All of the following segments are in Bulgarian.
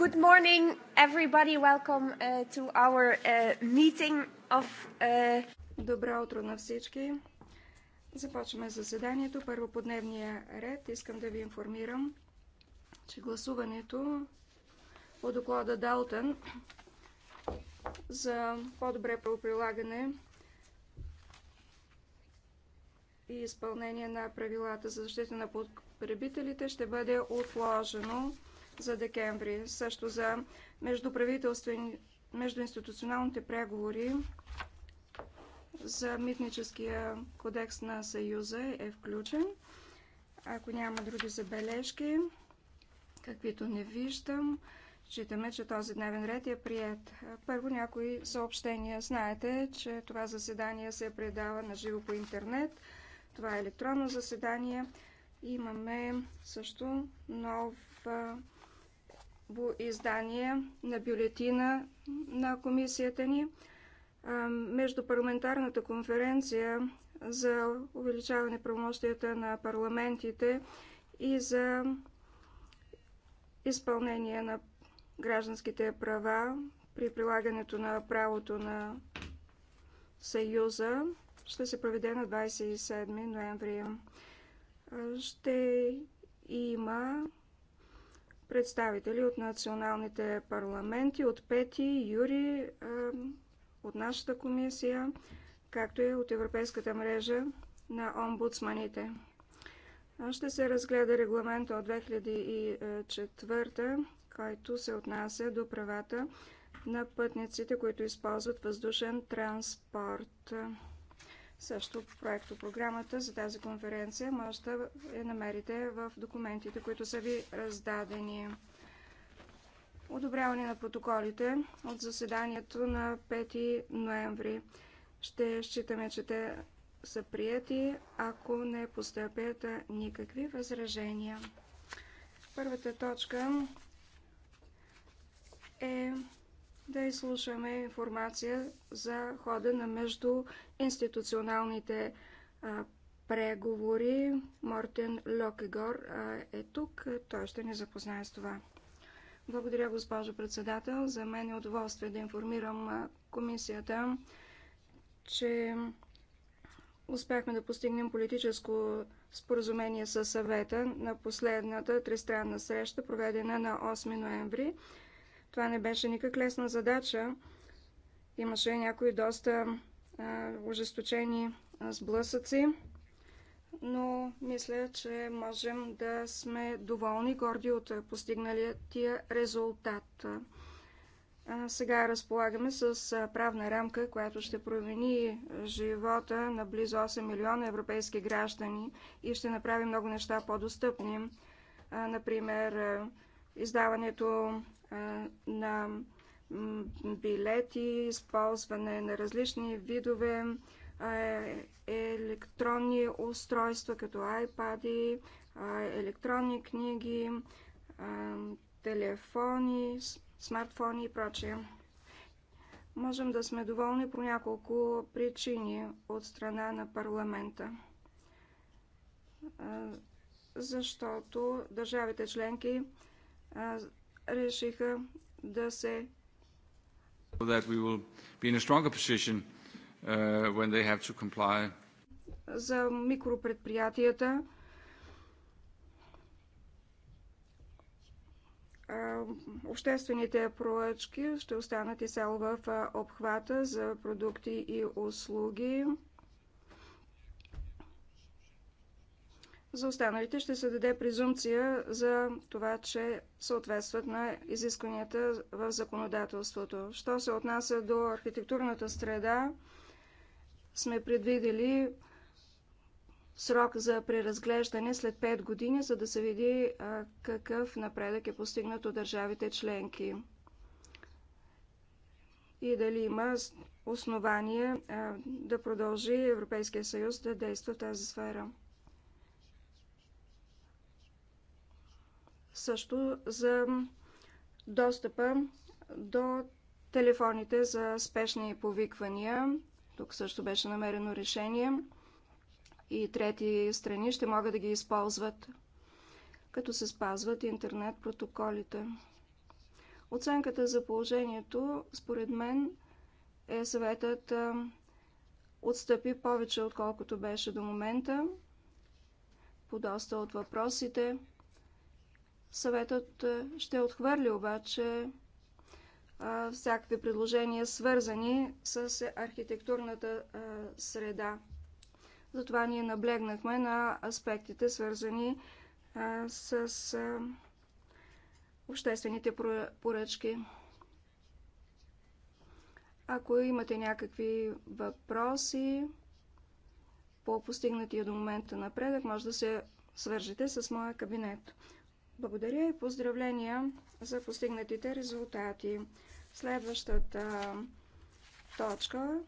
Good morning, everybody. Welcome uh, to our uh, meeting of... Uh... Добро утро на всички. Започваме заседанието. Първо по дневния ред искам да ви информирам, че гласуването по доклада Далтън за по-добре правоприлагане и изпълнение на правилата за защита на потребителите ще бъде отложено за декември, също за междуинституционалните преговори за митническия кодекс на Съюза е включен. Ако няма други забележки, каквито не виждам, считаме, че този дневен ред е прият. Първо някои съобщения. Знаете, че това заседание се предава на живо по интернет. Това е електронно заседание. Имаме също нов издание на бюлетина на комисията ни. Между парламентарната конференция за увеличаване правомощията на парламентите и за изпълнение на гражданските права при прилагането на правото на Съюза ще се проведе на 27 ноември. Ще има представители от националните парламенти, от Пети, Юри, от нашата комисия, както и от Европейската мрежа на омбудсманите. Ще се разгледа регламента от 2004, който се отнася до правата на пътниците, които използват въздушен транспорт. Също проекто програмата за тази конференция може да я намерите в документите, които са ви раздадени. Одобряване на протоколите от заседанието на 5 ноември. Ще считаме, че те са прияти, ако не постъпят никакви възражения. Първата точка е да изслушаме информация за хода на междуинституционалните преговори. Мортен Льокегор е тук. Той ще ни запознае с това. Благодаря, госпожо председател. За мен е удоволствие да информирам комисията, че успяхме да постигнем политическо споразумение със съвета на последната тристранна среща, проведена на 8 ноември. Това не беше никак лесна задача. Имаше някои доста а, ожесточени сблъсъци, но мисля, че можем да сме доволни, горди от постигналия резултат. Сега разполагаме с правна рамка, която ще промени живота на близо 8 милиона европейски граждани и ще направи много неща по-достъпни. Например, издаването на билети, използване на различни видове е, електронни устройства, като iPad, електронни книги, телефони, смартфони и прочее. Можем да сме доволни по няколко причини от страна на парламента. Защото държавите членки решиха да се за микропредприятията обществените поръчки ще останат изцяло в обхвата за продукти и услуги. За останалите ще се даде презумпция за това, че съответстват на изискванията в законодателството. Що се отнася до архитектурната среда, сме предвидели срок за преразглеждане след 5 години, за да се види какъв напредък е постигнат от държавите членки и дали има основание да продължи Европейския съюз да действа в тази сфера. също за достъпа до телефоните за спешни повиквания. Тук също беше намерено решение и трети страни ще могат да ги използват, като се спазват интернет протоколите. Оценката за положението, според мен, е съветът отстъпи повече, отколкото беше до момента. По доста от въпросите Съветът е, ще отхвърли обаче всякакви предложения, свързани с архитектурната среда. Затова ние наблегнахме на аспектите, свързани с обществените поръчки. Ако имате някакви въпроси по постигнатия до момента напредък, може да се свържете с моя кабинет. Благодаря и поздравления за постигнатите резултати. Следващата точка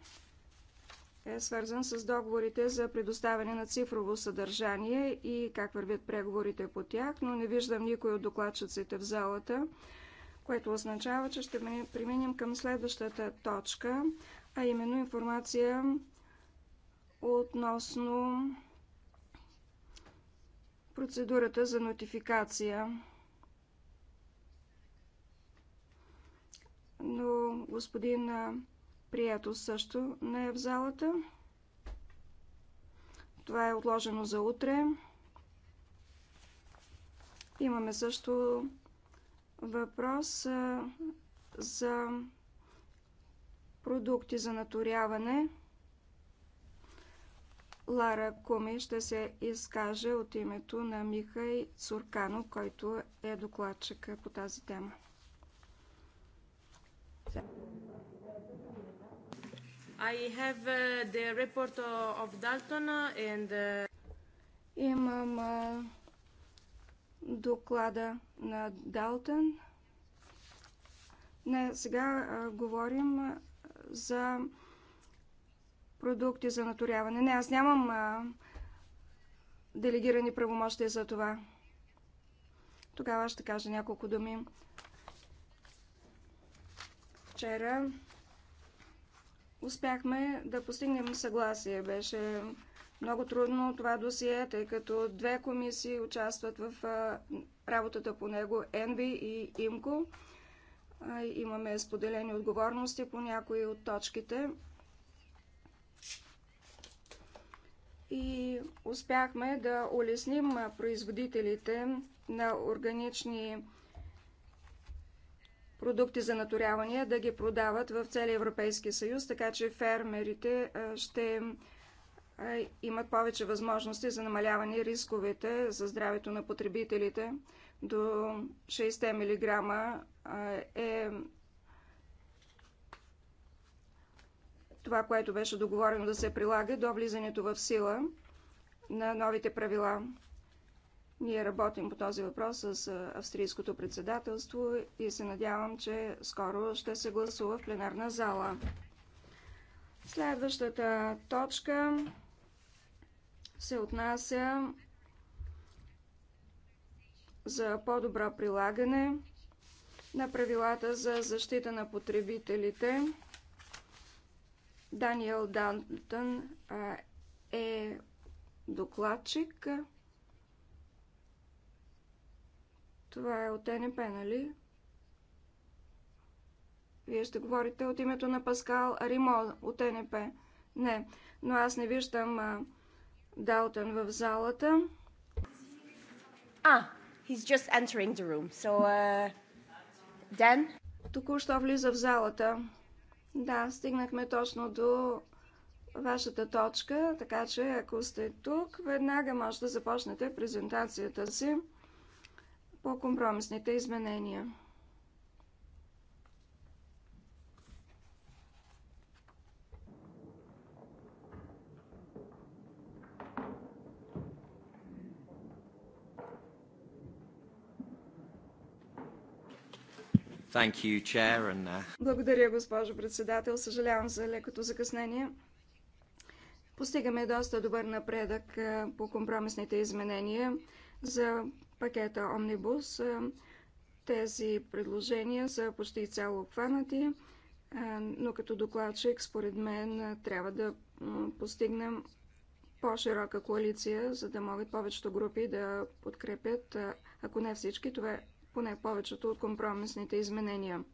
е свързан с договорите за предоставяне на цифрово съдържание и как вървят преговорите по тях, но не виждам никой от докладчиците в залата, което означава, че ще преминем към следващата точка, а именно информация относно процедурата за нотификация. Но господин Прието също не е в залата. Това е отложено за утре. Имаме също въпрос за продукти за наторяване. Лара Куми ще се изкаже от името на Михай Цуркано, който е докладчика по тази тема. I have uh, the report of Dalton and uh, Имам доклада на Далтън. Не, сега говорим за продукти за наторяване. Не, аз нямам а, делегирани правомощия за това. Тогава ще кажа няколко думи. Вчера успяхме да постигнем съгласие. Беше много трудно това досие, тъй като две комисии участват в работата по него ЕНВИ и ИМКО. Имаме споделени отговорности по някои от точките. и успяхме да улесним производителите на органични продукти за наторяване да ги продават в целия Европейски съюз, така че фермерите ще имат повече възможности за намаляване рисковете за здравето на потребителите. До 60 мг е това, което беше договорено да се прилага до влизането в сила на новите правила. Ние работим по този въпрос с австрийското председателство и се надявам, че скоро ще се гласува в пленарна зала. Следващата точка се отнася за по-добро прилагане на правилата за защита на потребителите Даниел Дантън е докладчик. Това е от НП, нали? Вие ще говорите от името на Паскал Римо от НП. Не, но аз не виждам Далтън в залата. А, ah, he's just entering the room. So, uh, Dan? Току-що влиза в залата. Да, стигнахме точно до вашата точка, така че ако сте тук, веднага може да започнете презентацията си по компромисните изменения. You, chair, and... Uh, Благодаря, госпожо председател. Съжалявам за лекото закъснение. Постигаме доста добър напредък по компромисните изменения за пакета Омнибус. Тези предложения са почти цяло обхванати, но като докладчик, според мен, трябва да постигнем по-широка коалиция, за да могат повечето групи да подкрепят, ако не всички, това е поне повечето от компромисните изменения.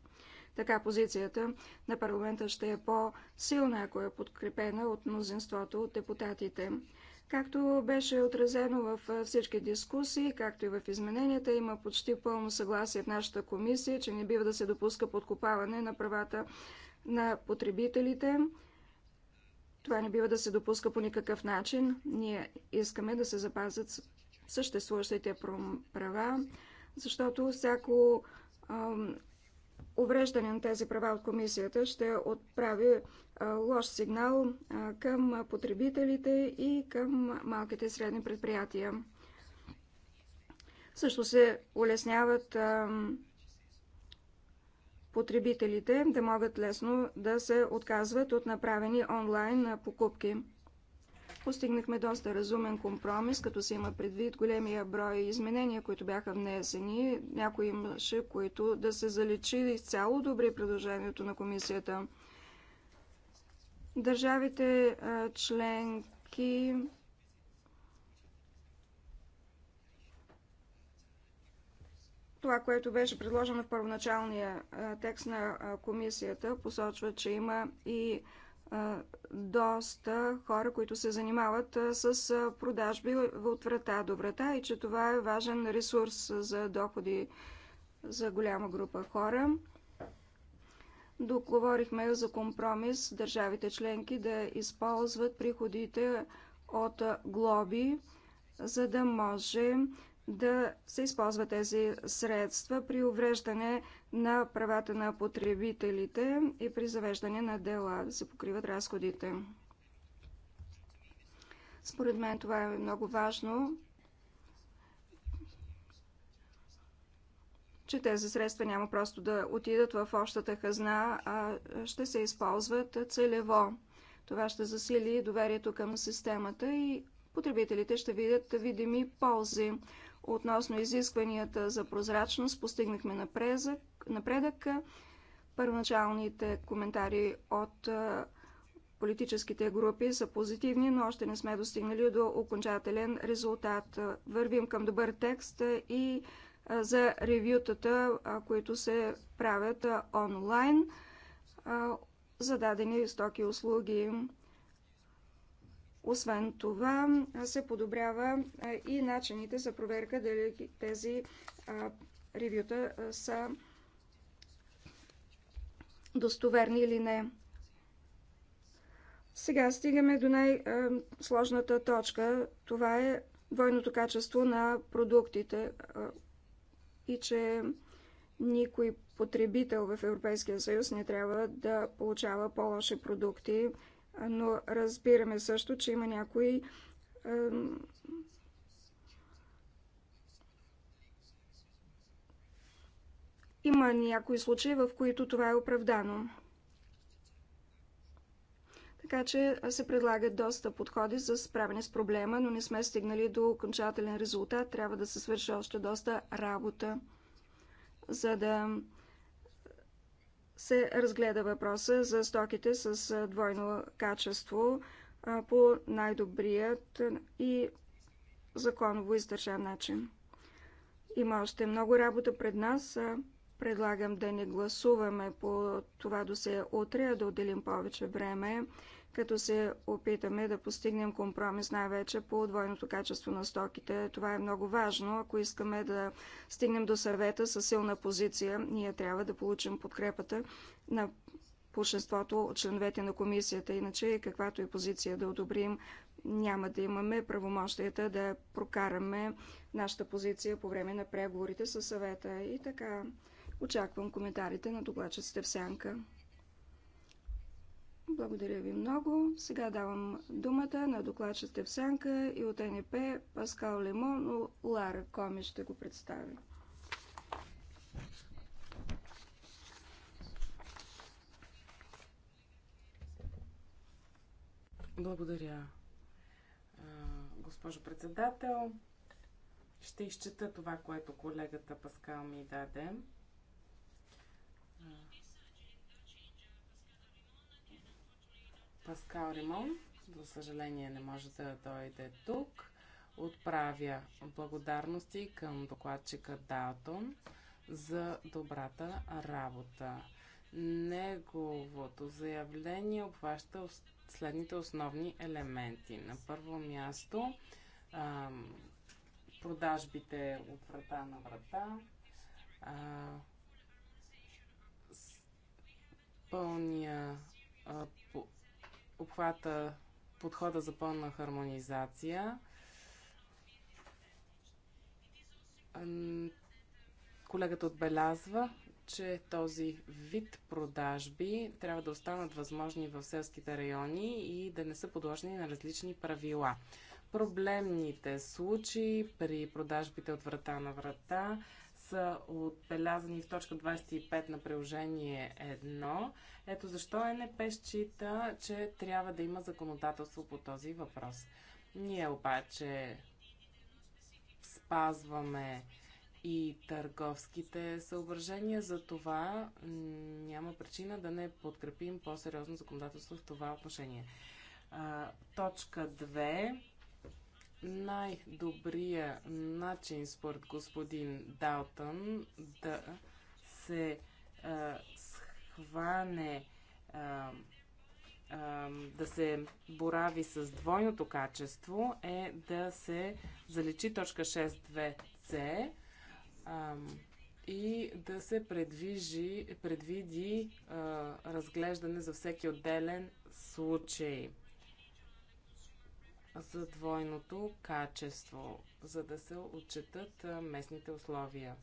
Така позицията на парламента ще е по-силна, ако е подкрепена от мнозинството от депутатите. Както беше отразено в всички дискусии, както и в измененията, има почти пълно съгласие в нашата комисия, че не бива да се допуска подкопаване на правата на потребителите. Това не бива да се допуска по никакъв начин. Ние искаме да се запазят съществуващите права, защото всяко увреждане на тези права от комисията ще отправи лош сигнал към потребителите и към малките и средни предприятия. Също се улесняват потребителите да могат лесно да се отказват от направени онлайн покупки. Постигнахме доста разумен компромис, като се има предвид големия брой изменения, които бяха внесени. Някои имаше, които да се заличи изцяло добре предложението на комисията. Държавите членки Това, което беше предложено в първоначалния текст на комисията, посочва, че има и доста хора, които се занимават с продажби от врата до врата и че това е важен ресурс за доходи за голяма група хора. Договорихме за компромис държавите членки да използват приходите от глоби, за да може да се използват тези средства при увреждане на правата на потребителите и при завеждане на дела, да се покриват разходите. Според мен това е много важно, че тези средства няма просто да отидат в общата хазна, а ще се използват целево. Това ще засили доверието към системата и потребителите ще видят видими ползи. Относно изискванията за прозрачност постигнахме напредък. Първоначалните коментари от политическите групи са позитивни, но още не сме достигнали до окончателен резултат. Вървим към добър текст и за ревютата, които се правят онлайн за дадени стоки и услуги. Освен това се подобрява и начините за проверка дали тези ревюта са достоверни или не. Сега стигаме до най-сложната точка. Това е двойното качество на продуктите и че никой потребител в Европейския съюз не трябва да получава по-лоши продукти но разбираме също, че има някои Има някои случаи, в които това е оправдано. Така че се предлагат доста подходи за справяне с проблема, но не сме стигнали до окончателен резултат. Трябва да се свърши още доста работа, за да се разгледа въпроса за стоките с двойно качество по най-добрият и законово издържан начин. Има още много работа пред нас. Предлагам да не гласуваме по това до се утре, а да отделим повече време като се опитаме да постигнем компромис най-вече по двойното качество на стоките. Това е много важно. Ако искаме да стигнем до съвета със силна позиция, ние трябва да получим подкрепата на пушенството от членовете на комисията. Иначе, каквато и позиция да одобрим, няма да имаме правомощията да прокараме нашата позиция по време на преговорите със съвета. И така, очаквам коментарите на докладчиците в сянка. Благодаря ви много. Сега давам думата на докладчите в и от НП Паскал Лемон, но Лара Коми ще го представи. Благодаря, госпожо председател. Ще изчета това, което колегата Паскал ми даде. Паскал Римон, за съжаление не може да дойде тук, отправя благодарности към докладчика Далтон за добрата работа. Неговото заявление обхваща следните основни елементи. На първо място продажбите от врата на врата, а, пълния а, по, обхвата подхода за пълна хармонизация. Колегата отбелязва, че този вид продажби трябва да останат възможни в селските райони и да не са подложени на различни правила. Проблемните случаи при продажбите от врата на врата са отбелязани в точка 25 на приложение 1. Ето защо НП счита, че трябва да има законодателство по този въпрос. Ние обаче спазваме и търговските съображения. За това няма причина да не подкрепим по-сериозно законодателство в това отношение. А, точка 2 най-добрия начин, според господин Далтън, да се а, схване, а, а, да се борави с двойното качество, е да се заличи точка 6.2c и да се предвижи, предвиди а, разглеждане за всеки отделен случай за двойното качество, за да се отчетат местните условия.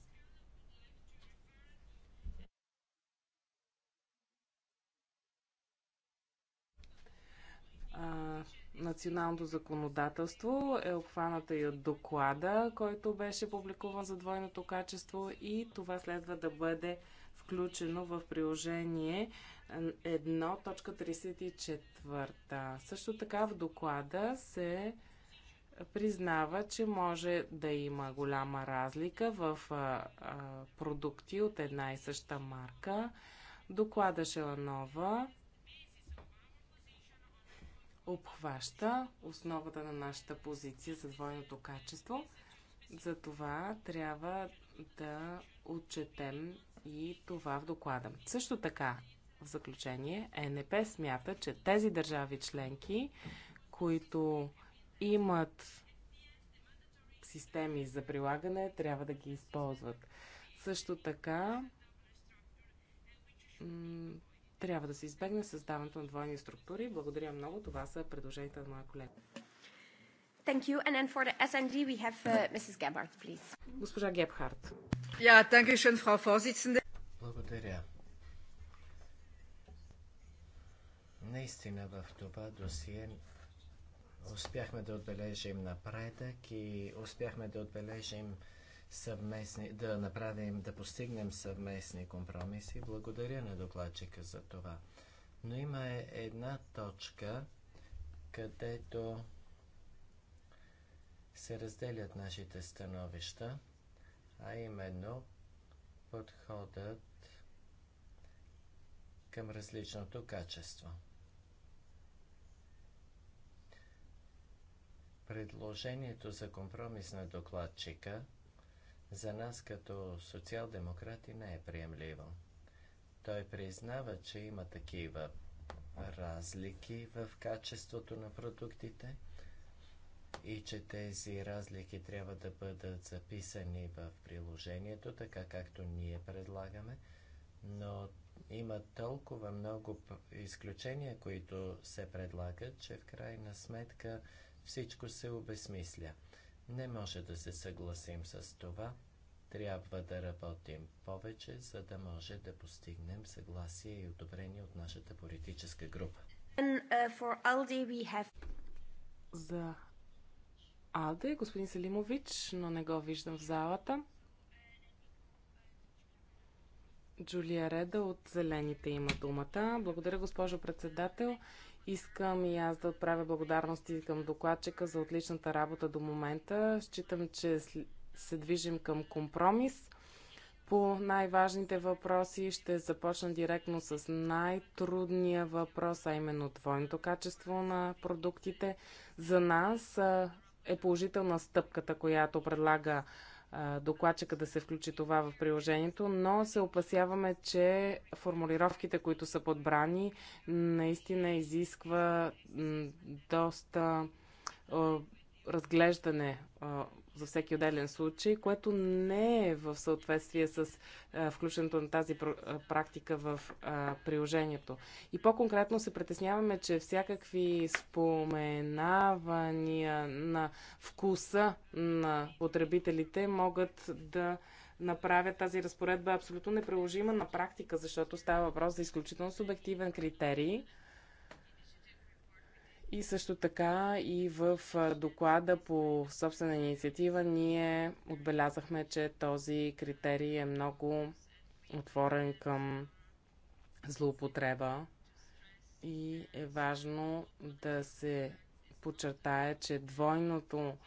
националното законодателство е обхваната и от доклада, който беше публикуван за двойното качество и това следва да бъде включено в приложение 1.34. Също така в доклада се признава, че може да има голяма разлика в а, а, продукти от една и съща марка. Доклада Шеланова обхваща основата на нашата позиция за двойното качество. Затова трябва да отчетем и това в доклада. Също така, в заключение, ЕНП смята, че тези държави членки, които имат системи за прилагане, трябва да ги използват. Също така, трябва да се избегне създаването на двойни структури. Благодаря много. Това са предложенията на моя колега. Thank you. And then for the SND we have uh, Mrs. Gebhardt, please. Госпожа Гебхарт. Yeah, thank you, Frau Vorsitzende. Благодаря. Наистина в това досие успяхме да отбележим напредък и успяхме да отбележим съвместни, да направим, да постигнем съвместни компромиси. Благодаря на докладчика за това. Но има е една точка, където се разделят нашите становища, а именно подходът към различното качество. Предложението за компромис на докладчика за нас като социал-демократи не е приемливо. Той признава, че има такива разлики в качеството на продуктите и че тези разлики трябва да бъдат записани в приложението, така както ние предлагаме, но има толкова много изключения, които се предлагат, че в крайна сметка всичко се обесмисля. Не може да се съгласим с това. Трябва да работим повече, за да може да постигнем съгласие и одобрение от нашата политическа група. Uh, за Алде, господин Селимович, но не го виждам в залата. Джулия Реда от Зелените има думата. Благодаря, госпожо председател. Искам и аз да отправя благодарности към докладчика за отличната работа до момента. Считам, че се движим към компромис. По най-важните въпроси ще започна директно с най-трудния въпрос, а именно двойното качество на продуктите. За нас е положителна стъпката, която предлага докладчика да се включи това в приложението, но се опасяваме, че формулировките, които са подбрани, наистина изисква доста разглеждане за всеки отделен случай, което не е в съответствие с а, включването на тази практика в а, приложението. И по-конкретно се притесняваме, че всякакви споменавания на вкуса на потребителите могат да направят тази разпоредба абсолютно неприложима на практика, защото става въпрос за изключително субективен критерий – и също така и в доклада по собствена инициатива ние отбелязахме, че този критерий е много отворен към злоупотреба и е важно да се подчертая, че двойното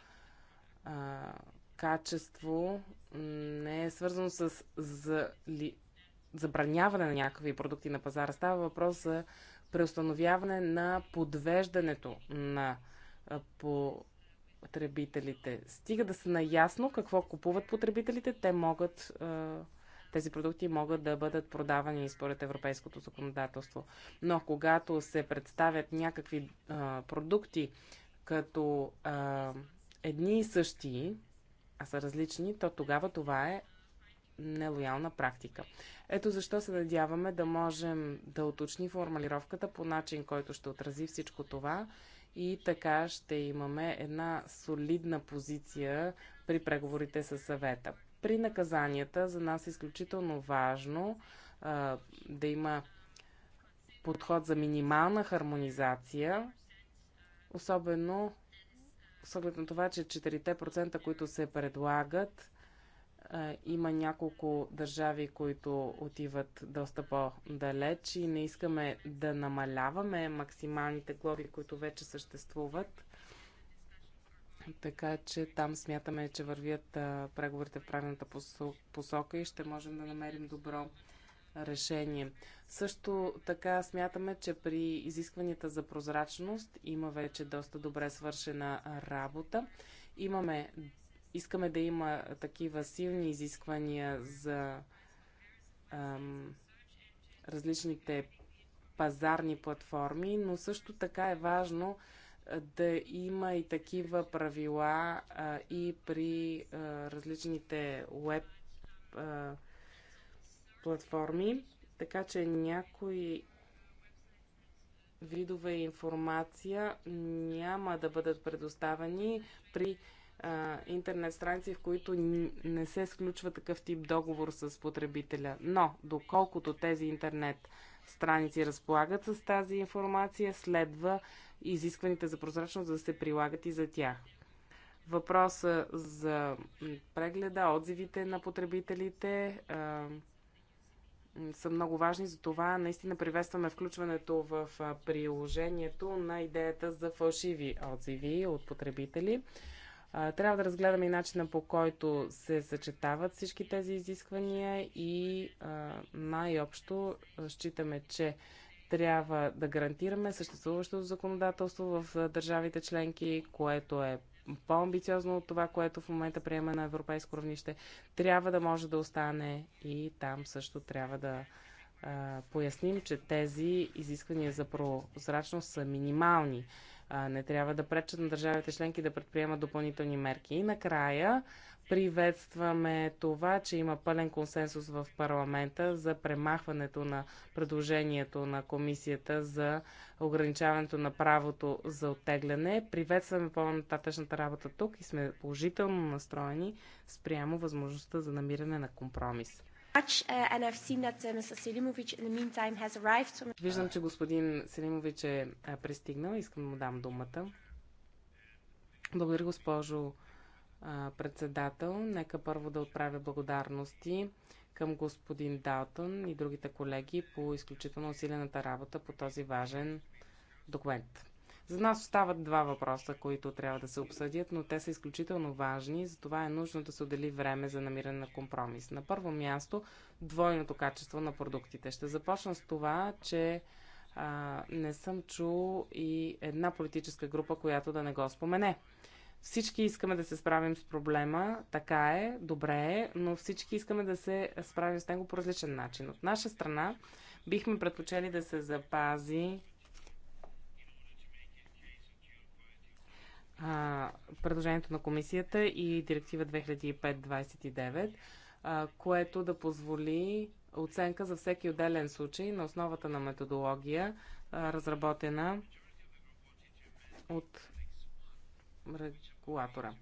а, качество не е свързано с за, ли, забраняване на някакви продукти на пазара. Става въпрос за преустановяване на подвеждането на потребителите. Стига да са наясно какво купуват потребителите, те могат тези продукти могат да бъдат продавани според европейското законодателство. Но когато се представят някакви продукти като едни и същи, а са различни, то тогава това е нелоялна практика. Ето защо се надяваме да можем да уточни формулировката по начин, който ще отрази всичко това и така ще имаме една солидна позиция при преговорите с съвета. При наказанията за нас е изключително важно а, да има подход за минимална хармонизация, особено с оглед на това, че 4%, които се предлагат, е, има няколко държави, които отиват доста по-далеч и не искаме да намаляваме максималните глоби, които вече съществуват. Така че там смятаме, че вървят е, преговорите в правилната посока и ще можем да намерим добро решение. Също така смятаме, че при изискванията за прозрачност има вече доста добре свършена работа. Имаме искаме да има такива силни изисквания за ам, различните пазарни платформи, но също така е важно да има и такива правила а, и при а, различните веб а, платформи, така че някои видове информация няма да бъдат предоставени при а, интернет страници, в които не се сключва такъв тип договор с потребителя. Но, доколкото тези интернет страници разполагат с тази информация, следва изискваните за прозрачност да се прилагат и за тях. Въпроса за прегледа, отзивите на потребителите а, са много важни, затова наистина приветстваме включването в приложението на идеята за фалшиви отзиви от потребители. Трябва да разгледаме и начина по който се съчетават всички тези изисквания и най-общо считаме, че трябва да гарантираме съществуващото законодателство в държавите членки, което е по-амбициозно от това, което в момента приема на европейско равнище, трябва да може да остане и там също трябва да а, поясним, че тези изисквания за прозрачност са минимални а, не трябва да пречат на държавите членки да предприемат допълнителни мерки. И накрая приветстваме това, че има пълен консенсус в парламента за премахването на предложението на комисията за ограничаването на правото за оттегляне. Приветстваме по-нататъчната работа тук и сме положително настроени спрямо възможността за намиране на компромис. Виждам, че господин Селимович е, е пристигнал. Искам да му дам думата. Благодаря, госпожо председател. Нека първо да отправя благодарности към господин Далтън и другите колеги по изключително усилената работа по този важен документ. За нас остават два въпроса, които трябва да се обсъдят, но те са изключително важни, затова е нужно да се отдели време за намиране на компромис. На първо място, двойното качество на продуктите. Ще започна с това, че а, не съм чул и една политическа група, която да не го спомене. Всички искаме да се справим с проблема, така е, добре е, но всички искаме да се справим с него по различен начин. От наша страна бихме предпочели да се запази а, предложението на комисията и директива 2005-29, което да позволи оценка за всеки отделен случай на основата на методология, а, разработена от регулатора.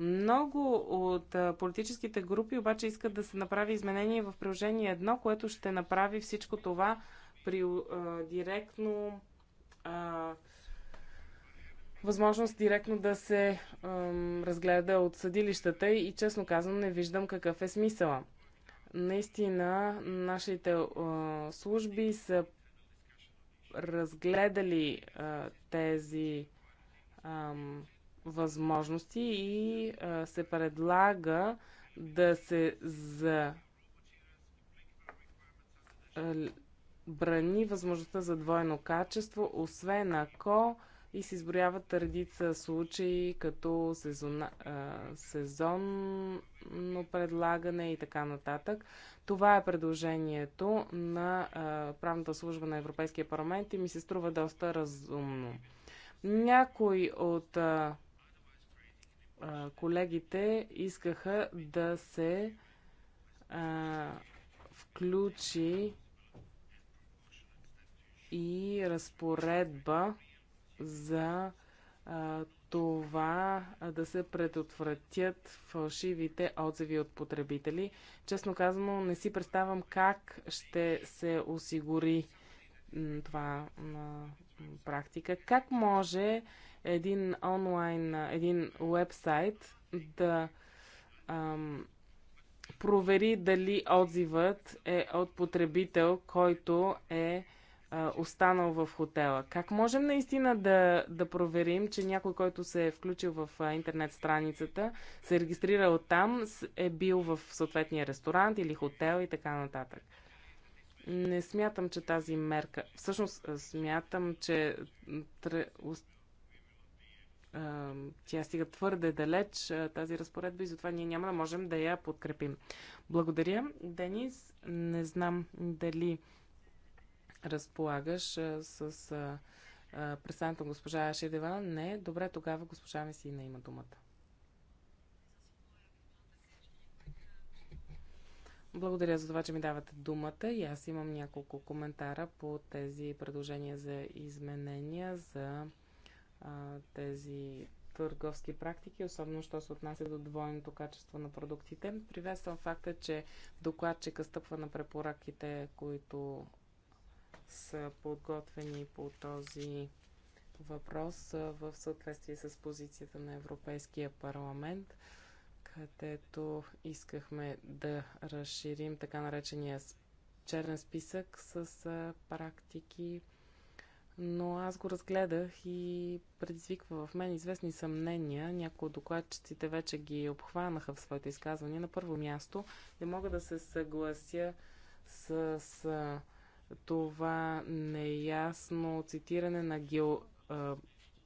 Много от политическите групи обаче искат да се направи изменение в приложение 1, което ще направи всичко това при, а, директно а, възможност директно да се ъм, разгледа от съдилищата и честно казвам не виждам какъв е смисъла. Наистина нашите а, служби са разгледали а, тези ам, възможности и а, се предлага да се за брани възможността за двойно качество, освен ако и се изброяват редица случаи, като а, сезонно предлагане и така нататък. Това е предложението на а, правната служба на Европейския парламент и ми се струва доста разумно. Някои от а, а, колегите искаха да се а, включи и разпоредба за а, това да се предотвратят фалшивите отзиви от потребители. Честно казано, не си представям как ще се осигури това на практика. Как може един онлайн, един вебсайт да ам, провери дали отзивът е от потребител, който е а, останал в хотела. Как можем наистина да, да проверим, че някой, който се е включил в интернет страницата, се е регистрирал там, е бил в съответния ресторант или хотел и така нататък? Не смятам, че тази мерка. Всъщност, смятам, че тя стига твърде далеч тази разпоредба и затова ние няма да можем да я подкрепим. Благодаря, Денис. Не знам дали разполагаш с а, а, представенето на госпожа Шедева. Не, добре, тогава госпожа Месина има думата. Благодаря за това, че ми давате думата и аз имам няколко коментара по тези предложения за изменения, за а, тези търговски практики, особено що се отнася до двойното качество на продуктите. Приветствам факта, че докладчика стъпва на препоръките, които са подготвени по този въпрос в съответствие с позицията на Европейския парламент, където искахме да разширим така наречения черен списък с практики, но аз го разгледах и предизвиква в мен известни съмнения. Някои от докладчиците вече ги обхванаха в своите изказвания. На първо място не мога да се съглася с това неясно цитиране на гео, а,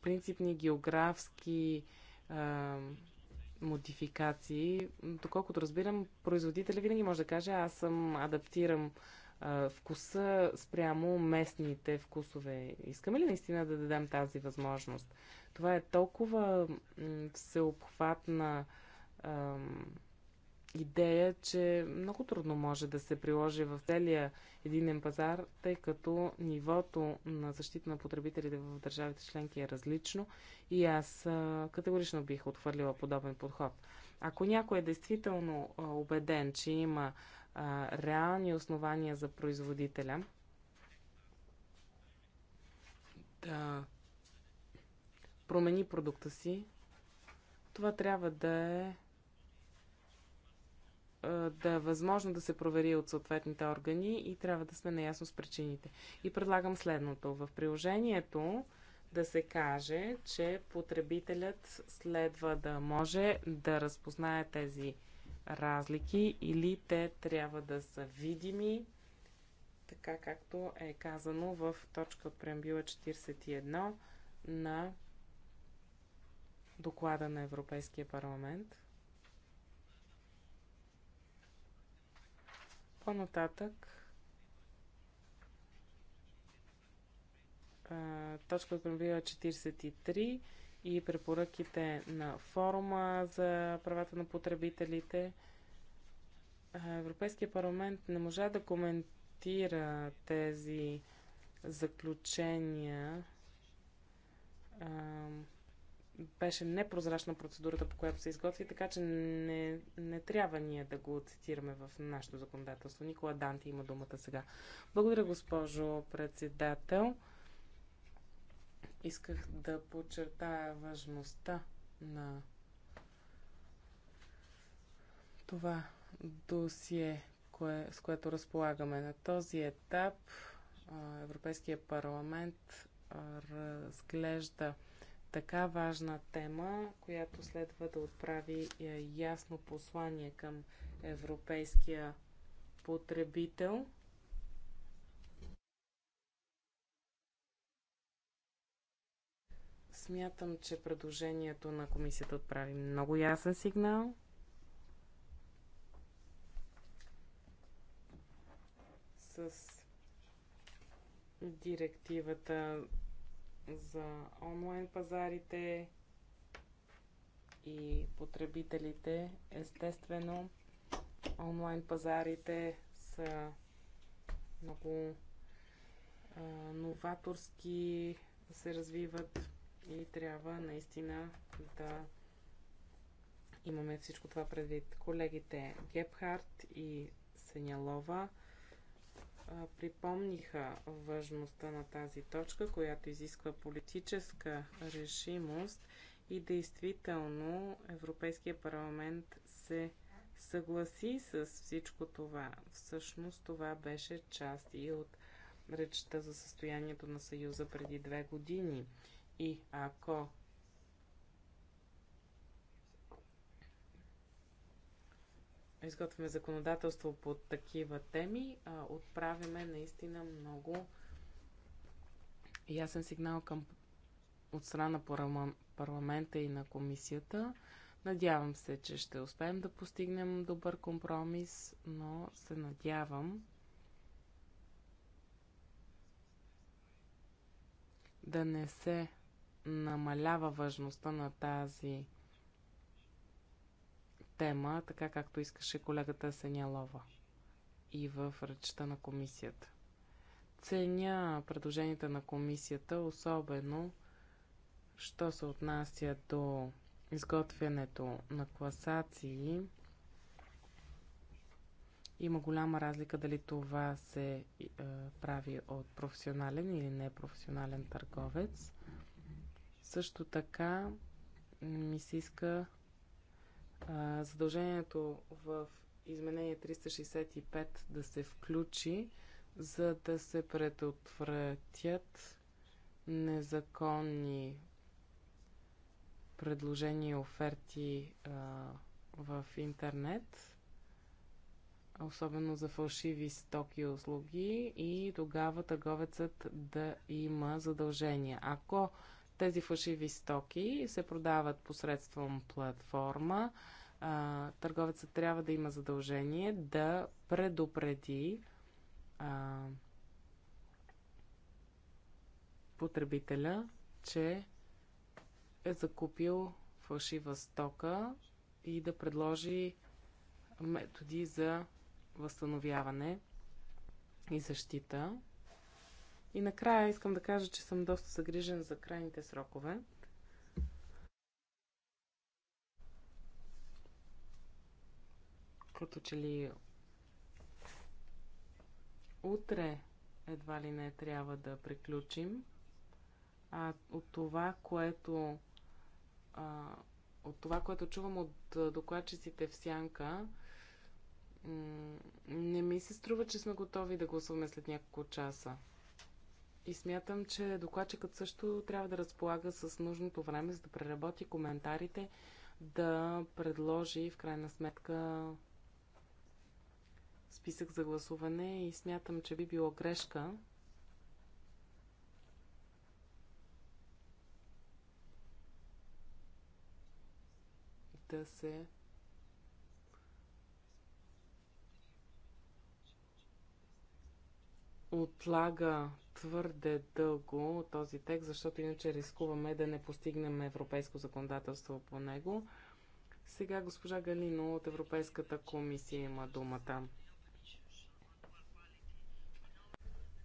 принципни географски а, модификации. Доколкото разбирам, производителя винаги може да каже, аз съм адаптирам а, вкуса спрямо местните вкусове. Искаме ли наистина да дадем тази възможност? Това е толкова всеобхватна идея, че много трудно може да се приложи в целия единен пазар, тъй като нивото на защита на потребителите в държавите членки е различно и аз категорично бих отхвърлила подобен подход. Ако някой е действително убеден, че има реални основания за производителя да промени продукта си, това трябва да е да е възможно да се провери от съответните органи и трябва да сме наясно с причините. И предлагам следното. В приложението да се каже, че потребителят следва да може да разпознае тези разлики или те трябва да са видими, така както е казано в точка от преамбила 41 на доклада на Европейския парламент. По-нататък точка от 43 и препоръките на форума за правата на потребителите. Европейския парламент не можа да коментира тези заключения беше непрозрачна процедурата, по която се изготви, така че не, не трябва ние да го цитираме в нашето законодателство. Никола Данти има думата сега. Благодаря, госпожо председател. Исках да подчертая важността на това досие, кое, с което разполагаме. На този етап Европейския парламент разглежда така важна тема, която следва да отправи е, ясно послание към европейския потребител. Смятам, че предложението на комисията отправи много ясен сигнал. С директивата за онлайн пазарите и потребителите. Естествено, онлайн пазарите са много а, новаторски, се развиват и трябва наистина да имаме всичко това предвид. Колегите Гепхарт и Сенялова припомниха важността на тази точка, която изисква политическа решимост и действително Европейския парламент се съгласи с всичко това. Всъщност това беше част и от речта за състоянието на Съюза преди две години. И ако изготвяме законодателство по такива теми, а, отправяме наистина много ясен сигнал към от страна на парламента и на комисията. Надявам се, че ще успеем да постигнем добър компромис, но се надявам да не се намалява важността на тази тема, така както искаше колегата Сенялова и в ръчта на комисията. Ценя предложенията на комисията, особено що се отнася до изготвянето на класации. Има голяма разлика дали това се е, прави от професионален или непрофесионален търговец. Също така ми се иска задължението в изменение 365 да се включи, за да се предотвратят незаконни предложения и оферти а, в интернет, особено за фалшиви стоки и услуги, и тогава търговецът да има задължения. Ако тези фалшиви стоки се продават посредством платформа. търговецът трябва да има задължение да предупреди а, потребителя, че е закупил фалшива стока и да предложи методи за възстановяване и защита. И накрая искам да кажа, че съм доста загрижен за крайните срокове. Като че ли утре едва ли не трябва да приключим, а от това, което а, от това, което чувам от докладчиците в Сянка, не ми се струва, че сме готови да гласуваме след няколко часа. И смятам, че докладчикът също трябва да разполага с нужното време, за да преработи коментарите, да предложи в крайна сметка списък за гласуване и смятам, че би било грешка да се отлага твърде дълго този текст, защото иначе рискуваме да не постигнем европейско законодателство по него. Сега госпожа Галино от Европейската комисия има думата.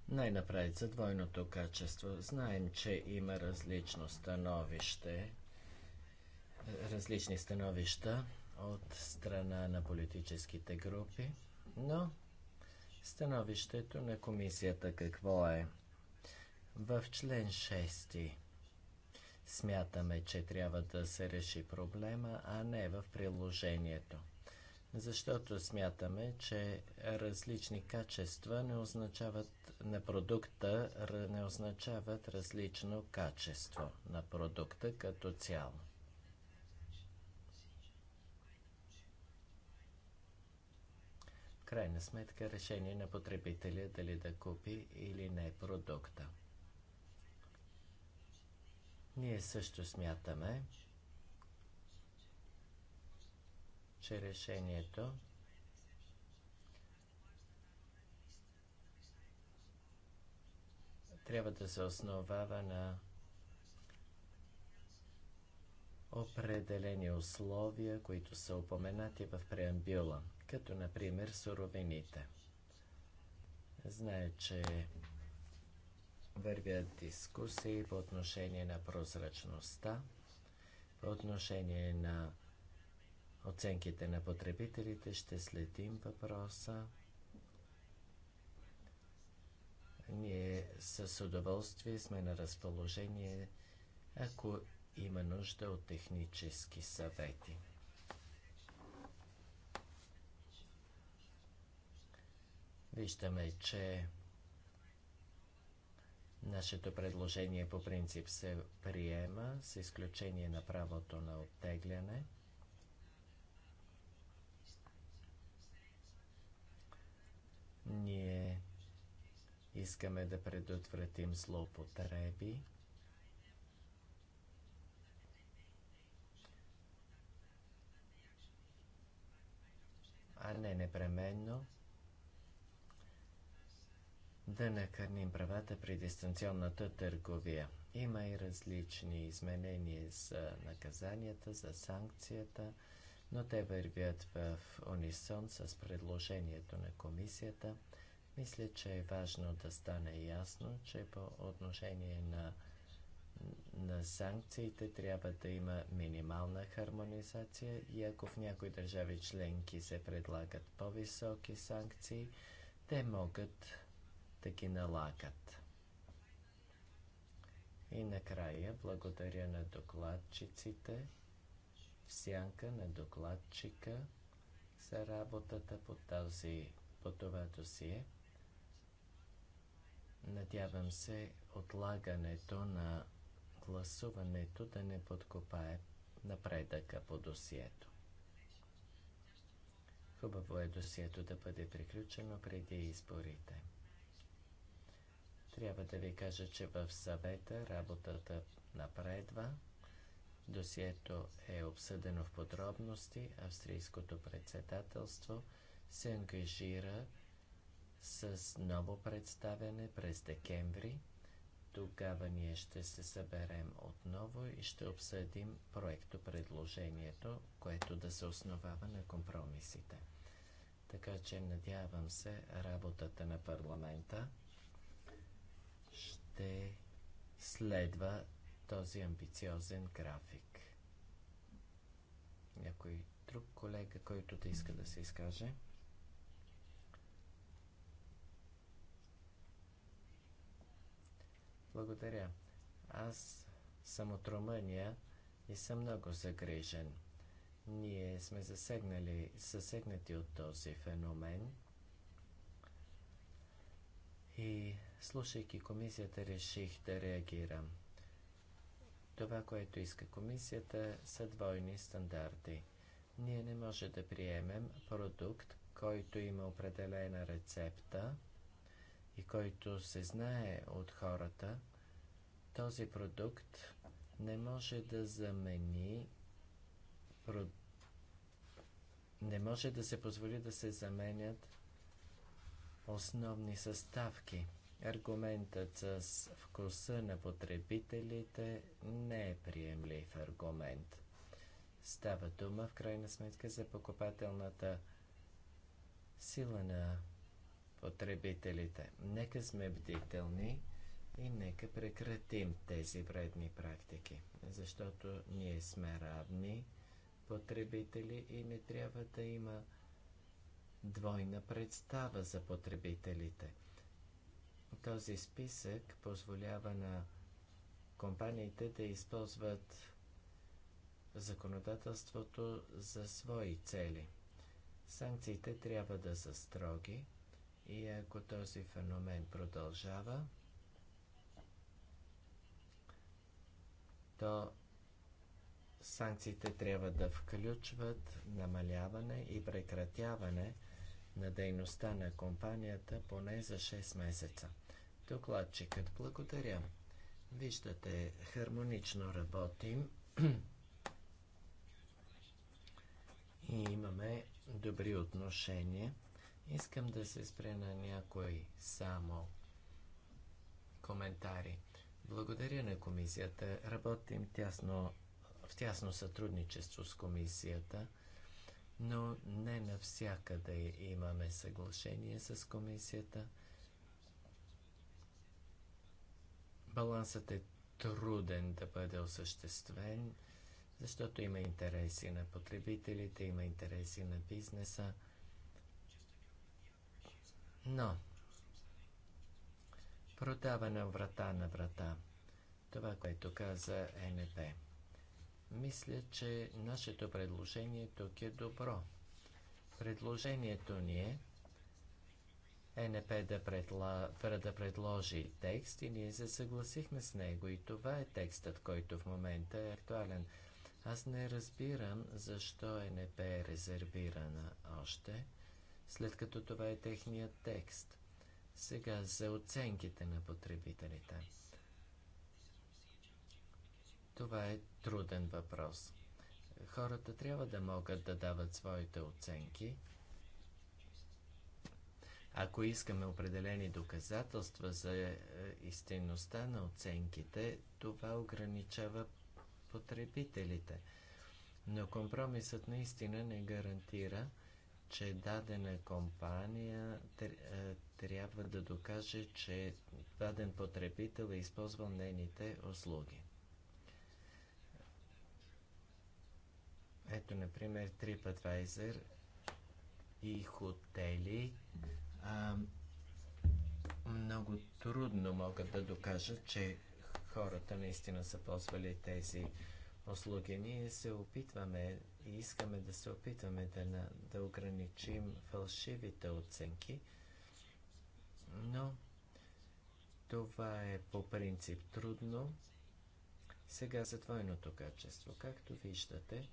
Най-напред за двойното качество. Знаем, че има различно становище, различни становища от страна на политическите групи, но становището на комисията какво е? В член 6 смятаме, че трябва да се реши проблема, а не в приложението. Защото смятаме, че различни качества не означават на продукта, не означават различно качество на продукта като цяло. крайна сметка решение на потребителя дали да купи или не продукта. Ние също смятаме, че решението трябва да се основава на определени условия, които са упоменати в преамбюла, като например суровините. Знае, че вървят дискусии по отношение на прозрачността, по отношение на оценките на потребителите. Ще следим въпроса. Ние с удоволствие сме на разположение, ако има нужда от технически съвети. Виждаме, че Нашето предложение по принцип се приема с изключение на правото на оттегляне. Ние искаме да предотвратим злоупотреби. а не непременно да накърним правата при дистанционната търговия. Има и различни изменения за наказанията, за санкцията, но те вървят в унисон с предложението на комисията. Мисля, че е важно да стане ясно, че по отношение на, на санкциите трябва да има минимална хармонизация и ако в някои държави членки се предлагат по-високи санкции, те могат да ги налагат. И накрая благодаря на докладчиците, в сянка на докладчика за работата по, тази, по това досие. Надявам се отлагането на гласуването да не подкопае напредъка по досието. Хубаво е досието да бъде приключено преди изборите. Трябва да ви кажа, че в съвета работата напредва. Досието е обсъдено в подробности. Австрийското председателство се ангажира с ново представяне през декември. Тогава ние ще се съберем отново и ще обсъдим проекто предложението, което да се основава на компромисите. Така че надявам се работата на парламента ще следва този амбициозен график. Някой друг колега, който да иска да се изкаже? Благодаря. Аз съм от Румъния и съм много загрижен. Ние сме засегнали, засегнати от този феномен и Слушайки комисията, реших да реагирам. Това, което иска комисията, са двойни стандарти. Ние не може да приемем продукт, който има определена рецепта и който се знае от хората. Този продукт не може да замени не може да се позволи да се заменят основни съставки. Аргументът с вкуса на потребителите не е приемлив аргумент. Става дума в крайна сметка за покупателната сила на потребителите. Нека сме бдителни и нека прекратим тези вредни практики, защото ние сме равни потребители и не трябва да има двойна представа за потребителите – този списък позволява на компаниите да използват законодателството за свои цели. Санкциите трябва да са строги и ако този феномен продължава, то санкциите трябва да включват намаляване и прекратяване на дейността на компанията поне за 6 месеца. Докладчикът благодаря. Виждате, хармонично работим и имаме добри отношения. Искам да се спре на някои само коментари. Благодаря на комисията. Работим тясно, в тясно сътрудничество с комисията но не навсякъде имаме съглашение с комисията. Балансът е труден да бъде осъществен, защото има интереси на потребителите, има интереси на бизнеса. Но Продаване врата на врата това, което каза НП. Мисля, че нашето предложение тук е добро. Предложението ни е НП да, предла... да предложи текст и ние се съгласихме с него и това е текстът, който в момента е актуален. Аз не разбирам защо НП е резервирана още, след като това е техният текст. Сега за оценките на потребителите. Това е труден въпрос. Хората трябва да могат да дават своите оценки. Ако искаме определени доказателства за е, истинността на оценките, това ограничава потребителите. Но компромисът наистина не гарантира, че дадена компания е, трябва да докаже, че даден потребител е използвал нейните услуги. Ето, например, TripAdvisor и хотели а, много трудно могат да докажат, че хората наистина са ползвали тези услуги. Ние се опитваме и искаме да се опитваме да, на, да ограничим фалшивите оценки, но това е по принцип трудно. Сега за двойното качество. Както виждате,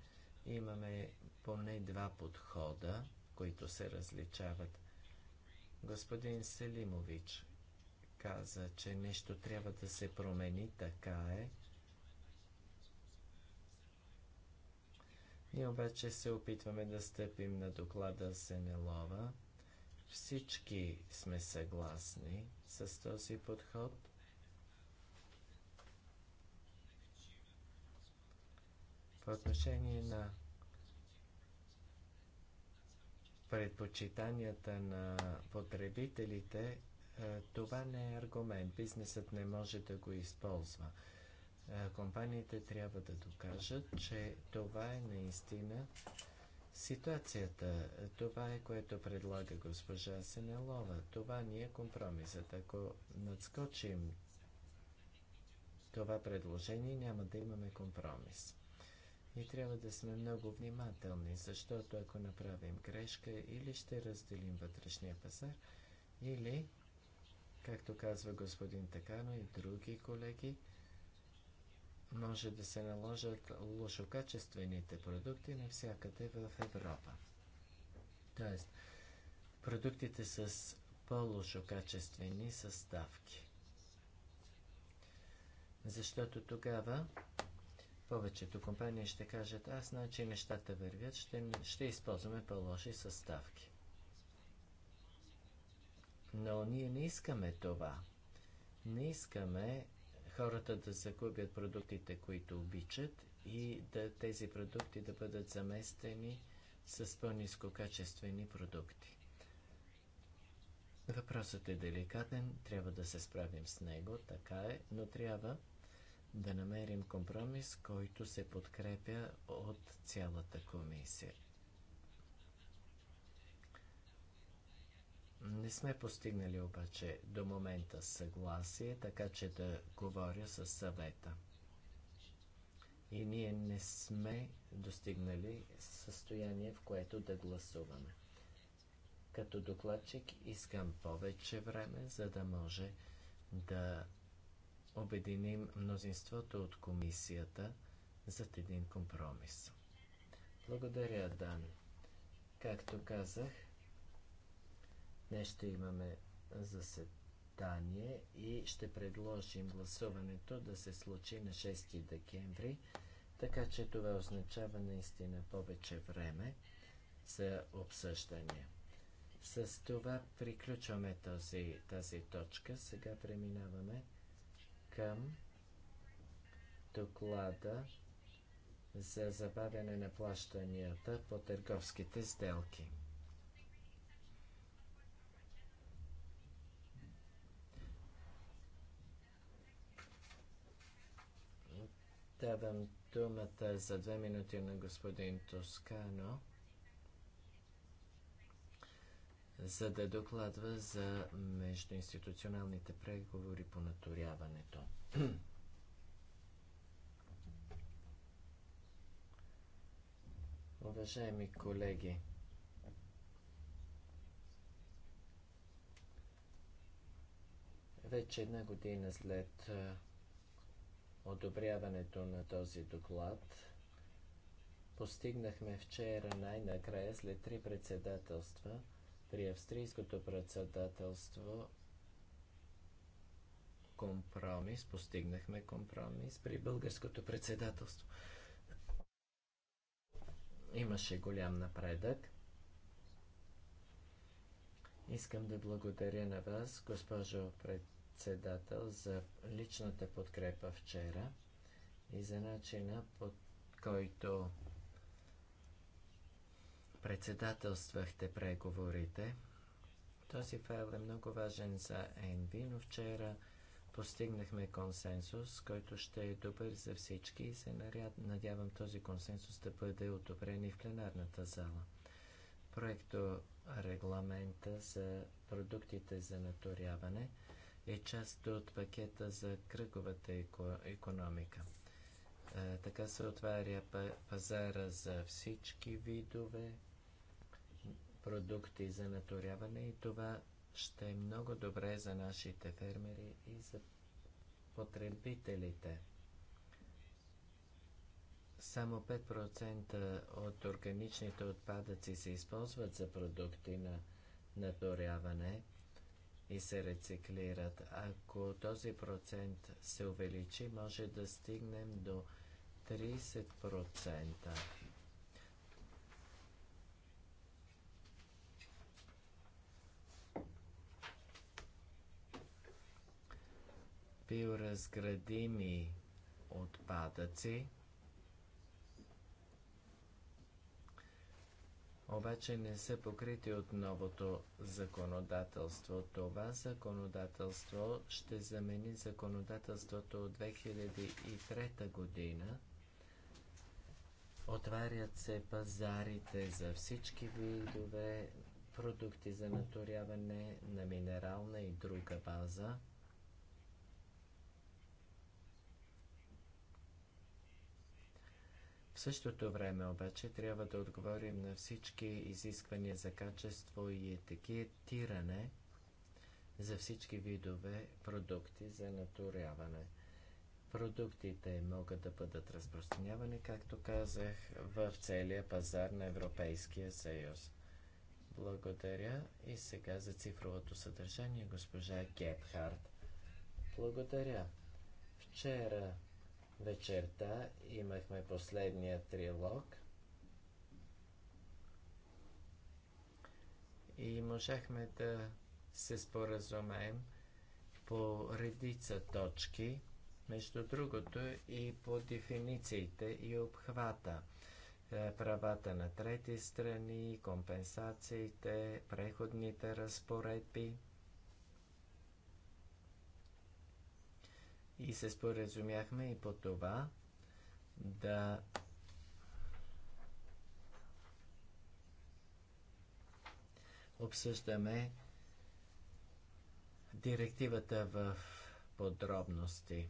Имаме поне два подхода, които се различават. Господин Селимович каза, че нещо трябва да се промени, така е. Ние обаче се опитваме да стъпим на доклада Сенелова. Всички сме съгласни с този подход – По отношение на предпочитанията на потребителите, е, това не е аргумент. Бизнесът не може да го използва. Е, компаниите трябва да докажат, че това е наистина ситуацията. Това е което предлага госпожа Сенелова. Това ни е компромисът. Ако надскочим това предложение, няма да имаме компромис. И трябва да сме много внимателни, защото ако направим грешка, или ще разделим вътрешния пазар, или, както казва господин Такано и други колеги, може да се наложат лошокачествените продукти навсякъде в Европа. Тоест, продуктите с по-лошокачествени съставки. Защото тогава повечето компании ще кажат, аз значи нещата вървят, ще, ще използваме по-лоши съставки. Но ние не искаме това. Не искаме хората да загубят продуктите, които обичат и да тези продукти да бъдат заместени с по низко качествени продукти. Въпросът е деликатен, трябва да се справим с него, така е, но трябва да намерим компромис, който се подкрепя от цялата комисия. Не сме постигнали обаче до момента съгласие, така че да говоря с съвета. И ние не сме достигнали състояние, в което да гласуваме. Като докладчик искам повече време, за да може да обединим мнозинството от комисията зад един компромис. Благодаря, Дан. Както казах, днес ще имаме заседание и ще предложим гласуването да се случи на 6 декември, така че това означава наистина повече време за обсъждане. С това приключваме тази, тази точка. Сега преминаваме към доклада за забавяне на плащанията по търговските сделки. Давам думата за две минути на господин Тоскано за да докладва за междуинституционалните преговори по наторяването. Уважаеми колеги, вече една година след одобряването на този доклад, постигнахме вчера най-накрая след три председателства – при австрийското председателство компромис, постигнахме компромис при българското председателство. Имаше голям напредък. Искам да благодаря на вас, госпожо председател, за личната подкрепа вчера и за начина, по който председателствахте преговорите. Този файл е много важен за НВ, но вчера постигнахме консенсус, който ще е добър за всички и се надявам този консенсус да бъде одобрен и в пленарната зала. Проекто регламента за продуктите за наторяване е част от пакета за кръговата економика. Е, така се отваря пазара за всички видове продукти за наторяване и това ще е много добре за нашите фермери и за потребителите. Само 5% от органичните отпадъци се използват за продукти на наторяване и се рециклират. Ако този процент се увеличи, може да стигнем до 30%. биоразградими отпадъци, обаче не са покрити от новото законодателство. Това законодателство ще замени законодателството от 2003 година. Отварят се пазарите за всички видове продукти за наторяване на минерална и друга база. същото време обаче трябва да отговорим на всички изисквания за качество и етикетиране за всички видове продукти за натуряване. Продуктите могат да бъдат разпространявани, както казах, в целия пазар на Европейския съюз. Благодаря и сега за цифровото съдържание госпожа Гебхард. Благодаря. Вчера вечерта имахме последния триалог и можахме да се споразумеем по редица точки, между другото и по дефинициите и обхвата е, правата на трети страни, компенсациите, преходните разпоредби. и се споразумяхме и по това да обсъждаме директивата в подробности.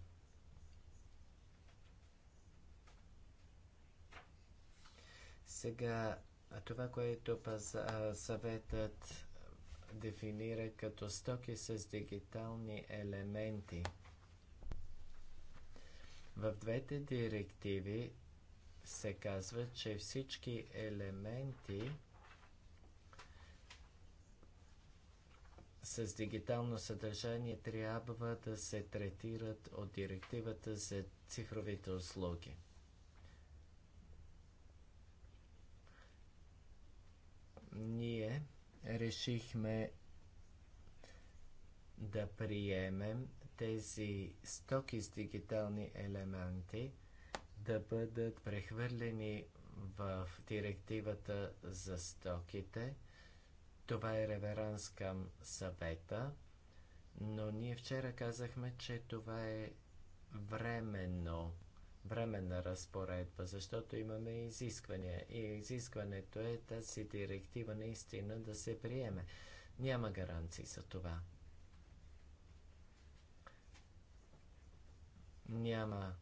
Сега, това, което съветът дефинира като стоки с дигитални елементи – в двете директиви се казва, че всички елементи с дигитално съдържание трябва да се третират от директивата за цифровите услуги. Ние решихме да приемем тези стоки с дигитални елементи да бъдат прехвърлени в директивата за стоките. Това е реверанс към съвета, но ние вчера казахме, че това е временно, временна разпоредба, защото имаме изисквания и изискването е тази директива наистина да се приеме. Няма гаранции за това. няма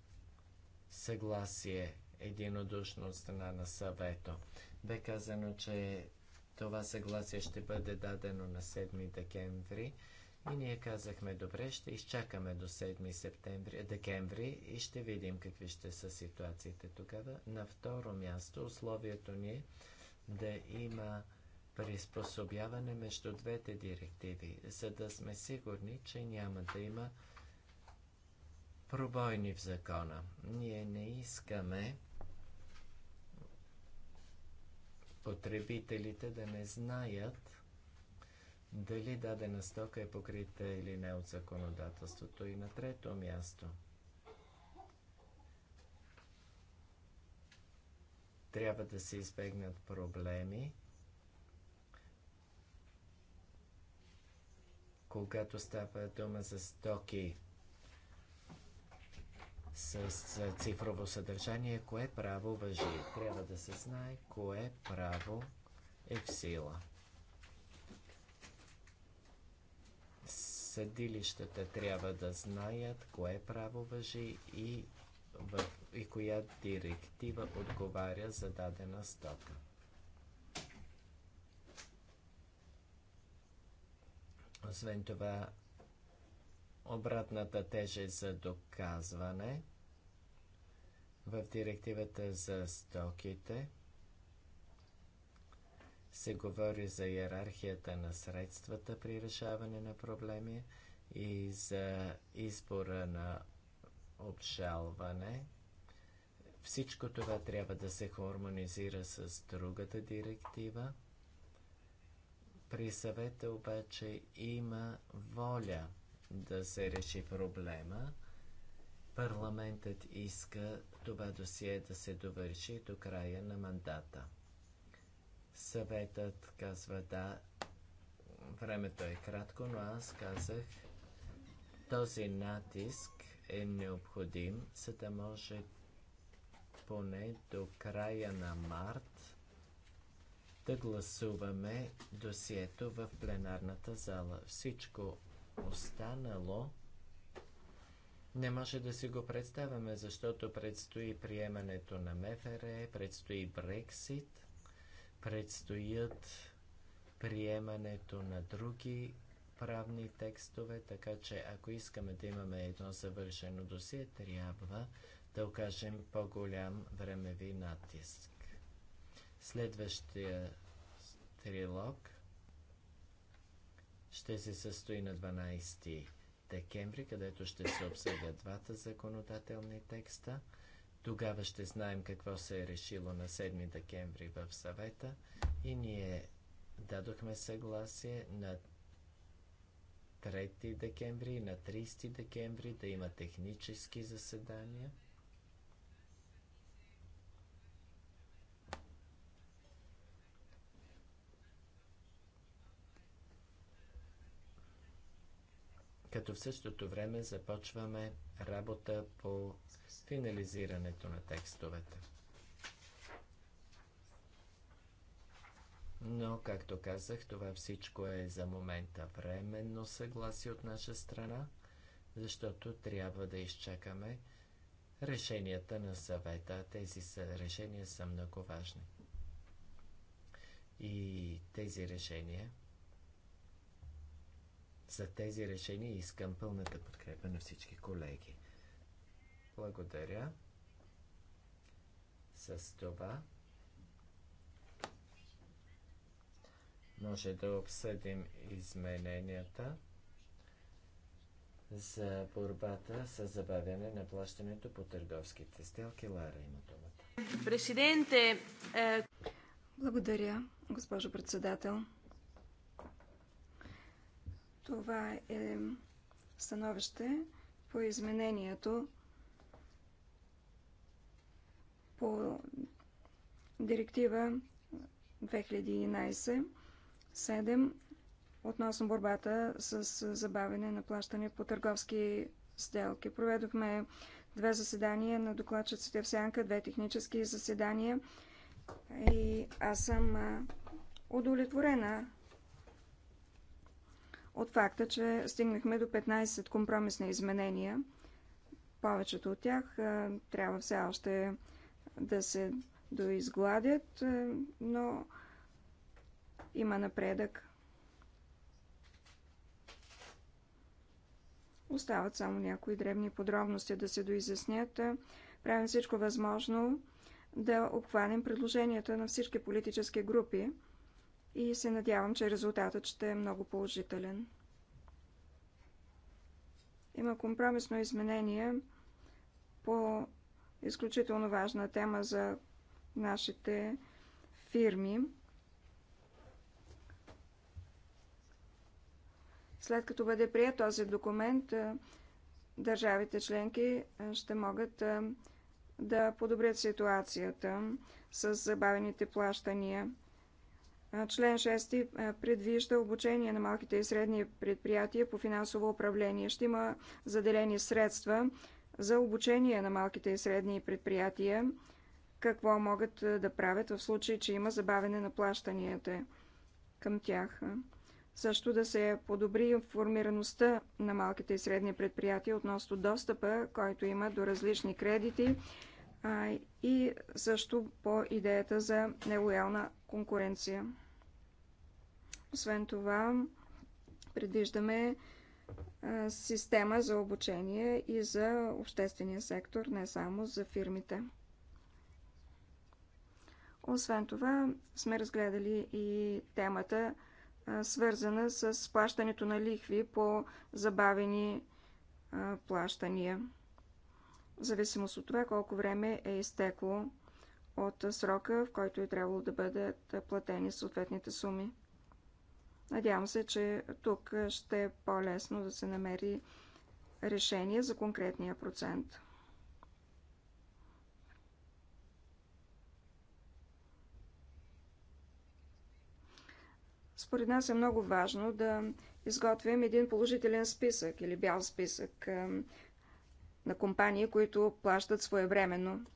съгласие единодушно от страна на съвето. Бе казано, че това съгласие ще бъде дадено на 7 декември и ние казахме, добре, ще изчакаме до 7 септември, декември и ще видим какви ще са ситуациите тогава. На второ място условието ни е да има приспособяване между двете директиви, за да сме сигурни, че няма да има пробойни в закона. Ние не искаме потребителите да не знаят дали дадена стока е покрита или не от законодателството. И на трето място трябва да се избегнат проблеми, когато става дума за стоки – с цифрово съдържание, кое право въжи. Трябва да се знае кое право е в сила. Съдилищата трябва да знаят кое право въжи и, в, и коя директива отговаря за дадена стока. Освен това, обратната тежест за доказване в директивата за стоките се говори за иерархията на средствата при решаване на проблеми и за избора на обжалване. Всичко това трябва да се хармонизира с другата директива. При съвета обаче има воля – да се реши проблема. Парламентът иска това досие да се довърши до края на мандата. Съветът казва да, времето е кратко, но аз казах, този натиск е необходим, за да може поне до края на март да гласуваме досието в пленарната зала. Всичко останало не може да си го представяме, защото предстои приемането на МФР, предстои Брексит, предстоят приемането на други правни текстове, така че ако искаме да имаме едно завършено досие, трябва да окажем по-голям времеви натиск. Следващия трилог – ще се състои на 12 декември, където ще се обсъдят двата законодателни текста. Тогава ще знаем какво се е решило на 7 декември в съвета и ние дадохме съгласие на 3 декември и на 30 декември да има технически заседания – като в същото време започваме работа по финализирането на текстовете. Но, както казах, това всичко е за момента временно съгласие от наша страна, защото трябва да изчакаме решенията на съвета. Тези решения са много важни. И тези решения – за тези решения и искам пълната подкрепа на всички колеги. Благодаря. С това може да обсъдим измененията за борбата с забавяне на плащането по търговските сделки. Лара има думата. Президенте, е... Благодаря, госпожо председател. Това е становище по изменението по директива 2011-7 относно борбата с забавяне на плащане по търговски сделки. Проведохме две заседания на докладчиците в Сянка, две технически заседания и аз съм удовлетворена от факта, че стигнахме до 15 компромисни изменения. Повечето от тях трябва все още да се доизгладят, но има напредък. Остават само някои древни подробности да се доизяснят. Правим всичко възможно да обхванем предложенията на всички политически групи и се надявам, че резултатът ще е много положителен. Има компромисно изменение по изключително важна тема за нашите фирми. След като бъде прият този документ, е, държавите членки е, ще могат е, да подобрят ситуацията с забавените плащания. Член 6 предвижда обучение на малките и средни предприятия по финансово управление. Ще има заделени средства за обучение на малките и средни предприятия, какво могат да правят в случай, че има забавене на плащанията към тях. Също да се подобри информираността на малките и средни предприятия относно достъпа, който има до различни кредити а, и също по идеята за нелоялна конкуренция. Освен това, предвиждаме а, система за обучение и за обществения сектор, не само за фирмите. Освен това, сме разгледали и темата, а, свързана с плащането на лихви по забавени а, плащания в зависимост от това колко време е изтекло от срока, в който е трябвало да бъдат платени съответните суми. Надявам се, че тук ще е по-лесно да се намери решение за конкретния процент. Според нас е много важно да изготвим един положителен списък или бял списък на компании, които плащат своевременно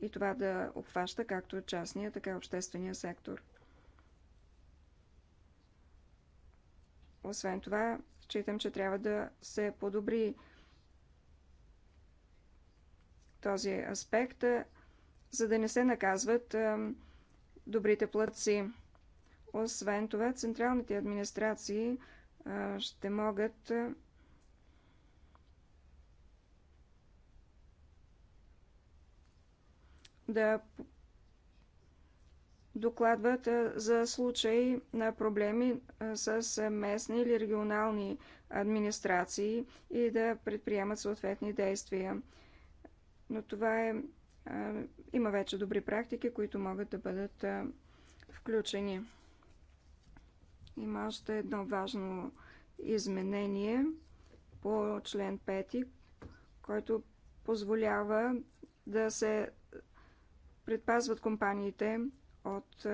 и това да обхваща както частния, така и обществения сектор. Освен това, считам, че трябва да се подобри този аспект, за да не се наказват добрите платци. Освен това, централните администрации ще могат да докладват за случаи на проблеми с местни или регионални администрации и да предприемат съответни действия. Но това е. Има вече добри практики, които могат да бъдат включени. Има още едно важно изменение по член 5, който позволява да се предпазват компаниите от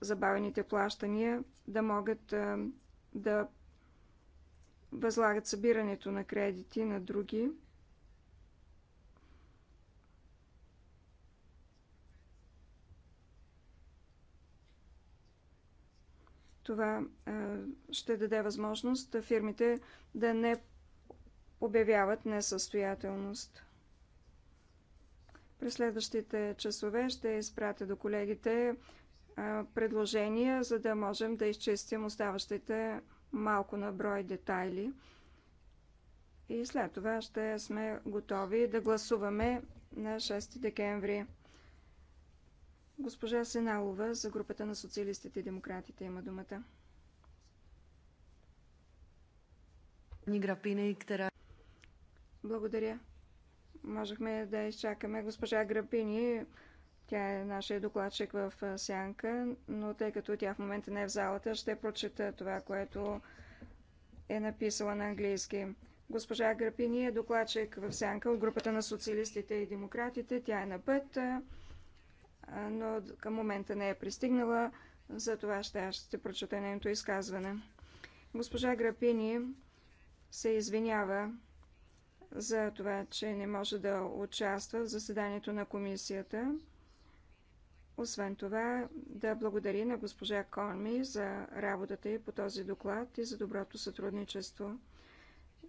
забавените плащания, да могат да възлагат събирането на кредити на други. Това ще даде възможност фирмите да не обявяват несъстоятелност. През следващите часове ще изпратя до колегите предложения, за да можем да изчистим оставащите малко на брой детайли. И след това ще сме готови да гласуваме на 6 декември. Госпожа Сеналова за групата на социалистите и демократите има думата. Благодаря можехме да изчакаме госпожа Грапини. Тя е нашия докладчик в Сянка, но тъй като тя в момента не е в залата, ще прочета това, което е написала на английски. Госпожа Грапини е докладчик в Сянка от групата на социалистите и демократите. Тя е на път, но към момента не е пристигнала. За това ще, ще прочета нейното изказване. Госпожа Грапини се извинява за това, че не може да участва в заседанието на комисията. Освен това, да благодари на госпожа Конми за работата и по този доклад и за доброто сътрудничество.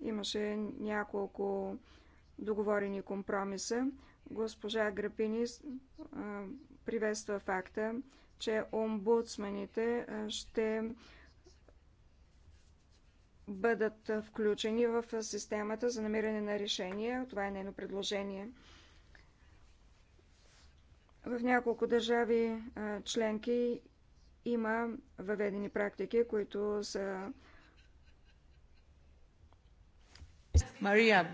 Имаше няколко договорени компромиса. Госпожа Грапини приветства факта, че омбудсманите ще бъдат включени в системата за намиране на решения. Това е нейно предложение. В няколко държави членки има въведени практики, които са Мария,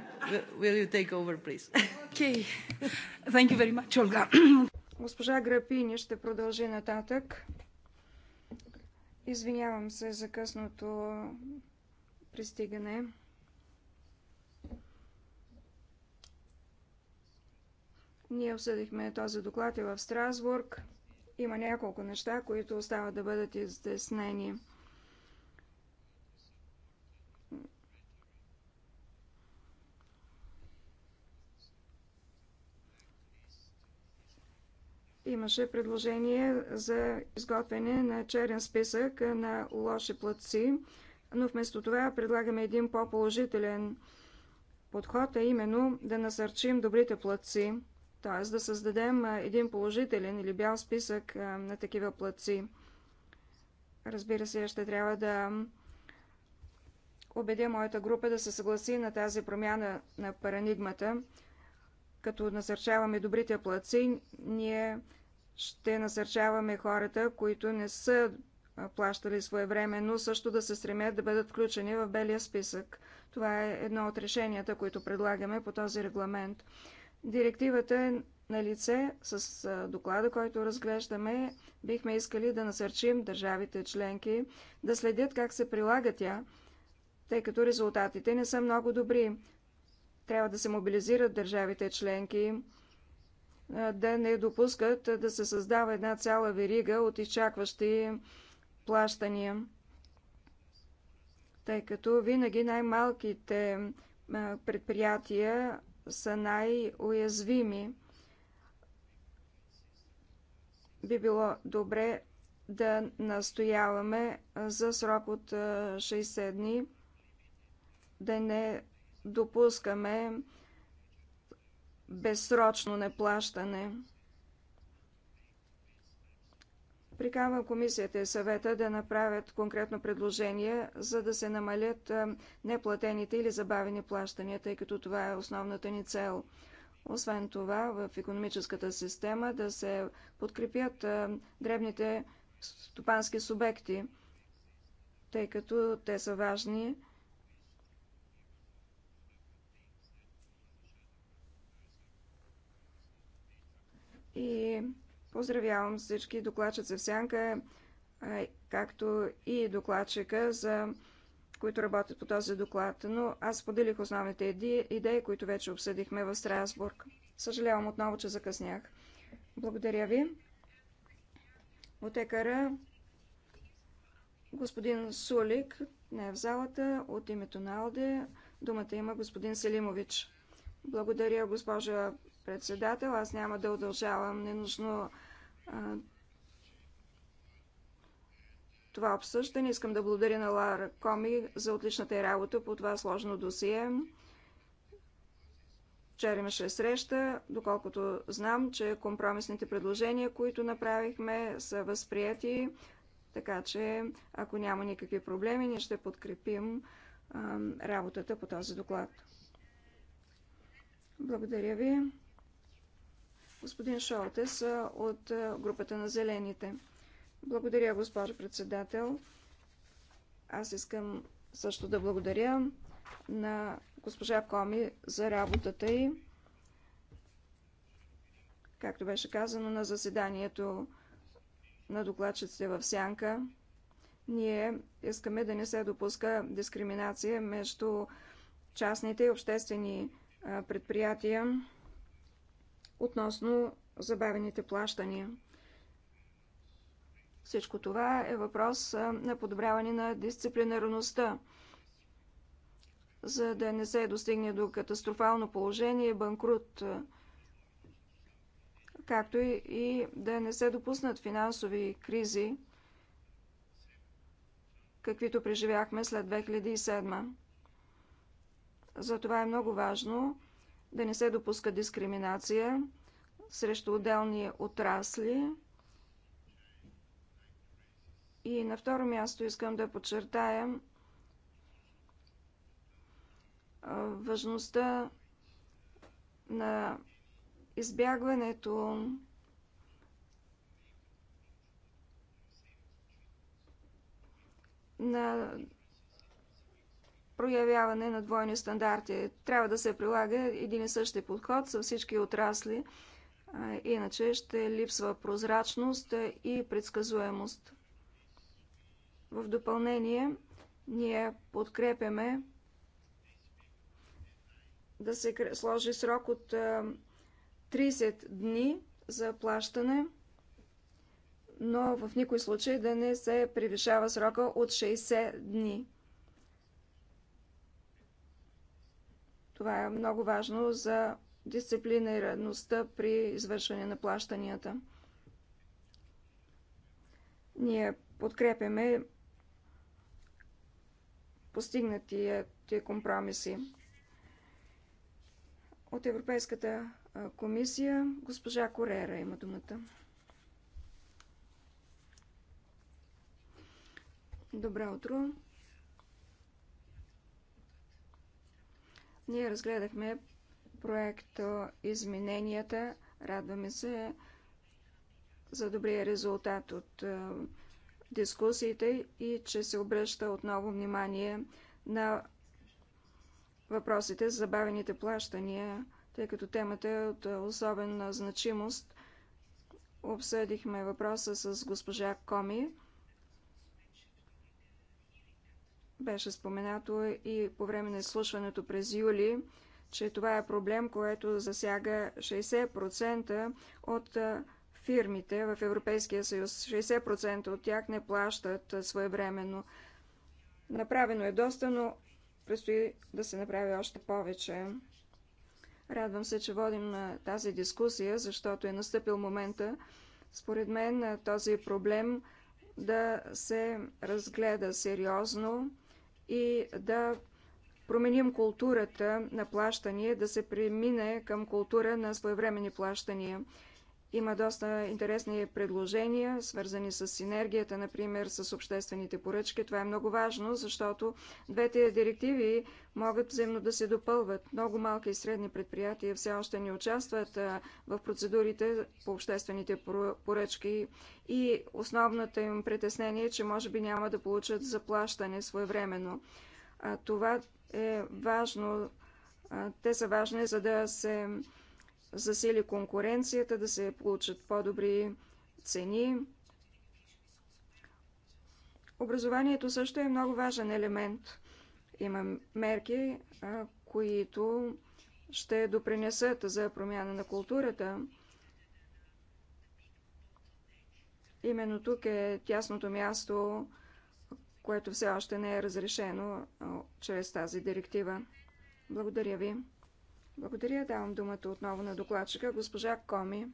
will you take over, please? Okay. Thank you very much, Olga. Госпожа Грапини ще продължи нататък. Извинявам се за късното пристигане. Ние обсъдихме този доклад и в Страсбург. Има няколко неща, които остават да бъдат изтеснени. Имаше предложение за изготвяне на черен списък на лоши платци но вместо това предлагаме един по-положителен подход, а именно да насърчим добрите платци, т.е. да създадем един положителен или бял списък на такива платци. Разбира се, ще трябва да убедя моята група да се съгласи на тази промяна на паранигмата. Като насърчаваме добрите плаци, ние ще насърчаваме хората, които не са плащали своевременно, също да се стремят да бъдат включени в белия списък. Това е едно от решенията, които предлагаме по този регламент. Директивата е на лице с доклада, който разглеждаме. Бихме искали да насърчим държавите членки да следят как се прилага тя, тъй като резултатите не са много добри. Трябва да се мобилизират държавите членки, да не допускат да се създава една цяла верига от изчакващи плащания, тъй като винаги най-малките предприятия са най-уязвими. Би било добре да настояваме за срок от 60 дни, да не допускаме безсрочно неплащане. Приканвам комисията и съвета да направят конкретно предложение, за да се намалят неплатените или забавени плащания, тъй като това е основната ни цел. Освен това, в економическата система да се подкрепят дребните стопански субекти, тъй като те са важни. И Поздравявам всички докладчик за сянка, както и докладчика, за които работят по този доклад. Но аз поделих основните идеи, които вече обсъдихме в Страсбург. Съжалявам отново, че закъснях. Благодаря ви. От екара господин Сулик не е в залата. От името на Алде думата има господин Селимович. Благодаря, госпожа председател. Аз няма да удължавам ненужно това обсъждане. Искам да благодаря на Лара Коми за отличната й работа по това сложно досие. Вчера имаше среща, доколкото знам, че компромисните предложения, които направихме, са възприяти, така че ако няма никакви проблеми, ние ще подкрепим работата по този доклад. Благодаря ви господин Шолтес от групата на Зелените. Благодаря, госпожо председател. Аз искам също да благодаря на госпожа Коми за работата й. Както беше казано на заседанието на докладчиците в Сянка, ние искаме да не се допуска дискриминация между частните и обществени предприятия относно забавените плащания. Всичко това е въпрос на подобряване на дисциплинарността, За да не се достигне до катастрофално положение, банкрут, както и да не се допуснат финансови кризи, каквито преживяхме след 2007. това е много важно да не се допуска дискриминация срещу отделни отрасли. И на второ място искам да подчертая важността на избягването на проявяване на двойни стандарти. Трябва да се прилага един и същи подход за всички отрасли, иначе ще липсва прозрачност и предсказуемост. В допълнение, ние подкрепяме да се сложи срок от 30 дни за плащане, но в никой случай да не се превишава срока от 60 дни. Това е много важно за дисциплинираността при извършване на плащанията. Ние подкрепяме постигнатите компромиси. От Европейската комисия госпожа Корера има думата. Добро утро! Ние разгледахме проекто измененията. Радваме се за добрия резултат от е, дискусиите и че се обръща отново внимание на въпросите за забавените плащания, тъй като темата е от особена значимост. Обсъдихме въпроса с госпожа Коми. Беше споменато и по време на изслушването през юли, че това е проблем, което засяга 60% от фирмите в Европейския съюз. 60% от тях не плащат своевременно. Направено е доста, но предстои да се направи още повече. Радвам се, че водим тази дискусия, защото е настъпил момента, според мен, този проблем да се разгледа сериозно и да променим културата на плащания, да се премине към култура на своевременни плащания. Има доста интересни предложения, свързани с синергията, например, с обществените поръчки. Това е много важно, защото двете директиви могат взаимно да се допълват. Много малки и средни предприятия все още не участват в процедурите по обществените поръчки и основната им притеснение е, че може би няма да получат заплащане своевременно. това е важно. Те са важни, за да се засили конкуренцията, да се получат по-добри цени. Образованието също е много важен елемент. Има мерки, които ще допринесат за промяна на културата. Именно тук е тясното място, което все още не е разрешено чрез тази директива. Благодаря ви. Благодаря. Давам думата отново на докладчика, госпожа Коми.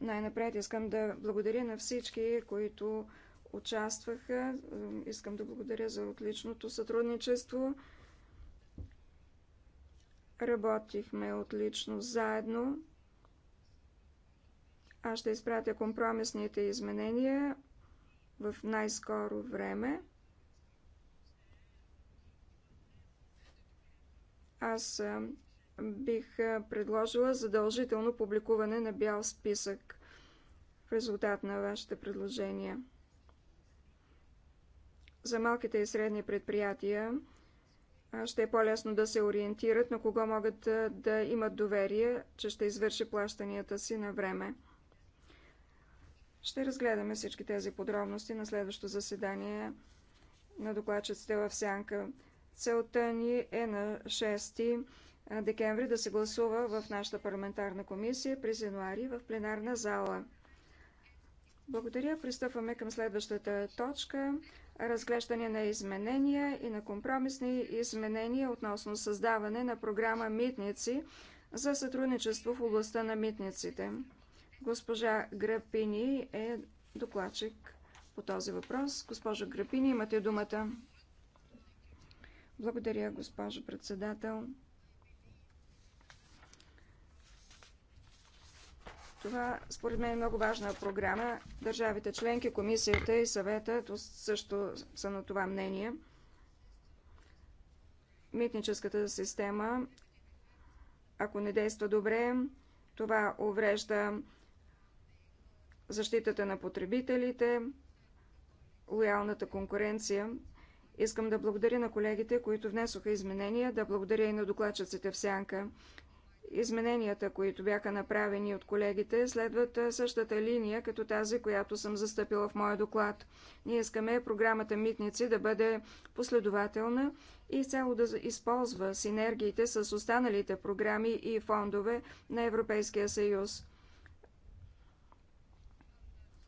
Най-напред искам да благодаря на всички, които участваха. Искам да благодаря за отличното сътрудничество. Работихме отлично заедно. Аз ще изпратя компромисните изменения в най-скоро време. Аз бих предложила задължително публикуване на бял списък в резултат на вашите предложения. За малките и средни предприятия ще е по-лесно да се ориентират на кого могат да имат доверие, че ще извърши плащанията си на време. Ще разгледаме всички тези подробности на следващото заседание на докладчиците в Сянка. Целта ни е на 6 декември да се гласува в нашата парламентарна комисия през януари в пленарна зала. Благодаря. Пристъпваме към следващата точка. Разглеждане на изменения и на компромисни изменения относно създаване на програма Митници за сътрудничество в областта на митниците. Госпожа Грапини е докладчик по този въпрос. Госпожо Грапини, имате думата. Благодаря, госпожо председател. Това, според мен, е много важна програма. Държавите членки, комисията и съвета, също са на това мнение. Митническата система, ако не действа добре, това уврежда защитата на потребителите, лоялната конкуренция. Искам да благодаря на колегите, които внесоха изменения, да благодаря и на докладчиците в сянка. Измененията, които бяха направени от колегите, следват същата линия, като тази, която съм застъпила в моя доклад. Ние искаме програмата Митници да бъде последователна и цяло да използва синергиите с останалите програми и фондове на Европейския съюз.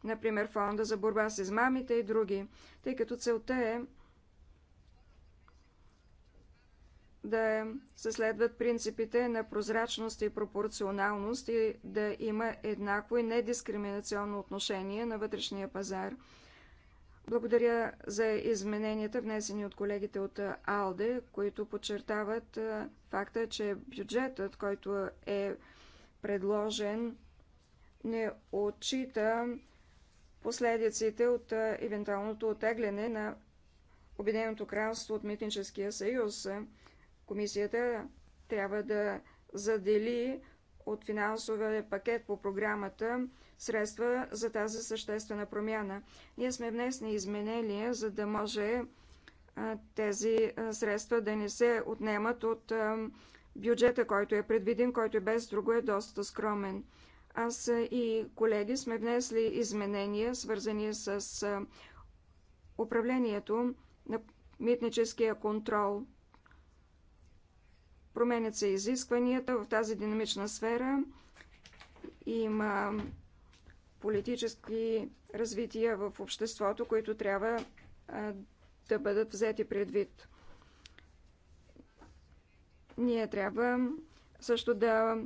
Например, фонда за борба с измамите и други, тъй като целта е да се следват принципите на прозрачност и пропорционалност и да има еднакво и недискриминационно отношение на вътрешния пазар. Благодаря за измененията, внесени от колегите от АЛДЕ, които подчертават факта, че бюджетът, който е предложен, не отчита последиците от евентуалното отегляне на Обединеното кралство от Митническия съюз. Комисията трябва да задели от финансовия пакет по програмата средства за тази съществена промяна. Ние сме внесли изменения, за да може тези средства да не се отнемат от бюджета, който е предвиден, който е без друго е доста скромен. Аз и колеги сме внесли изменения, свързани с управлението на митническия контрол променят се изискванията в тази динамична сфера. Има политически развития в обществото, които трябва да бъдат взети предвид. Ние трябва също да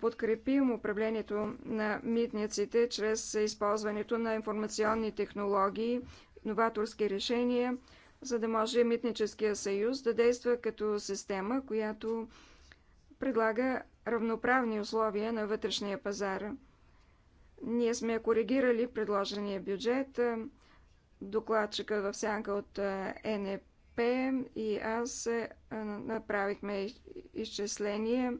подкрепим управлението на митниците чрез използването на информационни технологии, новаторски решения, за да може Митническия съюз да действа като система, която предлага равноправни условия на вътрешния пазар. Ние сме коригирали предложения бюджет. Докладчика в сянка от НП и аз направихме изчисление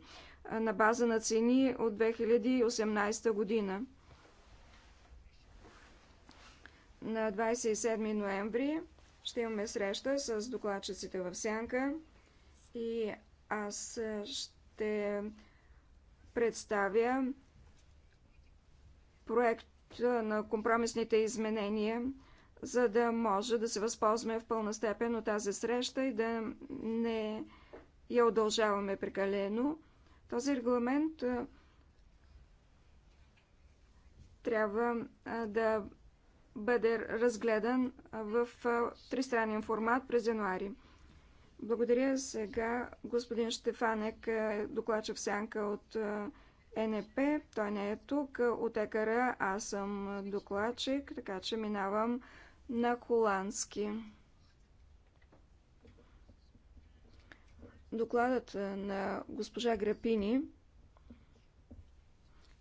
на база на цени от 2018 година. На 27 ноември ще имаме среща с докладчиците в Сянка и аз е, ще представя проект на компромисните изменения, за да може да се възползваме в пълна степен от тази среща и да не я удължаваме прекалено. Този регламент е, трябва е, да бъде разгледан в тристранен формат през януари. Благодаря сега господин Штефанек, е в сянка от НП. Той не е тук. От ЕКР аз съм докладчик, така че минавам на холандски. Докладът на госпожа Грапини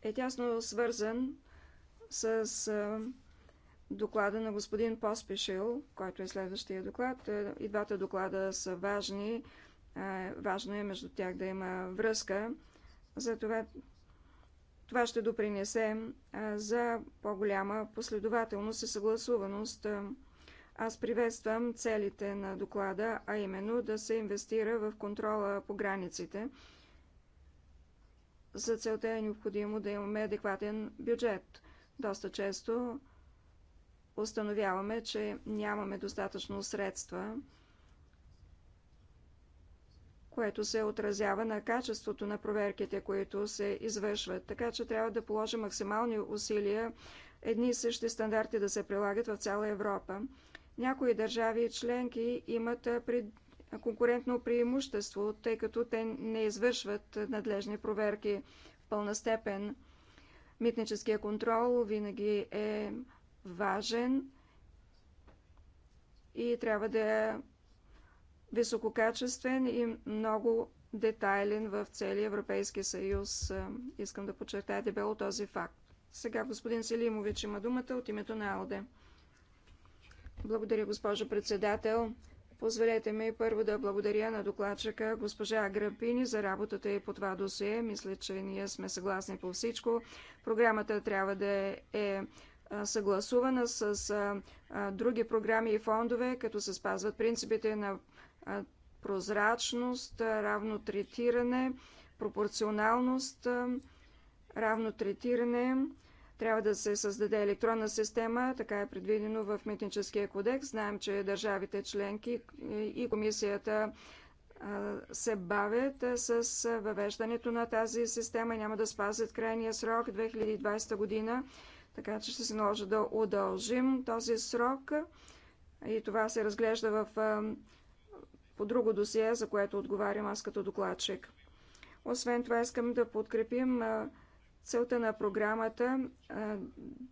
е тясно свързан с доклада на господин Поспешил, който е следващия доклад. Е, и двата доклада са важни. Е, важно е между тях да има връзка. Затова това ще допринесе е, за по-голяма последователност и съгласуваност. Аз приветствам целите на доклада, а именно да се инвестира в контрола по границите. За целта е необходимо да имаме адекватен бюджет. Доста често установяваме, че нямаме достатъчно средства, което се отразява на качеството на проверките, които се извършват. Така че трябва да положим максимални усилия едни и същи стандарти да се прилагат в цяла Европа. Някои държави и членки имат пред конкурентно преимущество, тъй като те не извършват надлежни проверки в пълна степен. Митническия контрол винаги е важен и трябва да е висококачествен и много детайлен в целия Европейски съюз. Искам да подчертая дебело този факт. Сега господин Селимович има думата от името на АЛДЕ. Благодаря, госпожо председател. Позволете ми първо да благодаря на докладчика госпожа Грапини за работата и по това досие. Мисля, че ние сме съгласни по всичко. Програмата трябва да е съгласувана с други програми и фондове, като се спазват принципите на прозрачност, равно третиране, пропорционалност, равно третиране. Трябва да се създаде електронна система, така е предвидено в Митническия кодекс. Знаем, че държавите членки и комисията се бавят с въвеждането на тази система и няма да спазят крайния срок 2020 година така че ще се наложи да удължим този срок и това се разглежда в, по друго досие, за което отговарям аз като докладчик. Освен това искам да подкрепим целта на програмата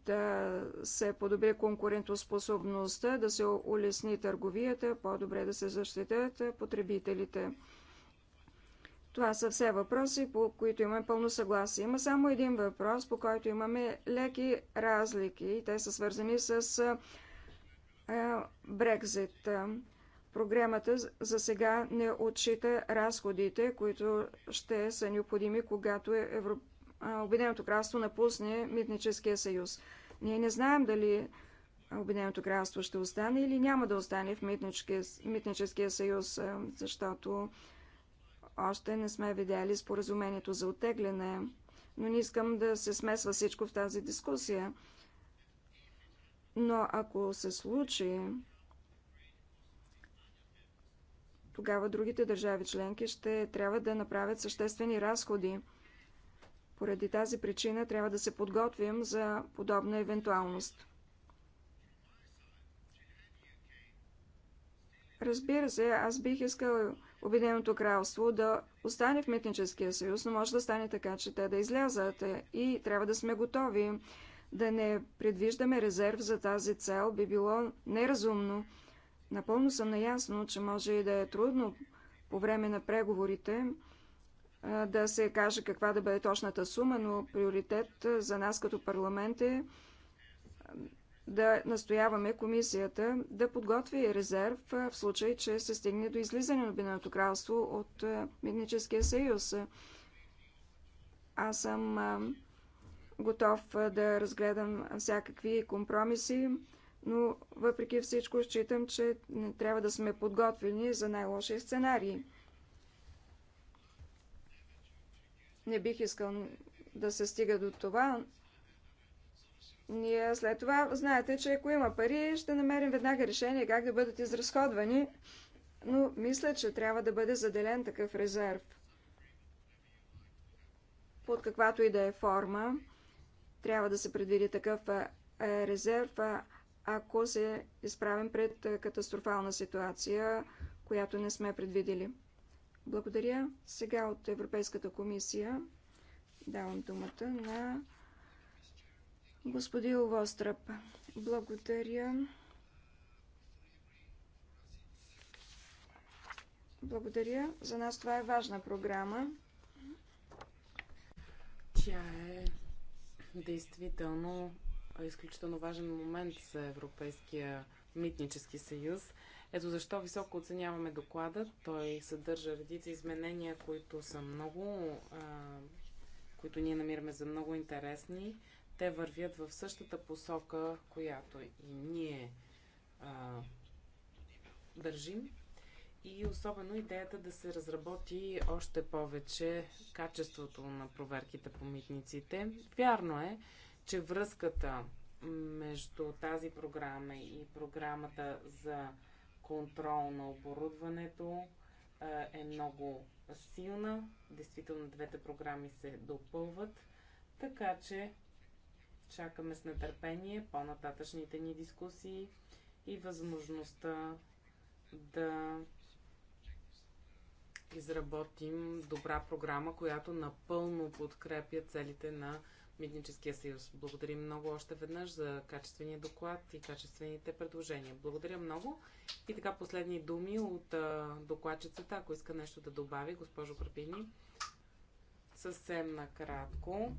да се подобри конкурентоспособността, да се улесни търговията, по-добре да се защитят потребителите. Това са все въпроси, по които имаме пълно съгласие. Има само един въпрос, по който имаме леки разлики и те са свързани с Брекзит. Програмата за сега не отчита разходите, които ще са необходими, когато е Евро... Обединеното кралство напусне Митническия съюз. Ние не знаем дали Обединеното кралство ще остане или няма да остане в Митническия, Митническия съюз, защото още не сме видели споразумението за отегляне, но не искам да се смесва всичко в тази дискусия. Но ако се случи, тогава другите държави членки ще трябва да направят съществени разходи. Поради тази причина трябва да се подготвим за подобна евентуалност. Разбира се, аз бих искал Обединеното кралство да остане в митническия съюз, но може да стане така, че те да излязат и трябва да сме готови. Да не предвиждаме резерв за тази цел би било неразумно. Напълно съм наясно, че може и да е трудно по време на преговорите да се каже каква да бъде точната сума, но приоритет за нас като парламент е да настояваме комисията да подготви резерв в случай, че се стигне до излизане на Обединеното кралство от Митническия съюз. Аз съм готов да разгледам всякакви компромиси, но въпреки всичко считам, че не трябва да сме подготвени за най лоши сценарии. Не бих искал да се стига до това, ние след това знаете, че ако има пари, ще намерим веднага решение как да бъдат изразходвани, но мисля, че трябва да бъде заделен такъв резерв. Под каквато и да е форма, трябва да се предвиди такъв резерв, ако се изправим пред катастрофална ситуация, която не сме предвидели. Благодаря. Сега от Европейската комисия давам думата на Господин Востръп, благодаря. Благодаря. За нас това е важна програма. Тя е действително изключително важен момент за Европейския митнически съюз. Ето защо високо оценяваме доклада. Той съдържа редица изменения, които са много, а, които ние намираме за много интересни те вървят в същата посока, която и ние а, държим. И особено идеята да се разработи още повече качеството на проверките по митниците. Вярно е, че връзката между тази програма и програмата за контрол на оборудването е много силна. Действително двете програми се допълват, така че Чакаме с нетърпение по-нататъчните ни дискусии и възможността да изработим добра програма, която напълно подкрепя целите на Митническия съюз. Благодарим много още веднъж за качествения доклад и качествените предложения. Благодаря много. И така последни думи от а, докладчицата, ако иска нещо да добави, госпожо Крапини. Съвсем накратко.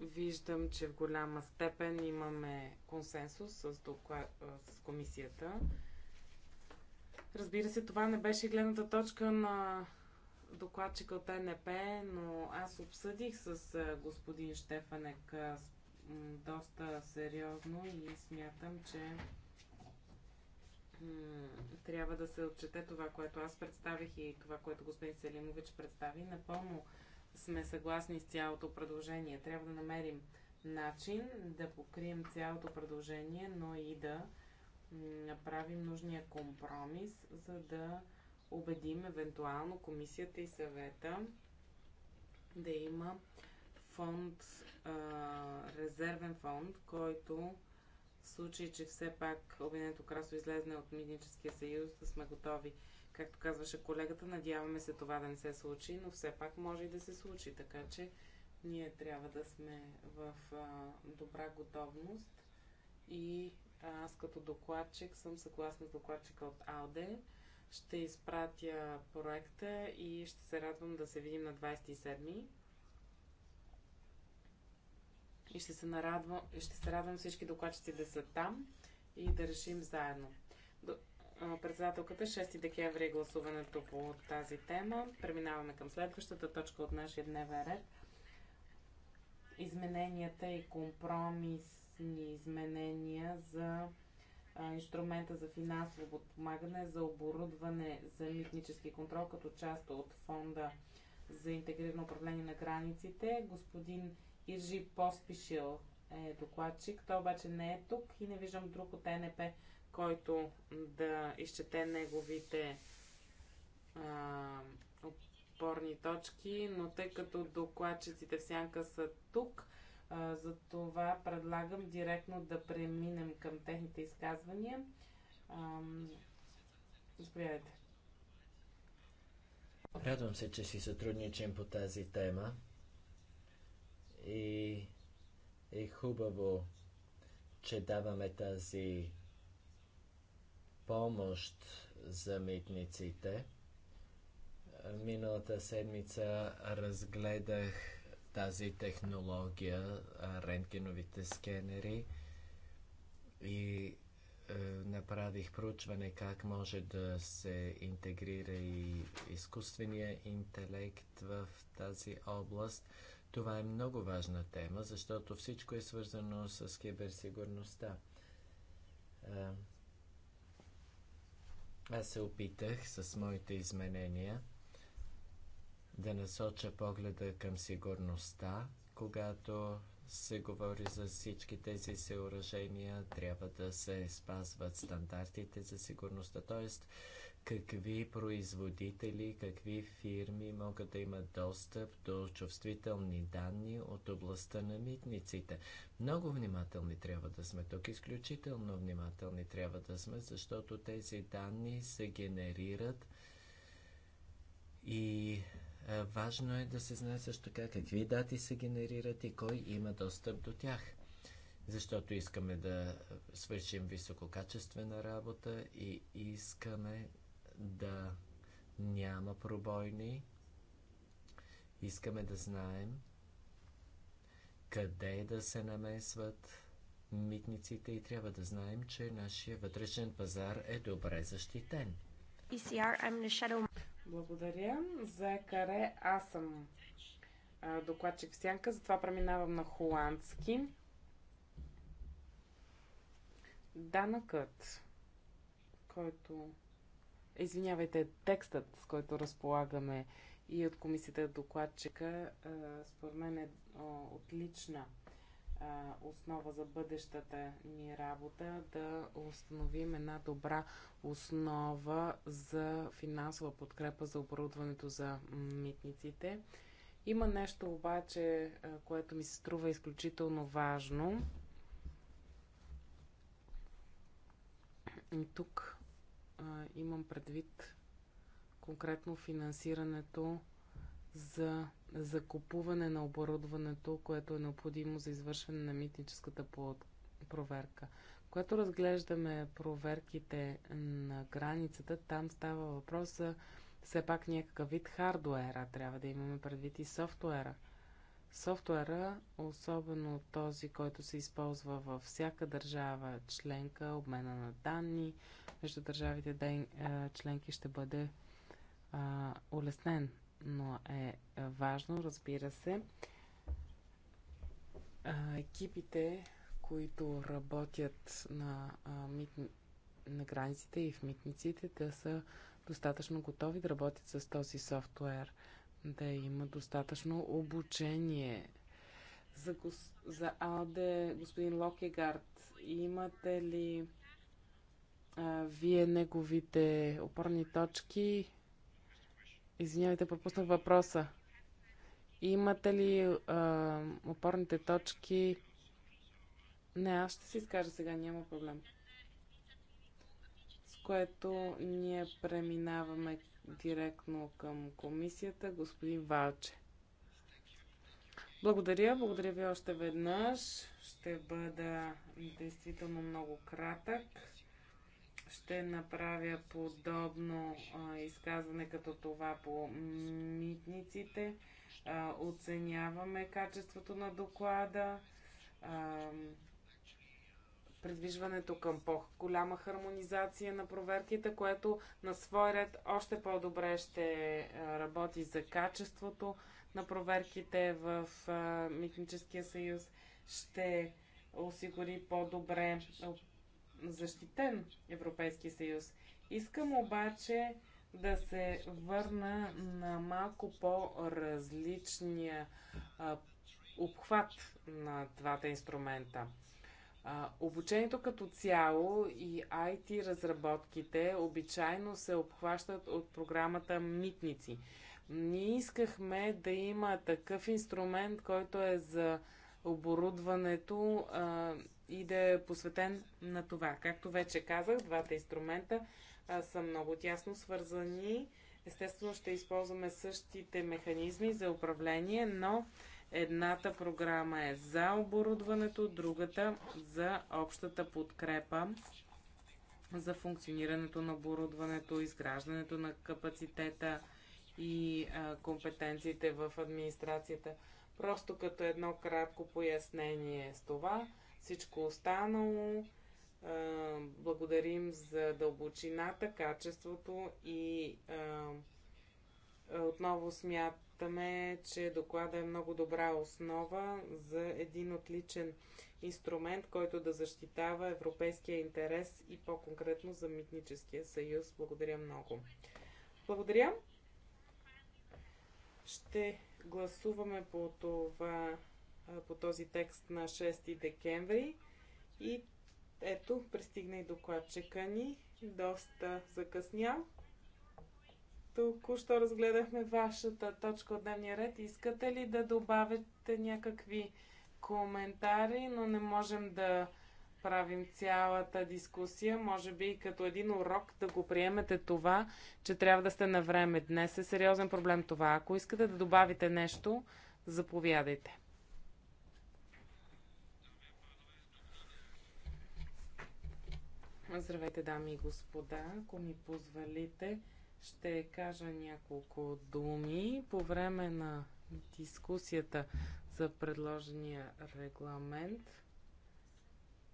Виждам, че в голяма степен имаме консенсус с, доклад, с комисията. Разбира се, това не беше гледната точка на докладчика от НП, но аз обсъдих с господин Штефанек доста сериозно и смятам, че трябва да се отчете това, което аз представих и това, което господин Селимович представи. Напълно сме съгласни с цялото предложение. Трябва да намерим начин да покрием цялото предложение, но и да направим нужния компромис, за да убедим евентуално комисията и съвета да има фонд, а, резервен фонд, който в случай, че все пак Обединеното кралство излезне от Митническия съюз, да сме готови Както казваше колегата, надяваме се това да не се случи, но все пак може и да се случи, така че ние трябва да сме в а, добра готовност и аз като докладчик съм съгласна с докладчика от АЛДЕ. Ще изпратя проекта и ще се радвам да се видим на 27 и ще се, нарадвам, ще се радвам всички докладчици да са там и да решим заедно председателката. 6 декември е гласуването по тази тема. Преминаваме към следващата точка от нашия дневен ред. Измененията и компромисни изменения за инструмента за финансово подпомагане за оборудване за митнически контрол като част от фонда за интегрирано управление на границите. Господин Иржи Поспишил е докладчик. Той обаче не е тук и не виждам друг от НП който да изчете неговите а, опорни точки, но тъй като докладчиците в сянка са тук, а, за това предлагам директно да преминем към техните изказвания. А, заповядайте. Радвам се, че си сътрудничим по тази тема и е хубаво, че даваме тази помощ за митниците. Миналата седмица разгледах тази технология, рентгеновите скенери и е, направих проучване как може да се интегрира и изкуствения интелект в тази област. Това е много важна тема, защото всичко е свързано с киберсигурността. Е, аз се опитах с моите изменения да насоча погледа към сигурността, когато се говори за всички тези съоръжения, трябва да се спазват стандартите за сигурността. Тоест, какви производители, какви фирми могат да имат достъп до чувствителни данни от областта на митниците. Много внимателни трябва да сме тук, изключително внимателни трябва да сме, защото тези данни се генерират и а, важно е да се знае също така какви дати се генерират и кой има достъп до тях защото искаме да свършим висококачествена работа и искаме да няма пробойни. Искаме да знаем къде да се намесват митниците и трябва да знаем, че нашия вътрешен пазар е добре защитен. E I'm shadow. Благодаря. За каре аз съм докладчик в сянка, затова преминавам на холандски. Данъкът, който извинявайте, текстът, с който разполагаме и от комисията докладчика, според мен е отлична основа за бъдещата ни работа да установим една добра основа за финансова подкрепа за оборудването за митниците. Има нещо обаче, което ми се струва изключително важно. И тук а, имам предвид конкретно финансирането за закупуване на оборудването, което е необходимо за извършване на митническата проверка. Когато разглеждаме проверките на границата, там става въпрос за все пак някакъв вид хардуера. Трябва да имаме предвид и софтуера – Софтуера, особено този, който се използва във всяка държава членка, обмена на данни между държавите е, членки ще бъде а, улеснен, но е важно, разбира се, а, екипите, които работят на, а, мит, на границите и в митниците, да са достатъчно готови да работят с този софтуер – да има достатъчно обучение. За, гос... за Алде, господин Локегард, имате ли а, вие неговите опорни точки? Извинявайте, пропуснах въпроса. Имате ли а, опорните точки? Не, аз ще си изкажа сега, няма проблем. С което ние преминаваме директно към комисията, господин Валче. Благодаря, благодаря ви още веднъж. Ще бъда действително много кратък. Ще направя подобно а, изказване като това по митниците. А, оценяваме качеството на доклада. А, придвижването към по-голяма хармонизация на проверките, което на свой ред още по-добре ще е, работи за качеството на проверките в е, Митническия съюз, ще осигури по-добре е, защитен Европейски съюз. Искам обаче да се върна на малко по-различния обхват на двата инструмента. А, обучението като цяло и IT разработките обичайно се обхващат от програмата Митници. Ние искахме да има такъв инструмент, който е за оборудването а, и да е посветен на това. Както вече казах, двата инструмента а, са много тясно свързани. Естествено ще използваме същите механизми за управление, но Едната програма е за оборудването, другата за общата подкрепа за функционирането на оборудването, изграждането на капацитета и а, компетенциите в администрацията. Просто като едно кратко пояснение с това, всичко останало. А, благодарим за дълбочината, качеството и а, отново смят, Смятаме, че доклада е много добра основа за един отличен инструмент, който да защитава европейския интерес и по-конкретно за митническия съюз. Благодаря много. Благодаря. Ще гласуваме по, това, по този текст на 6 декември. И ето, пристигна и докладчика ни. Доста закъснял. Току-що разгледахме вашата точка от дневния ред. Искате ли да добавите някакви коментари, но не можем да правим цялата дискусия. Може би като един урок да го приемете това, че трябва да сте на време. Днес е сериозен проблем това. Ако искате да добавите нещо, заповядайте. Здравейте, дами и господа. Ако ми позволите, ще кажа няколко думи. По време на дискусията за предложения регламент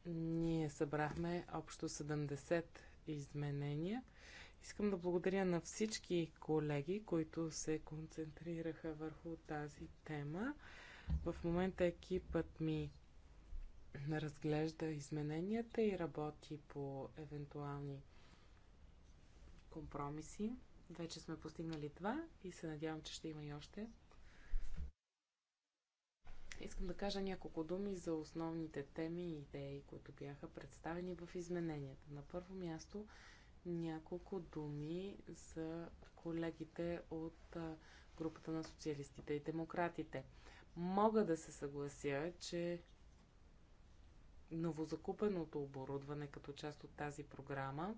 ние събрахме общо 70 изменения. Искам да благодаря на всички колеги, които се концентрираха върху тази тема. В момента екипът ми разглежда измененията и работи по евентуални компромиси. Вече сме постигнали два и се надявам, че ще има и още. Искам да кажа няколко думи за основните теми и идеи, които бяха представени в измененията. На първо място няколко думи за колегите от групата на социалистите и демократите. Мога да се съглася, че новозакупеното оборудване като част от тази програма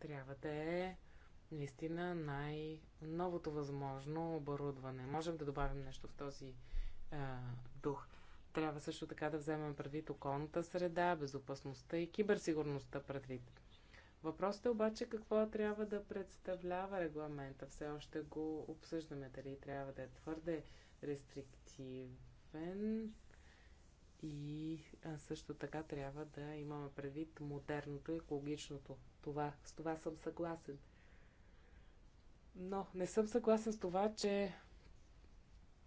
трябва да е наистина най-новото възможно оборудване. Можем да добавим нещо в този е, дух. Трябва също така да вземем предвид околната среда, безопасността и киберсигурността предвид. Въпросът е обаче какво трябва да представлява регламента. Все още го обсъждаме. Дали трябва да е твърде рестриктивен и също така трябва да имаме предвид модерното и екологичното това. С това съм съгласен. Но не съм съгласен с това, че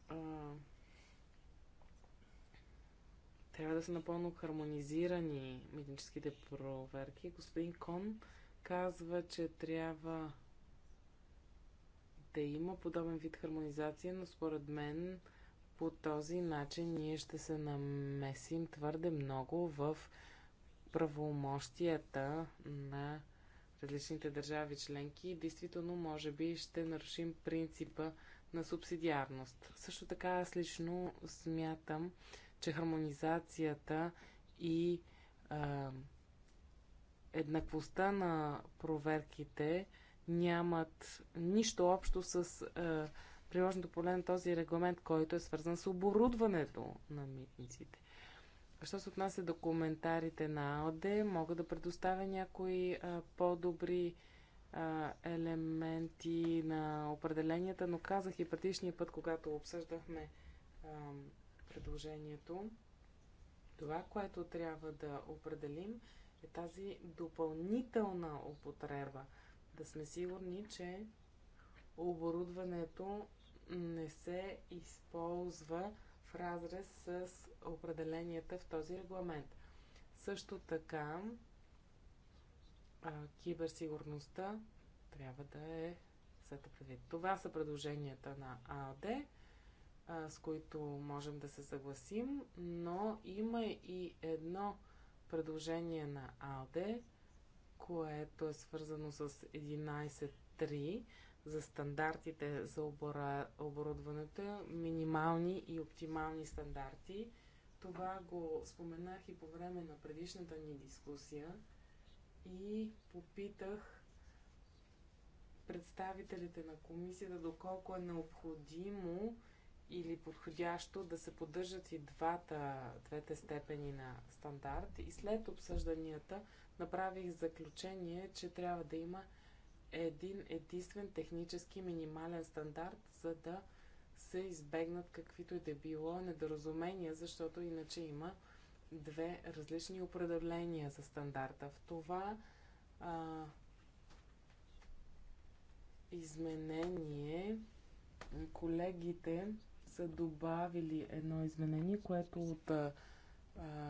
а, трябва да са напълно хармонизирани митническите проверки. Господин Кон казва, че трябва да има подобен вид хармонизация, но според мен по този начин ние ще се намесим твърде много в правомощията на различните държави членки, действително може би ще нарушим принципа на субсидиарност. Също така аз лично смятам, че хармонизацията и а, еднаквостта на проверките нямат нищо общо с а, приложното поле на този регламент, който е свързан с оборудването на митниците. Що се отнася до коментарите на АОДЕ, мога да предоставя някои по-добри елементи на определенията, но казах и предишния път, когато обсъждахме а, предложението, това, което трябва да определим, е тази допълнителна употреба. Да сме сигурни, че оборудването не се използва в разрез с определенията в този регламент. Също така, а, киберсигурността трябва да е взета предвид. Това са предложенията на АД, а, с които можем да се съгласим, но има и едно предложение на АД, което е свързано с 11.3 за стандартите за обора... оборудването, минимални и оптимални стандарти. Това го споменах и по време на предишната ни дискусия и попитах представителите на комисията доколко е необходимо или подходящо да се поддържат и двата, двете степени на стандарт. И след обсъжданията направих заключение, че трябва да има един единствен технически минимален стандарт, за да се избегнат каквито и да било недоразумения, защото иначе има две различни определения за стандарта. В това а, изменение колегите са добавили едно изменение, което от а,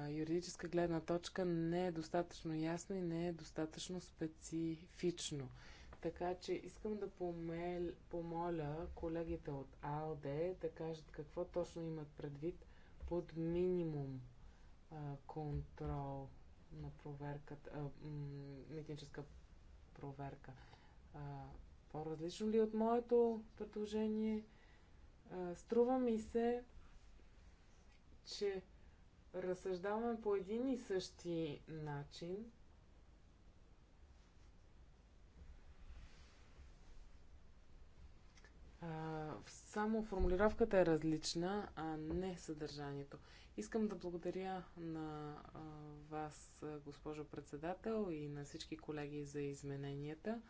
юридическа гледна точка не е достатъчно ясно и не е достатъчно специфично. Така че искам да помел, помоля колегите от АЛД да кажат какво точно имат предвид под минимум а, контрол на проверката, а, митническа проверка. А, по-различно ли е от моето предложение? А, струва ми се, че разсъждаваме по един и същи начин, само формулировката е различна, а не съдържанието. Искам да благодаря на вас, госпожо председател, и на всички колеги за измененията.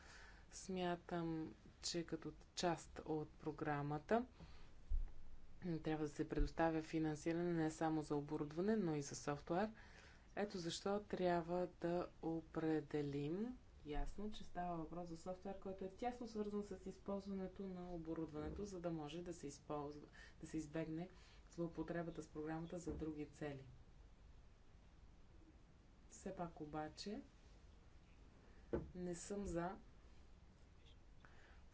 Смятам, че като част от програмата трябва да се предоставя финансиране не само за оборудване, но и за софтуер. Ето защо трябва да определим ясно, че става въпрос за софтуер, който е тясно свързан с използването на оборудването, за да може да се, използва, да се избегне злоупотребата с програмата за други цели. Все пак обаче не съм за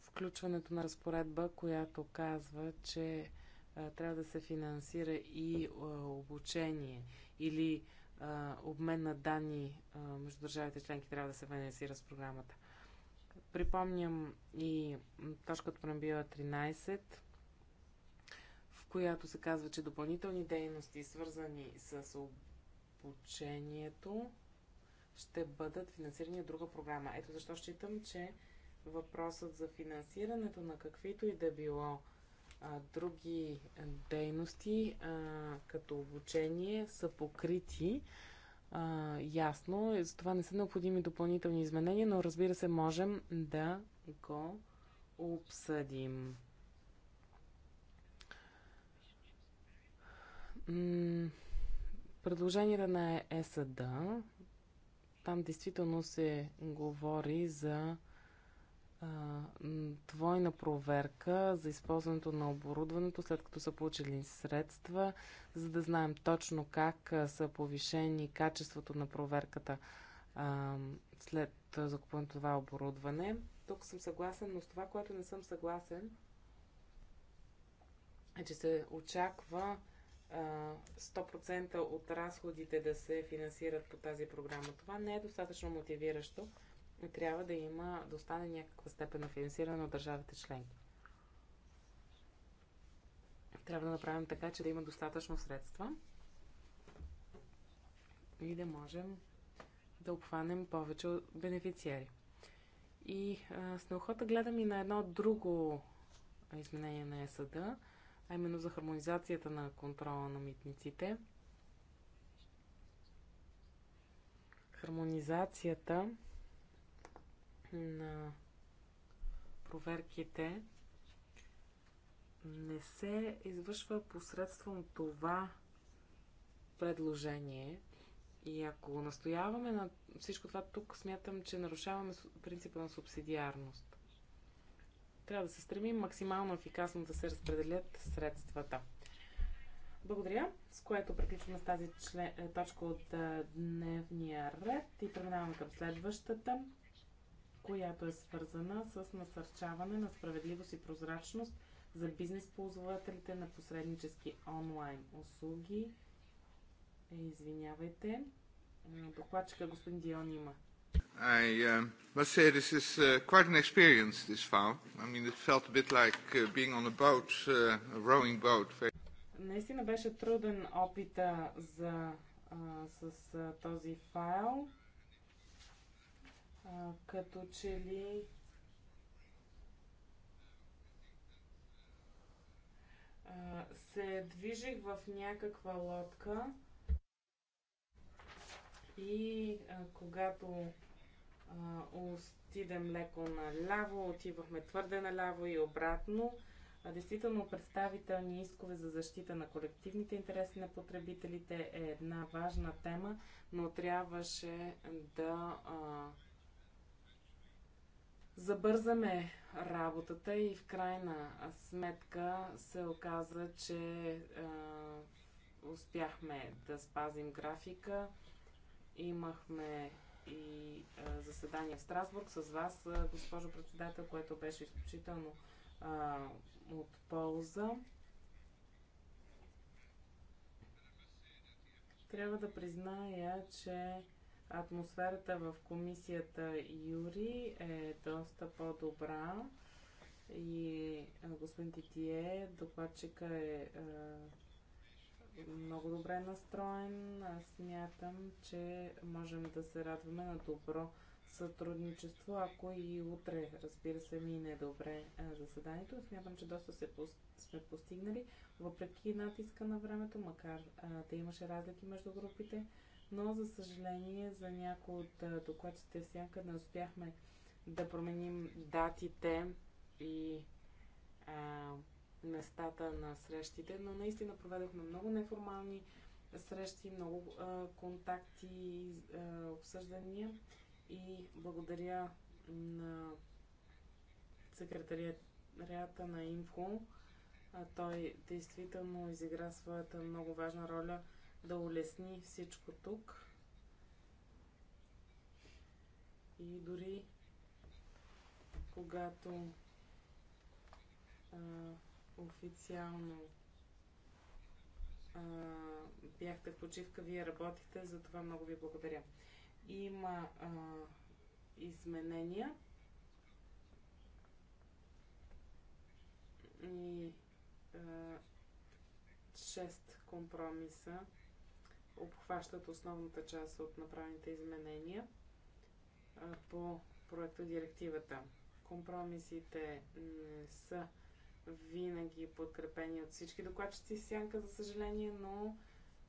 включването на разпоредба, която казва, че а, трябва да се финансира и а, обучение или а, обмен на данни а, между държавите членки трябва да се финансира с програмата. Припомням и точката прембила 13, в която се казва, че допълнителни дейности, свързани с обучението, ще бъдат финансирани от друга програма. Ето защо считам, че въпросът за финансирането на каквито и да било а, други дейности, а, като обучение, са покрити а, ясно. Е, Затова не са необходими допълнителни изменения, но разбира се, можем да го обсъдим. Предложенията на ЕСД, там действително се говори за двойна проверка за използването на оборудването, след като са получили средства, за да знаем точно как са повишени качеството на проверката след закупването това оборудване. Тук съм съгласен, но с това, което не съм съгласен, е, че се очаква 100% от разходите да се финансират по тази програма. Това не е достатъчно мотивиращо трябва да има, да остане някаква степен на финансиране от държавите членки. Трябва да направим така, че да има достатъчно средства и да можем да обхванем повече бенефициери. И а, с неохота гледам и на едно друго изменение на ЕСД, а именно за хармонизацията на контрола на митниците. Хармонизацията на проверките не се извършва посредством това предложение. И ако настояваме на всичко това тук, смятам, че нарушаваме принципа на субсидиарност. Трябва да се стремим максимално ефикасно да се разпределят средствата. Благодаря, с което приключваме с тази член, е, точка от е, дневния ред и преминаваме към следващата която е свързана с насърчаване на справедливост и прозрачност за бизнес ползвателите на посреднически онлайн услуги. Е, извинявайте. Е, докладчика господин Дион има. I uh, must say this is uh, quite an experience, this I mean, it felt a bit like uh, being on a boat, uh, a rowing boat. Наистина беше труден опита за, с този файл като че ли се движих в някаква лодка и а, когато а, отидем леко наляво, отивахме твърде наляво и обратно, Действително представителни искове за защита на колективните интереси на потребителите е една важна тема, но трябваше да а, забързаме работата и в крайна сметка се оказа, че е, успяхме да спазим графика. Имахме и е, заседание в Страсбург с вас, госпожо председател, което беше изключително е, от полза. Трябва да призная, че Атмосферата в комисията Юри е доста по-добра и господин Титие, докладчика е, е много добре настроен. Смятам, че можем да се радваме на добро сътрудничество, ако и утре, разбира се, мине е добре заседанието. Смятам, че доста се сме постигнали, въпреки натиска на времето, макар да имаше разлики между групите но за съжаление за някои от докладите в сянка не успяхме да променим датите и а, местата на срещите, но наистина проведохме много неформални срещи, много а, контакти и обсъждания и благодаря на секретарията на Инфо. А, той действително изигра своята много важна роля – да улесни всичко тук. И дори когато а, официално а, бяхте в почивка, вие работите, за това много ви благодаря. Има а, изменения. И а, 6 компромиса обхващат основната част от направените изменения по проекта директивата. Компромисите не са винаги подкрепени от всички докладчици в сянка, за съжаление, но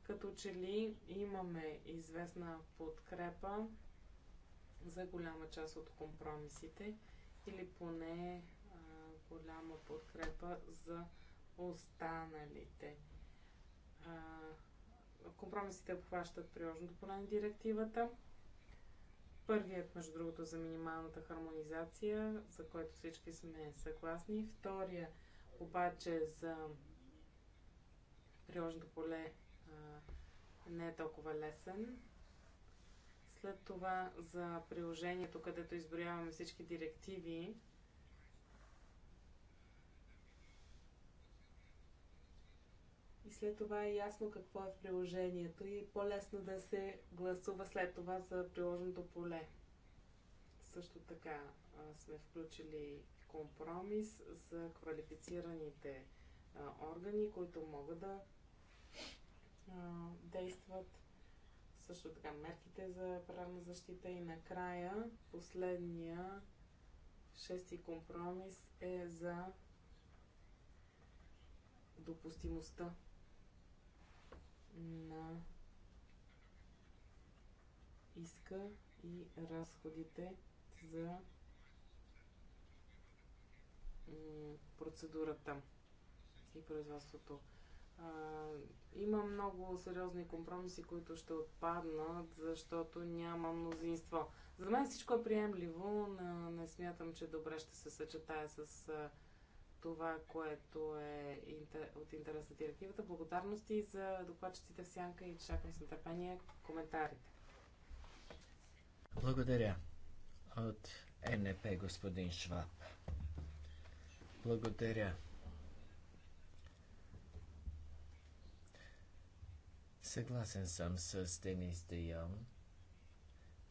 като че ли имаме известна подкрепа за голяма част от компромисите или поне а, голяма подкрепа за останалите. А, компромисите обхващат приложното поле на директивата. Първият, между другото, за минималната хармонизация, за който всички сме съгласни. Втория, обаче, за приложното поле а, не е толкова лесен. След това за приложението, където изброяваме всички директиви, и след това е ясно какво е в приложението и по-лесно да се гласува след това за приложеното поле. Също така сме включили компромис за квалифицираните органи, които могат да действат. Също така мерките за правна защита и накрая последния шести компромис е за допустимостта на иска и разходите за процедурата и производството. А, има много сериозни компромиси, които ще отпаднат, защото няма мнозинство. За мен всичко е приемливо, но не смятам, че добре ще се съчетая с това, което е от интерес на директивата. Благодарности за докладчиците в Сянка и чакам с нетърпение коментарите. Благодаря. От НП господин Шваб. Благодаря. Съгласен съм с Денис Дейон.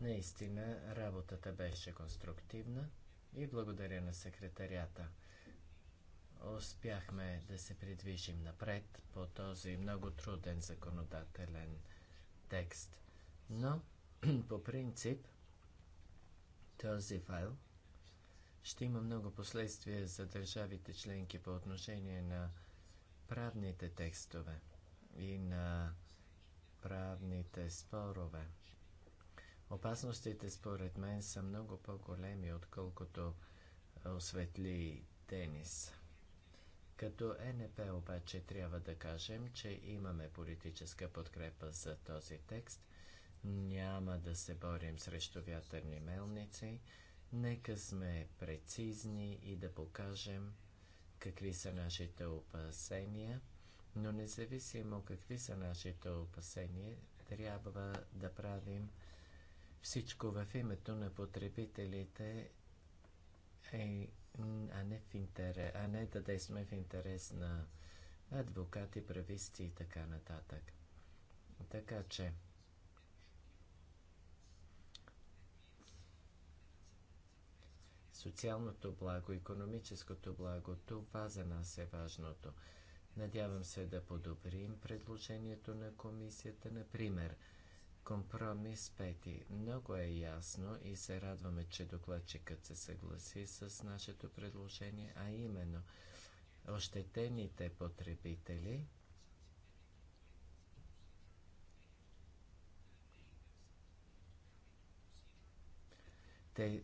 Наистина работата беше конструктивна и благодаря на секретарята – успяхме да се придвижим напред по този много труден законодателен текст. Но, по принцип, този файл ще има много последствия за държавите членки по отношение на правните текстове и на правните спорове. Опасностите, според мен, са много по-големи, отколкото осветли Денис. Като НП обаче трябва да кажем, че имаме политическа подкрепа за този текст. Няма да се борим срещу вятърни мелници. Нека сме прецизни и да покажем какви са нашите опасения, но независимо какви са нашите опасения, трябва да правим всичко в името на потребителите и а не, в интерес, а не да действаме в интерес на адвокати, прависти и така нататък. Така че, социалното благо, економическото благо, това за нас е важното. Надявам се да подобрим предложението на комисията, например – Компромис пети. Много е ясно и се радваме, че докладчикът се съгласи с нашето предложение, а именно ощетените потребители те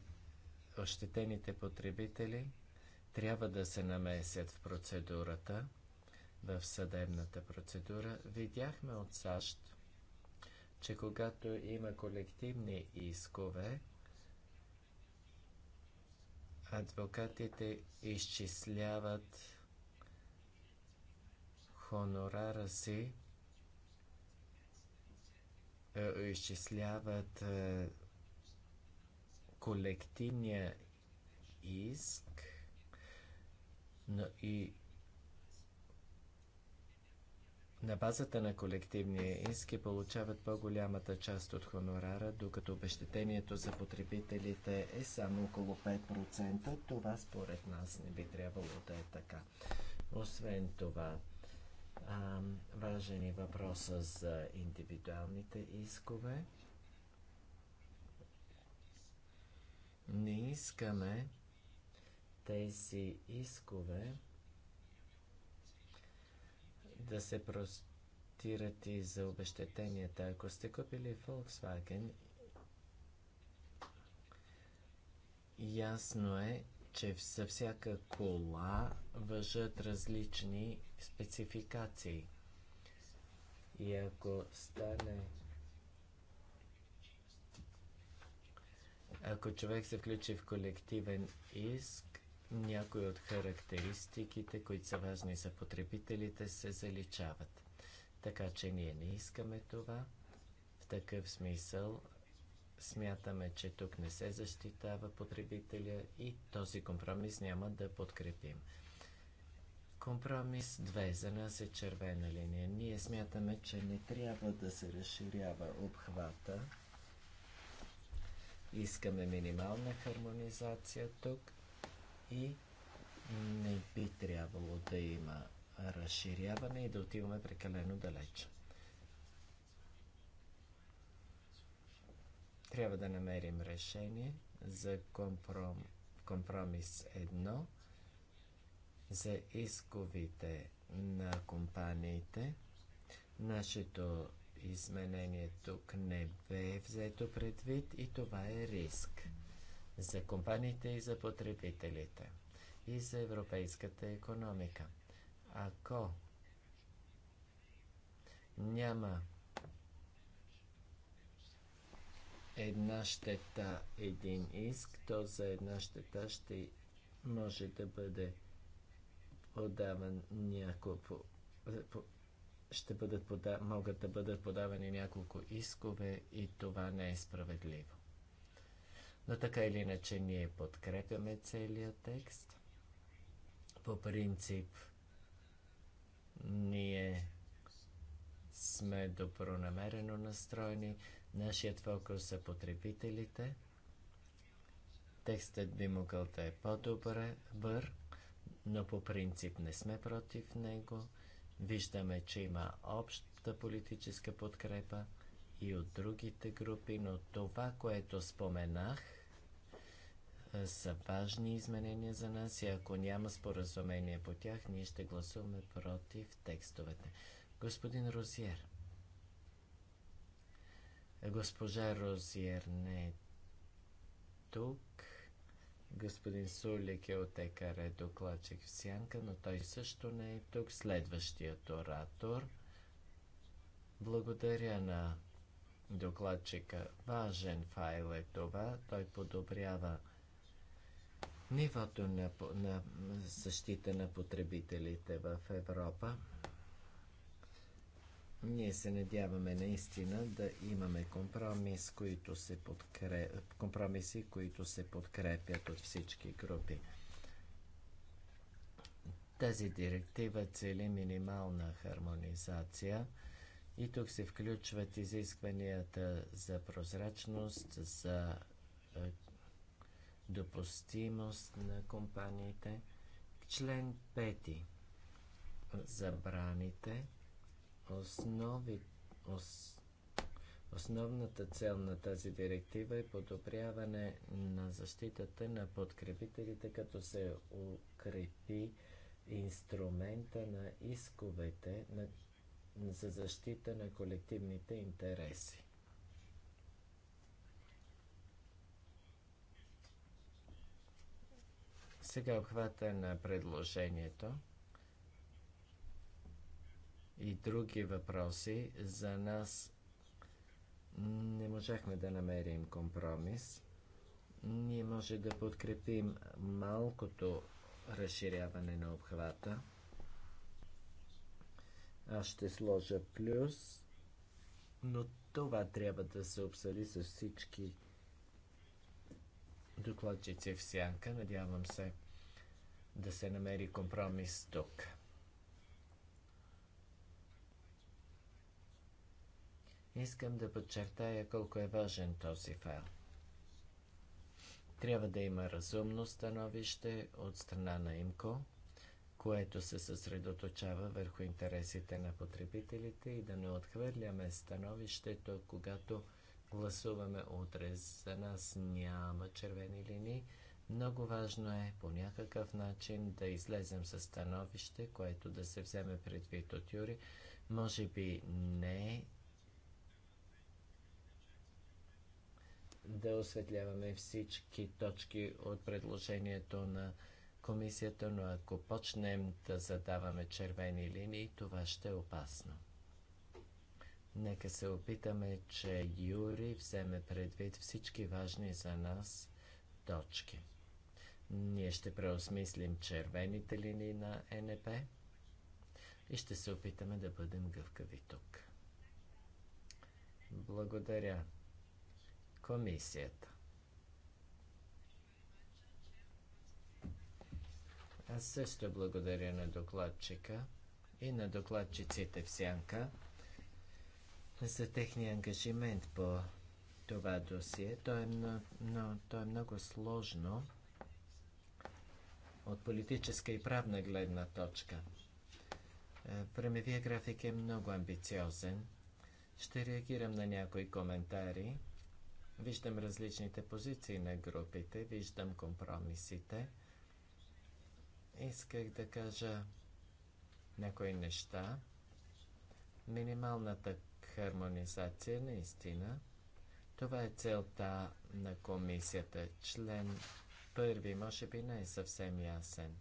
ощетените потребители трябва да се намесят в процедурата, в съдебната процедура. Видяхме от САЩ, че когато има колективни искове, адвокатите изчисляват хонорара си, е, изчисляват е, колективния иск, но и на базата на колективния иски получават по-голямата част от хонорара, докато обещетението за потребителите е само около 5%. Това според нас не би трябвало да е така. Освен това, а, важен е въпроса за индивидуалните искове. Не искаме тези искове да се простират и за обещетенията. Ако сте купили Volkswagen, ясно е, че за всяка кола въжат различни спецификации. И ако стане ако човек се включи в колективен иск, някои от характеристиките, които са важни за потребителите, се заличават. Така че ние не искаме това. В такъв смисъл смятаме, че тук не се защитава потребителя и този компромис няма да подкрепим. Компромис 2 за нас е червена линия. Ние смятаме, че не трябва да се разширява обхвата. Искаме минимална хармонизация тук и не би трябвало да има разширяване и да отиваме прекалено далеч. Трябва да намерим решение за компром... компромис 1 за исковите на компаниите. Нашето изменение тук не бе взето предвид и това е риск за компаниите и за потребителите и за европейската економика. Ако няма една щета, един иск, то за една щета ще може да бъде подаван няколко е, ще бъдат пода, могат да бъдат подавани няколко искове и това не е справедливо. Но така или иначе ние подкрепяме целият текст. По принцип ние сме добронамерено настроени. Нашият фокус е потребителите. Текстът би могъл да е по добър бър, но по принцип не сме против него. Виждаме, че има обща политическа подкрепа и от другите групи, но това, което споменах, са важни изменения за нас и ако няма споразумение по тях, ние ще гласуваме против текстовете. Господин Розиер. Госпожа Розиер не е тук. Господин Сулик е от Екаре докладчик в Сянка, но той също не е тук. Следващият оратор. Благодаря на докладчика. Важен файл е това. Той подобрява Нивото на, на защита на потребителите в Европа ние се надяваме наистина да имаме компромис, които се подкреп... компромиси, които се подкрепят от всички групи. Тази директива цели минимална хармонизация и тук се включват изискванията за прозрачност, за е, допустимост на компаниите. Член 5. Забраните. Основи, ос, основната цел на тази директива е подобряване на защитата на потребителите, като се укрепи инструмента на исковете на, за защита на колективните интереси. Сега обхвата на предложението и други въпроси за нас не можахме да намерим компромис. Ние може да подкрепим малкото разширяване на обхвата. Аз ще сложа плюс, но това трябва да се обсъди с всички докладчици в сянка. Надявам се да се намери компромис тук. Искам да подчертая колко е важен този файл. Трябва да има разумно становище от страна на ИМКО, което се съсредоточава върху интересите на потребителите и да не отхвърляме становището, когато гласуваме утре. За нас няма червени линии. Много важно е по някакъв начин да излезем със становище, което да се вземе предвид от Юри. Може би не да осветляваме всички точки от предложението на комисията, но ако почнем да задаваме червени линии, това ще е опасно. Нека се опитаме, че Юри вземе предвид всички важни за нас точки. Ние ще преосмислим червените линии на НП и ще се опитаме да бъдем гъвкави тук. Благодаря. Комисията. Аз също благодаря на докладчика и на докладчиците в Сянка за техния ангажимент по това досие. То е, но, то е много сложно от политическа и правна гледна точка. Е, времевия график е много амбициозен. Ще реагирам на някои коментари. Виждам различните позиции на групите, виждам компромисите. Исках да кажа някои неща. Минималната хармонизация, наистина. Това е целта на комисията. Член първи може би не е съвсем ясен.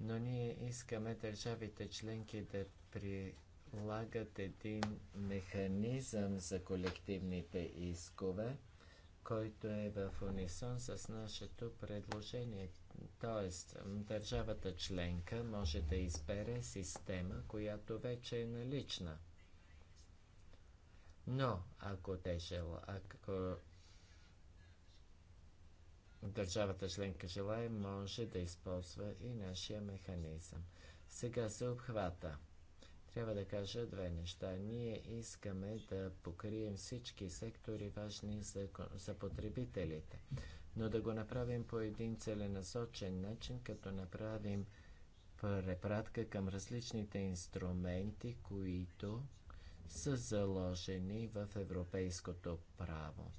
Но ние искаме държавите членки да прилагат един механизъм за колективните искове, който е в унисон с нашето предложение. Тоест, държавата членка може да избере система, която вече е налична – но ако те жела, ако държавата членка желая, може да използва и нашия механизъм. Сега се обхвата. Трябва да кажа две неща. Ние искаме да покрием всички сектори, важни за, за потребителите, но да го направим по един целенасочен начин, като направим препратка към различните инструменти, които са заложени в европейското право.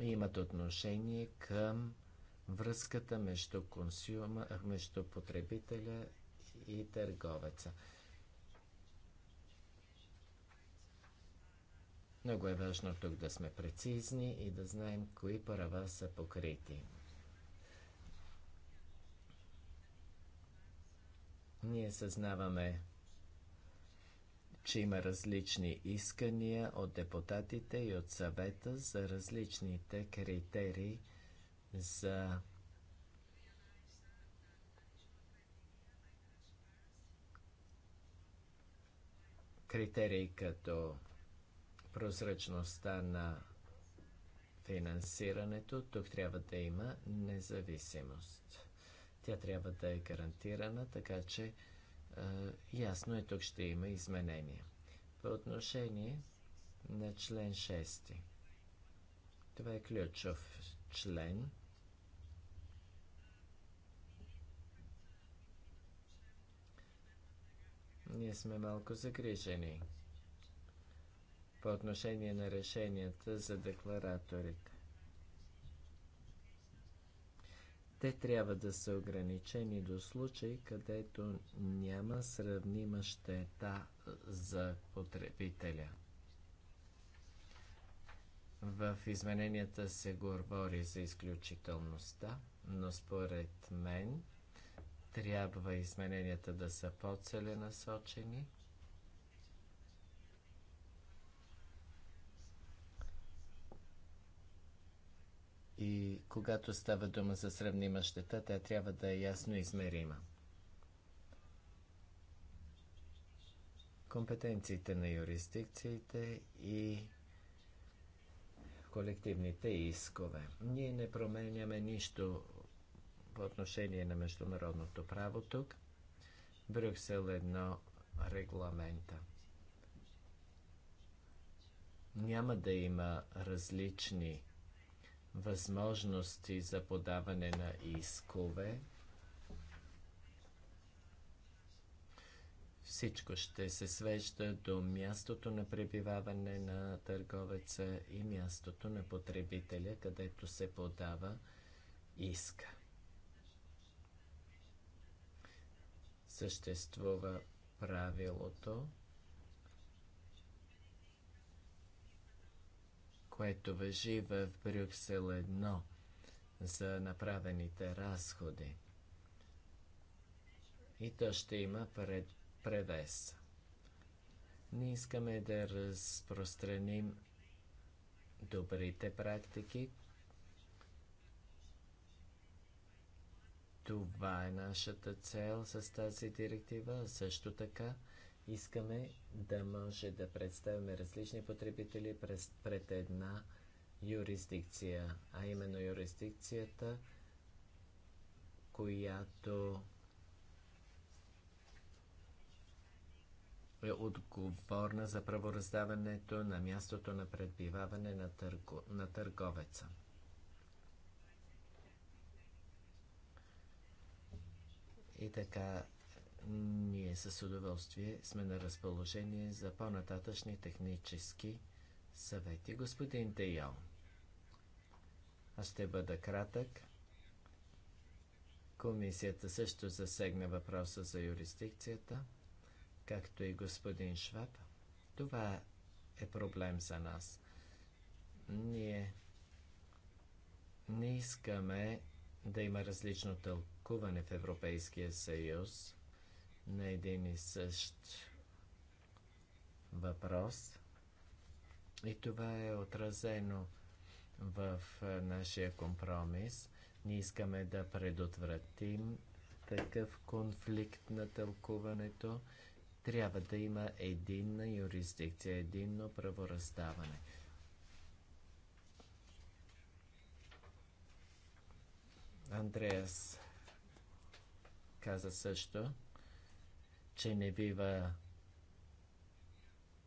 Имат отношение към връзката между, консюма, между потребителя и търговеца. Много е важно тук да сме прецизни и да знаем кои права са покрити. Ние съзнаваме че има различни искания от депутатите и от съвета за различните критерии за критерии като прозрачността на финансирането, тук трябва да има независимост. Тя трябва да е гарантирана, така че ясно е, тук ще има изменения. По отношение на член 6. Това е ключов член. Ние сме малко загрижени по отношение на решенията за деклараторите. Те трябва да са ограничени до случаи, където няма сравнима щета за потребителя. В измененията се говори за изключителността, но според мен трябва измененията да са по-целенасочени – И когато става дума за сравнима щета, тя трябва да е ясно измерима. Компетенциите на юрисдикциите и колективните искове. Ние не променяме нищо по отношение на международното право тук. Брюксел едно регламента. Няма да има различни възможности за подаване на искове. Всичко ще се свежда до мястото на пребиваване на търговеца и мястото на потребителя, където се подава иска. Съществува правилото което въжи в Брюксел 1 за направените разходи. И то ще има пред, превес. Ние искаме да разпространим добрите практики. Това е нашата цел с тази директива. Също така Искаме да може да представяме различни потребители през, пред една юрисдикция, а именно юрисдикцията, която е отговорна за правораздаването на мястото на предбиваване на, търго, на търговеца. И така, ние с удоволствие сме на разположение за по-нататъчни технически съвети. Господин Деял, аз ще бъда кратък. Комисията също засегна въпроса за юрисдикцията, както и господин Шваб. Това е проблем за нас. Ние не искаме да има различно тълкуване в Европейския съюз на един и същ въпрос. И това е отразено в нашия компромис. Ние искаме да предотвратим такъв конфликт на тълкуването. Трябва да има единна юрисдикция, единно правораздаване. Андреас каза също, че не бива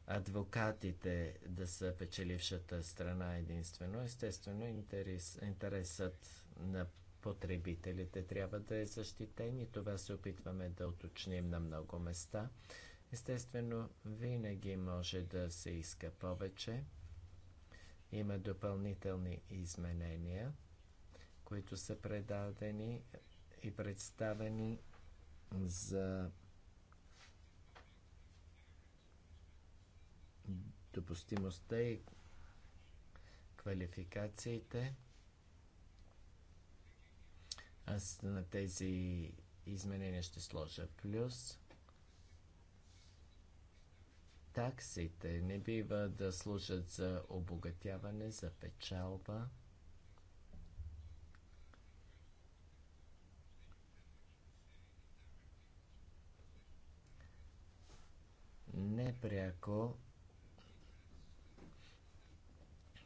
адвокатите да са печелившата страна единствено. Естествено, интерес, интересът на потребителите трябва да е защитен и това се опитваме да уточним на много места. Естествено, винаги може да се иска повече. Има допълнителни изменения, които са предадени и представени за допустимостта и квалификациите аз на тези изменения ще сложа плюс. Таксите не бива да служат за обогатяване, за печалба. Непряко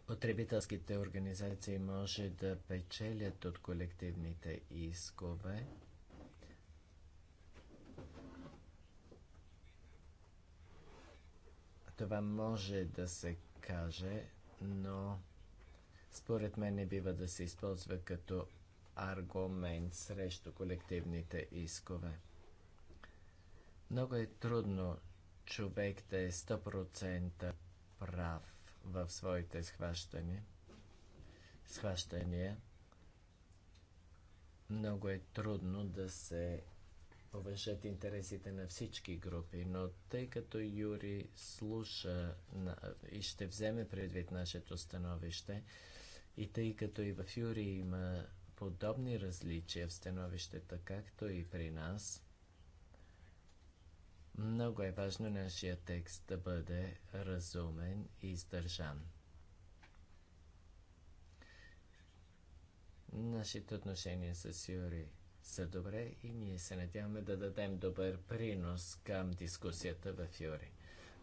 потребителските организации може да печелят от колективните искове. Това може да се каже, но според мен не бива да се използва като аргумент срещу колективните искове. Много е трудно човек да е 100% прав в своите схващания. схващания. Много е трудно да се повишат интересите на всички групи, но тъй като Юри слуша и ще вземе предвид нашето становище, и тъй като и в Юри има подобни различия в становищата, както и при нас – много е важно нашия текст да бъде разумен и издържан. Нашите отношения с Юри са добре и ние се надяваме да дадем добър принос към дискусията в Юри.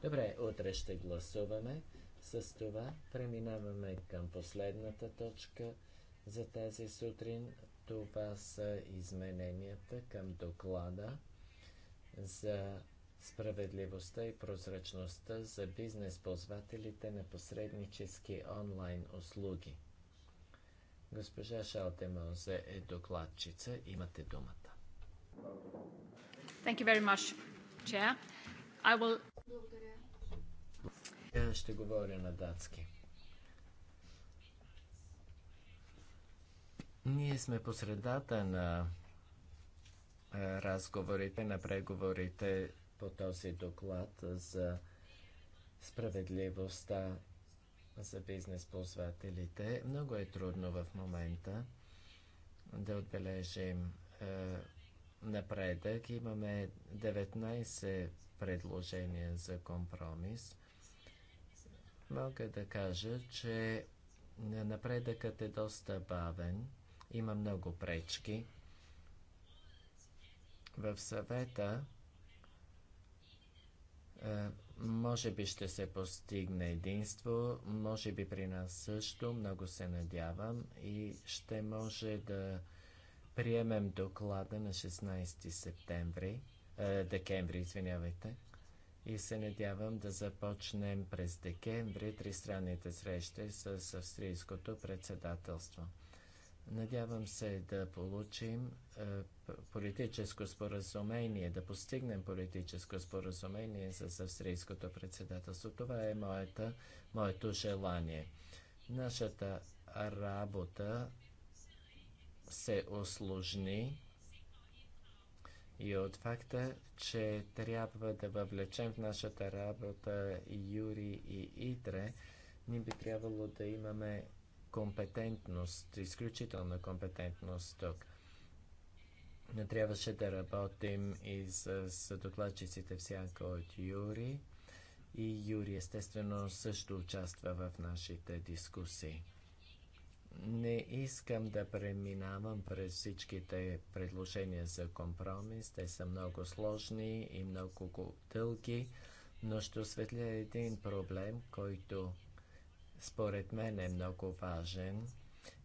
Добре, утре ще гласуваме. С това преминаваме към последната точка за тази сутрин. Това са измененията към доклада за справедливостта и прозрачността за бизнес ползвателите на посреднически онлайн услуги. Госпожа Шалтемозе е докладчица. Имате думата. Thank you very much, Chair. I will... Благодаря. Я е, ще говоря на датски. Ние сме посредата на е, разговорите, на преговорите по този доклад за справедливостта за бизнес ползвателите. Много е трудно в момента да отбележим е, напредък. Имаме 19 предложения за компромис. Мога да кажа, че напредъкът е доста бавен. Има много пречки. В съвета е, може би ще се постигне единство, може би при нас също, много се надявам и ще може да приемем доклада на 16 септември, е, декември, извинявайте, и се надявам да започнем през декември тристранните срещи с австрийското председателство. Надявам се да получим е, политическо споразумение, да постигнем политическо споразумение с австрийското председателство. Това е моята, моето желание. Нашата работа се осложни и от факта, че трябва да въвлечем в нашата работа Юри и Идре, ни би трябвало да имаме компетентност, изключителна компетентност тук. Не трябваше да работим и с, с докладчиците в сянка от Юри. И Юри естествено също участва в нашите дискусии. Не искам да преминавам през всичките предложения за компромис. Те са много сложни и много дълги, но ще осветля един проблем, който според мен е много важен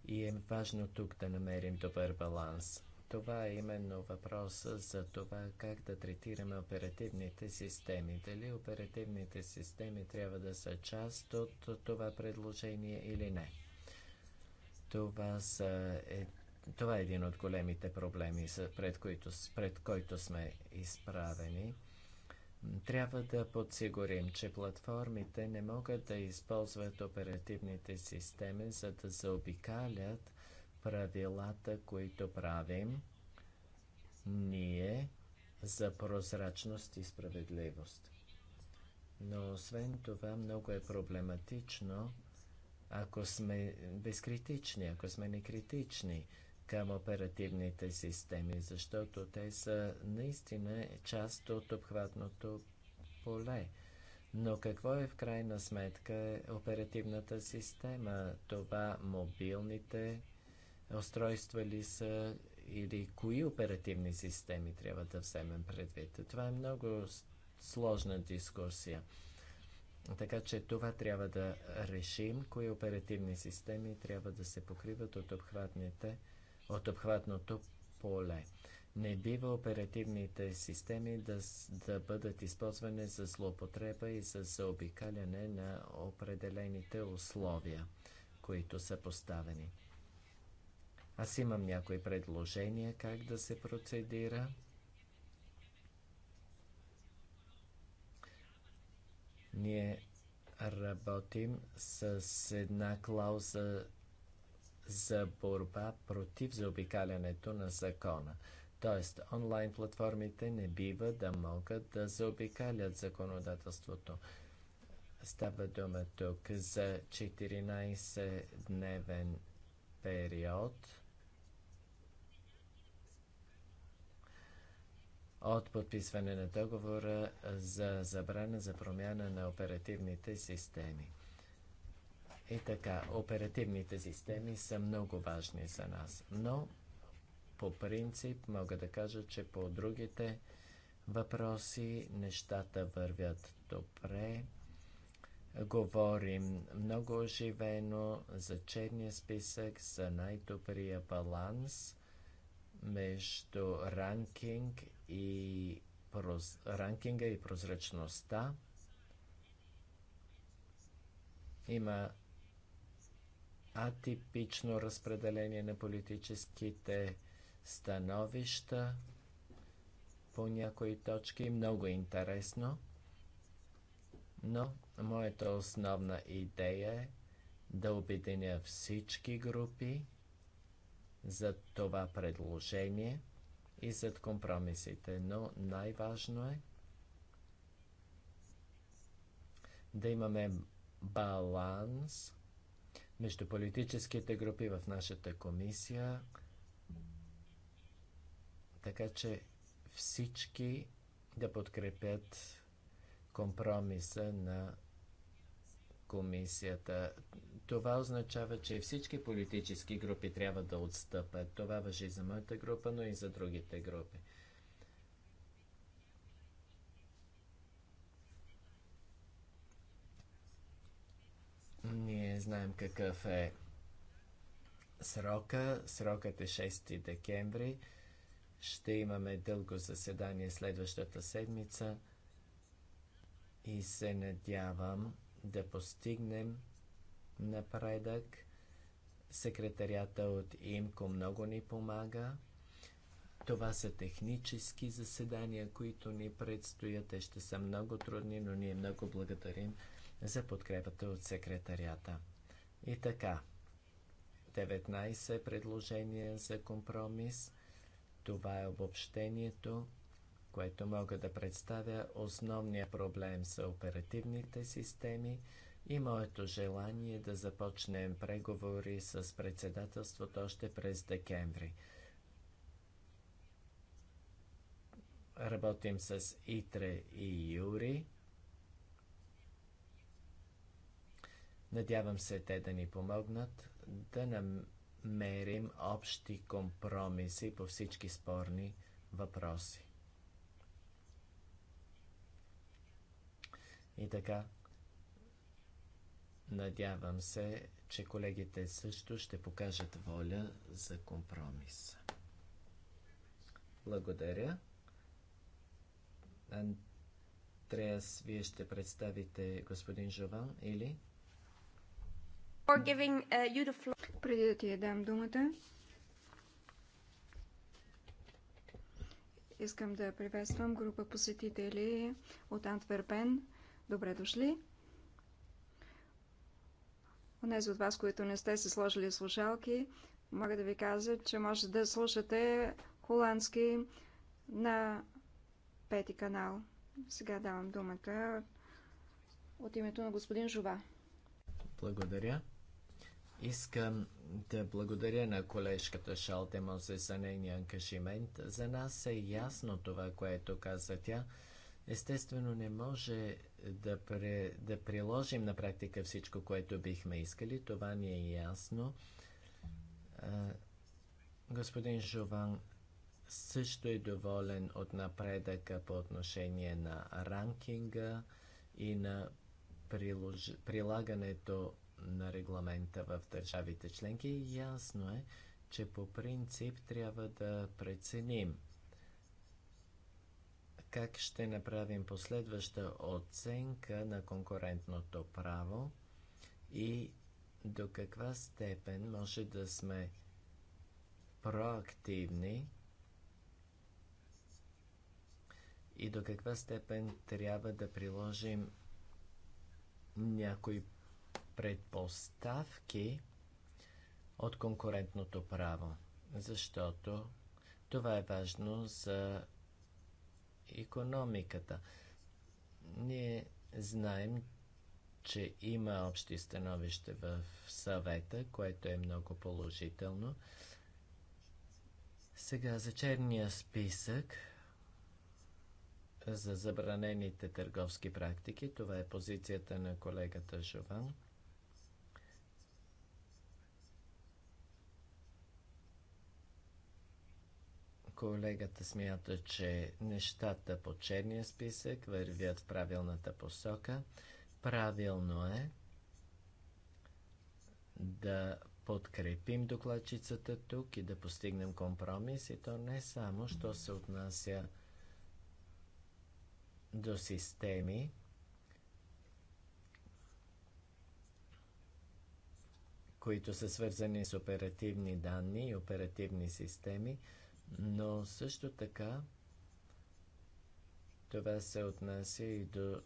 и е важно тук да намерим добър баланс. Това е именно въпроса за това как да третираме оперативните системи. Дали оперативните системи трябва да са част от това предложение или не. Това, са, е, това е един от големите проблеми, пред, които, пред който сме изправени. Трябва да подсигурим, че платформите не могат да използват оперативните системи, за да заобикалят правилата, които правим ние за прозрачност и справедливост. Но освен това много е проблематично, ако сме безкритични, ако сме некритични към оперативните системи, защото те са наистина част от обхватното поле. Но какво е в крайна сметка оперативната система? Това мобилните устройства ли са или кои оперативни системи трябва да вземем предвид? Това е много сложна дискусия. Така че това трябва да решим, кои оперативни системи трябва да се покриват от обхватните от обхватното поле. Не бива оперативните системи да, да бъдат използвани за злоупотреба и за заобикаляне на определените условия, които са поставени. Аз имам някои предложения как да се процедира. Ние работим с една клауза за борба против заобикалянето на закона. Тоест, онлайн платформите не бива да могат да заобикалят законодателството. Става дума тук за 14-дневен период от подписване на договора за забрана за промяна на оперативните системи. И така, оперативните системи са много важни за нас, но по принцип мога да кажа, че по другите въпроси нещата вървят добре. Говорим много оживено за черния списък, за най-добрия баланс между ранкинг и проз... ранкинга и прозрачността. Има атипично разпределение на политическите становища по някои точки. Много интересно. Но моята основна идея е да обединя всички групи за това предложение и зад компромисите. Но най-важно е да имаме баланс между политическите групи в нашата комисия, така че всички да подкрепят компромиса на комисията. Това означава, че всички политически групи трябва да отстъпят. Това въжи за моята група, но и за другите групи. Ние знаем какъв е срока. Срокът е 6 декември. Ще имаме дълго заседание следващата седмица и се надявам да постигнем напредък. Секретарията от ИМКО много ни помага. Това са технически заседания, които ни предстоят. Те ще са много трудни, но ние много благодарим за подкрепата от секретарията. И така, 19 предложения за компромис. Това е обобщението, което мога да представя. основния проблем за оперативните системи и моето желание да започнем преговори с председателството още през декември. Работим с ИТРЕ и ЮРИ. Надявам се те да ни помогнат да намерим общи компромиси по всички спорни въпроси. И така, надявам се, че колегите също ще покажат воля за компромис. Благодаря. Андреас, вие ще представите господин Жован или? Giving, uh, Преди да ти я дам думата, искам да приветствам група посетители от Антверпен. Добре дошли! Онези от вас, които не сте си сложили слушалки, мога да ви кажа, че може да слушате холандски на пети канал. Сега давам думата от името на господин Жова. Благодаря. Искам да благодаря на колежката Шалтемозе за нейния ангажимент. За нас е ясно това, което каза тя. Естествено, не може да, пре, да приложим на практика всичко, което бихме искали. Това ни е ясно. Господин Жован също е доволен от напредъка по отношение на ранкинга и на прилож... прилагането на регламента в държавите членки, ясно е, че по принцип трябва да преценим как ще направим последваща оценка на конкурентното право и до каква степен може да сме проактивни и до каква степен трябва да приложим някои предпоставки от конкурентното право, защото това е важно за економиката. Ние знаем, че има общи становища в съвета, което е много положително. Сега за черния списък за забранените търговски практики. Това е позицията на колегата Жован. Колегата смята, че нещата по черния списък вървят в правилната посока. Правилно е да подкрепим докладчицата тук и да постигнем компромис и то не само, що се отнася до системи, които са свързани с оперативни данни и оперативни системи, но също така това се отнася и до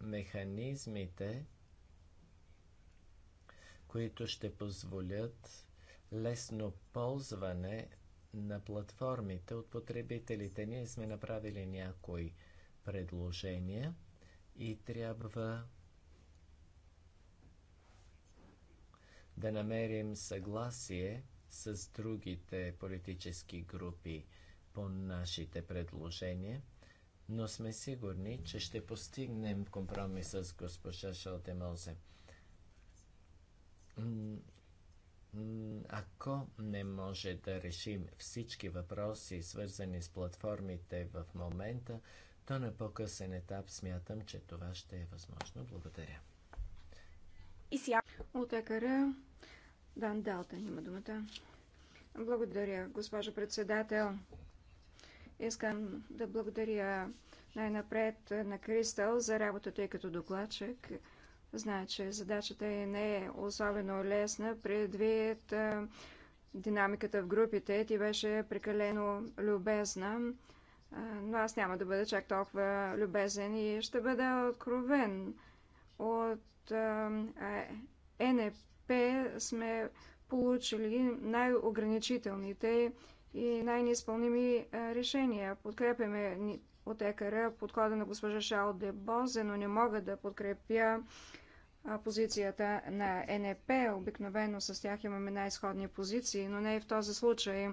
механизмите, които ще позволят лесно ползване на платформите от потребителите. Ние сме направили някои предложения и трябва да намерим съгласие с другите политически групи по нашите предложения, но сме сигурни, че ще постигнем компромис с госпожа Шалтемозе. Ако не може да решим всички въпроси, свързани с платформите в момента, то на по-късен етап смятам, че това ще е възможно. Благодаря. От екара Дан Далтен има думата. Благодаря, госпожо председател. Искам да благодаря най-напред на Кристал за работата и като докладчик. Знае, че задачата е не е особено лесна предвид динамиката в групите. Ти беше прекалено любезна, но аз няма да бъда чак толкова любезен и ще бъда откровен от ЕНЕП сме получили най-ограничителните и най-неизпълними решения. Подкрепяме от ЕКР подхода на госпожа Шал де Бозе, но не мога да подкрепя позицията на НП. Обикновено с тях имаме най-сходни позиции, но не и в този случай.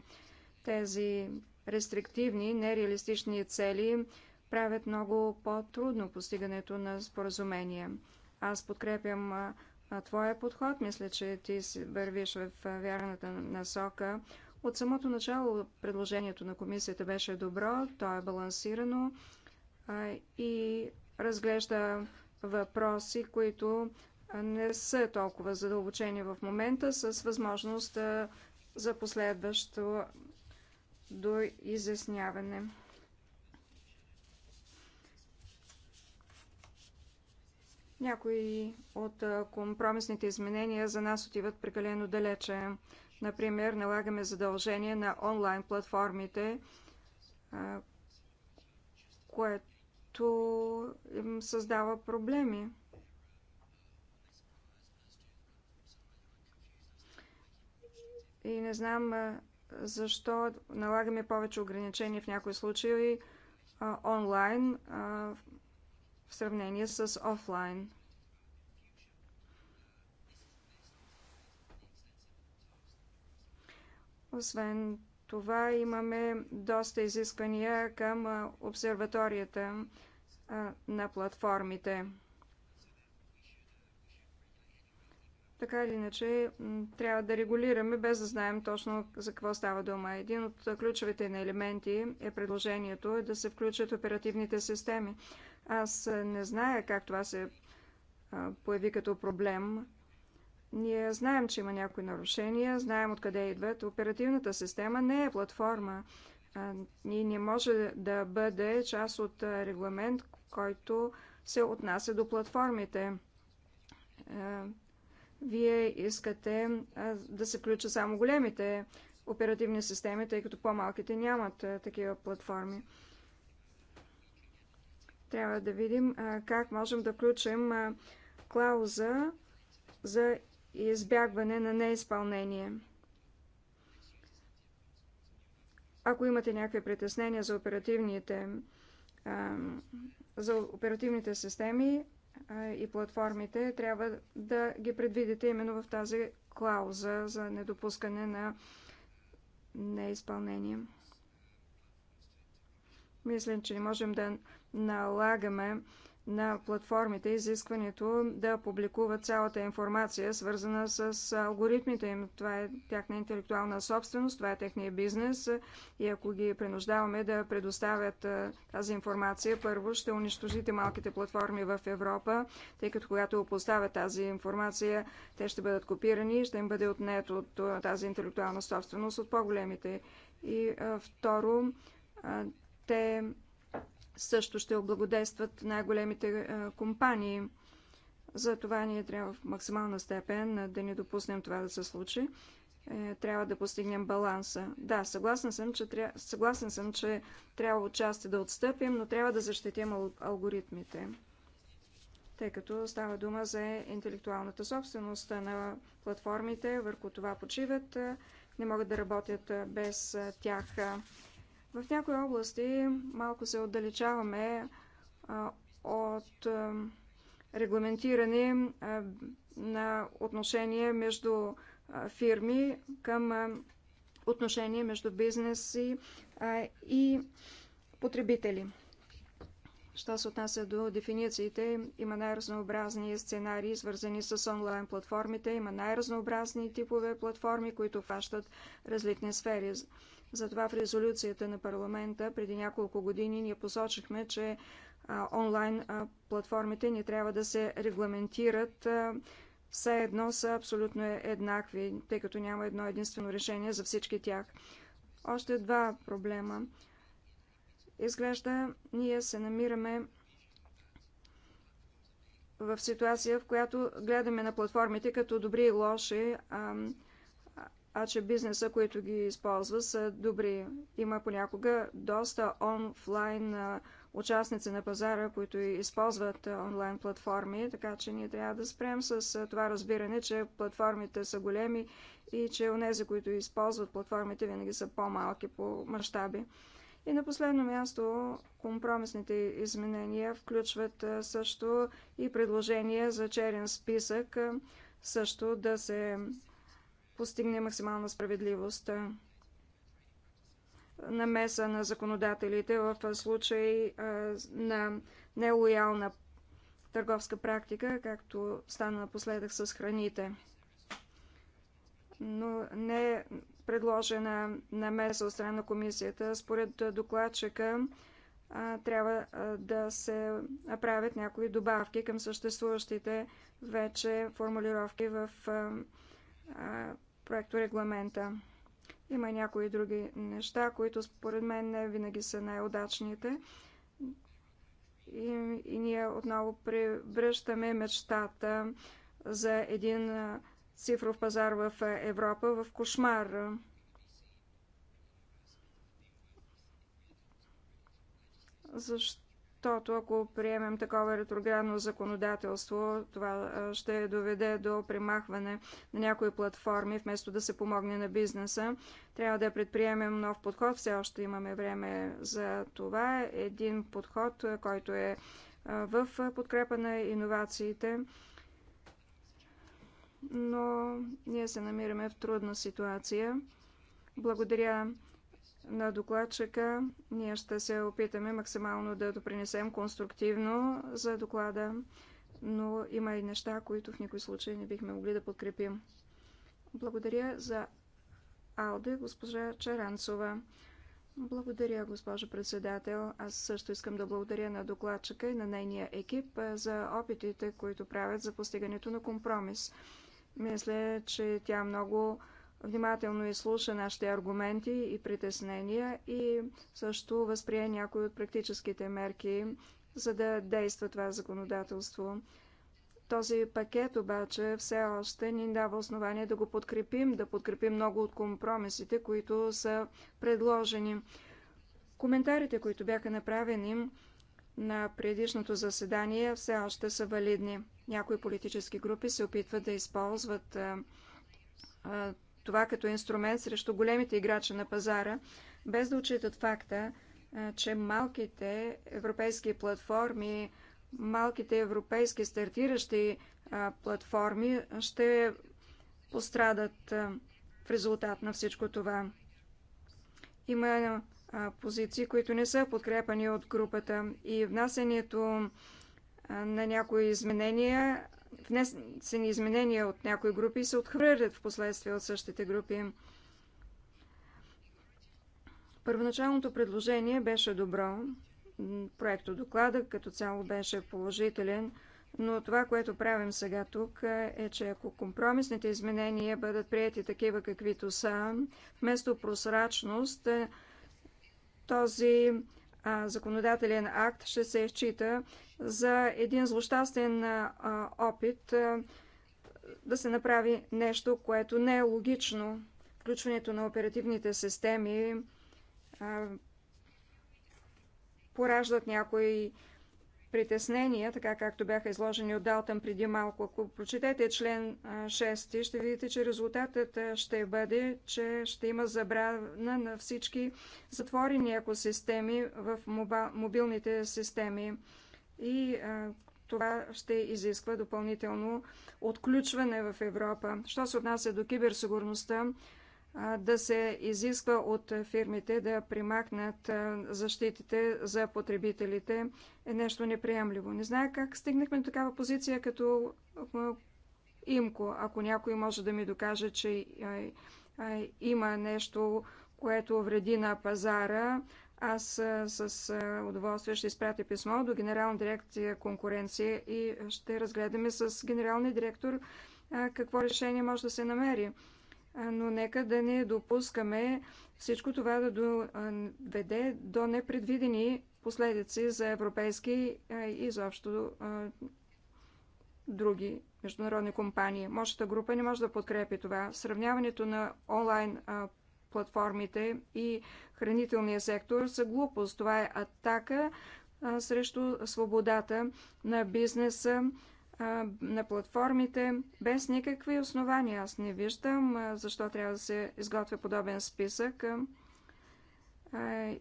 Тези рестриктивни, нереалистични цели правят много по-трудно постигането на споразумение. Аз подкрепям твоя подход. Мисля, че ти вървиш в вярната насока. От самото начало предложението на комисията беше добро, то е балансирано и разглежда въпроси, които не са толкова задълбочени в момента, с възможност за последващо до изясняване. Някои от компромисните изменения за нас отиват прекалено далече. Например, налагаме задължение на онлайн платформите, което им създава проблеми. И не знам защо налагаме повече ограничения в някои случаи онлайн, в сравнение с офлайн. Освен това имаме доста изисквания към обсерваторията на платформите. Така или иначе, трябва да регулираме, без да знаем точно за какво става дума. Един от ключовите на елементи е предложението е да се включат оперативните системи. Аз не зная как това се появи като проблем. Ние знаем, че има някои нарушения, знаем откъде идват. Оперативната система не е платформа и не може да бъде част от регламент, който се отнася до платформите. Вие искате да се включат само големите оперативни системи, тъй като по-малките нямат такива платформи. Трябва да видим как можем да включим клауза за избягване на неизпълнение. Ако имате някакви притеснения за оперативните, за оперативните системи и платформите, трябва да ги предвидите именно в тази клауза за недопускане на неизпълнение. Мисля, че не можем да налагаме на платформите изискването да публикуват цялата информация, свързана с алгоритмите им. Това е тяхна интелектуална собственост, това е техния бизнес и ако ги принуждаваме да предоставят тази информация, първо ще унищожите малките платформи в Европа, тъй като когато поставят тази информация, те ще бъдат копирани и ще им бъде отнето от тази интелектуална собственост от по-големите. И второ, те също ще облагодействат най-големите е, компании. За това ние трябва в максимална степен е, да не допуснем това да се случи. Е, трябва да постигнем баланса. Да, съгласен съм, че, тря... съгласен съм, че трябва отчасти да отстъпим, но трябва да защитим алгоритмите тъй като става дума за интелектуалната собственост на платформите, върху това почиват, не могат да работят без тях. В някои области малко се отдалечаваме от регламентиране на отношения между фирми към отношения между бизнеси и потребители. Що се отнася до дефинициите, има най-разнообразни сценарии, свързани с онлайн платформите, има най-разнообразни типове платформи, които фащат различни сфери. Затова в резолюцията на парламента преди няколко години ние посочихме, че онлайн платформите не трябва да се регламентират все едно са абсолютно е, еднакви, тъй като няма едно единствено решение за всички тях. Още два проблема. Изглежда, ние се намираме в ситуация, в която гледаме на платформите като добри и лоши, а, а че бизнеса, които ги използва, са добри. Има понякога доста онлайн участници на пазара, които използват онлайн платформи, така че ние трябва да спрем с това разбиране, че платформите са големи и че онези, които използват платформите, винаги са по-малки по мащаби. И на последно място, компромисните изменения включват също и предложения за черен списък, също да се постигне максимална справедливост. Намеса на законодателите в случай на нелоялна търговска практика, както стана напоследък с храните. Но не е предложена намеса от страна на комисията. Според докладчика трябва да се направят някои добавки към съществуващите вече формулировки в проекторегламента. Има някои други неща, които според мен не винаги са най-удачните. И, и ние отново превръщаме мечтата за един цифров пазар в Европа в кошмар. Защо? защото ако приемем такова ретроградно законодателство, това ще доведе до примахване на някои платформи, вместо да се помогне на бизнеса. Трябва да предприемем нов подход, все още имаме време за това. Един подход, който е в подкрепа на иновациите, но ние се намираме в трудна ситуация. Благодаря на докладчика. Ние ще се опитаме максимално да допринесем конструктивно за доклада, но има и неща, които в никой случай не бихме могли да подкрепим. Благодаря за Алде, госпожа Чаранцова. Благодаря, госпожо председател. Аз също искам да благодаря на докладчика и на нейния екип за опитите, които правят за постигането на компромис. Мисля, че тя много внимателно изслуша нашите аргументи и притеснения и също възприе някои от практическите мерки, за да действа това законодателство. Този пакет обаче все още ни дава основание да го подкрепим, да подкрепим много от компромисите, които са предложени. Коментарите, които бяха направени на предишното заседание, все още са валидни. Някои политически групи се опитват да използват това като инструмент срещу големите играчи на пазара, без да отчитат факта, че малките европейски платформи, малките европейски стартиращи платформи ще пострадат в резултат на всичко това. Има позиции, които не са подкрепани от групата и внасянето на някои изменения внесени изменения от някои групи и се отхвърлят в последствие от същите групи. Първоначалното предложение беше добро. Проекто доклада като цяло беше положителен, но това, което правим сега тук е, че ако компромисните изменения бъдат прияти такива каквито са, вместо просрачност този законодателен акт ще се счита за един злощастен опит да се направи нещо, което не е логично. Включването на оперативните системи пораждат някои притеснения, така както бяха изложени от Далтън преди малко. Ако прочетете член 6, ще видите, че резултатът ще бъде, че ще има забрана на всички затворени екосистеми в мобилните системи. И това ще изисква допълнително отключване в Европа. Що се отнася до киберсигурността, да се изисква от фирмите да примахнат защитите за потребителите е нещо неприемливо. Не знае как стигнахме до такава позиция като имко. Ако някой може да ми докаже, че има нещо, което вреди на пазара, аз с удоволствие ще изпратя писмо до Генерална дирекция конкуренция и ще разгледаме с генералния директор какво решение може да се намери но нека да не допускаме всичко това да доведе до непредвидени последици за европейски и изобщо други международни компании. Мощната група не може да подкрепи това. Сравняването на онлайн платформите и хранителния сектор са глупост. Това е атака срещу свободата на бизнеса, на платформите без никакви основания. Аз не виждам защо трябва да се изготвя подобен списък.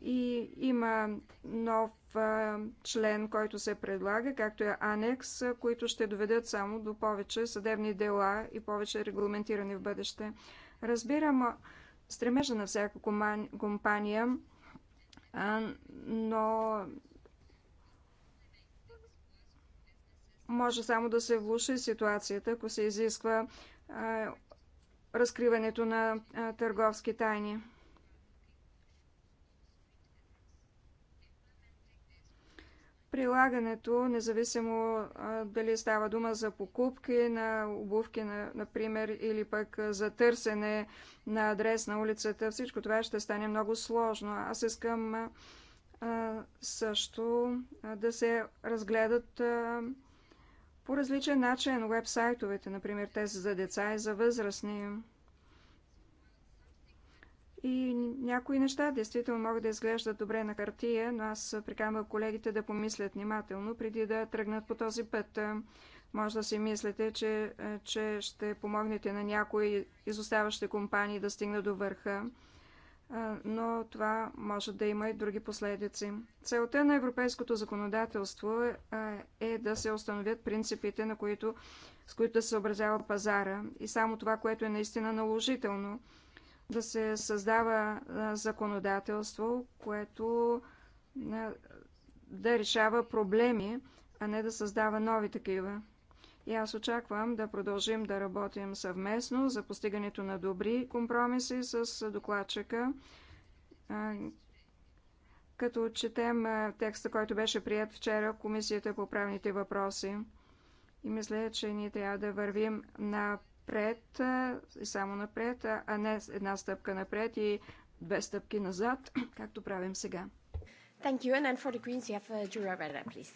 И има нов член, който се предлага, както е анекс, които ще доведат само до повече съдебни дела и повече регламентирани в бъдеще. Разбирам стремежа на всяка компания, но може само да се влуши ситуацията, ако се изисква разкриването на търговски тайни. Прилагането, независимо дали става дума за покупки на обувки, например, или пък за търсене на адрес на улицата, всичко това ще стане много сложно. Аз искам също да се разгледат по различен начин уебсайтовете, например тези за деца и за възрастни. И някои неща действително могат да изглеждат добре на хартия, но аз приканвам колегите да помислят внимателно преди да тръгнат по този път. Може да си мислите, че, че ще помогнете на някои изоставащи компании да стигнат до върха но това може да има и други последици. Целта на европейското законодателство е, е да се установят принципите, на които, с които да се съобразява пазара и само това, което е наистина наложително, да се създава законодателство, което да решава проблеми, а не да създава нови такива. И аз очаквам да продължим да работим съвместно за постигането на добри компромиси с докладчика, като четем текста, който беше прият вчера в Комисията по правните въпроси. И мисля, че ние трябва да вървим напред и само напред, а не една стъпка напред и две стъпки назад, както правим сега. Thank you. And then for the Greens, you have uh, Jura Reda, please.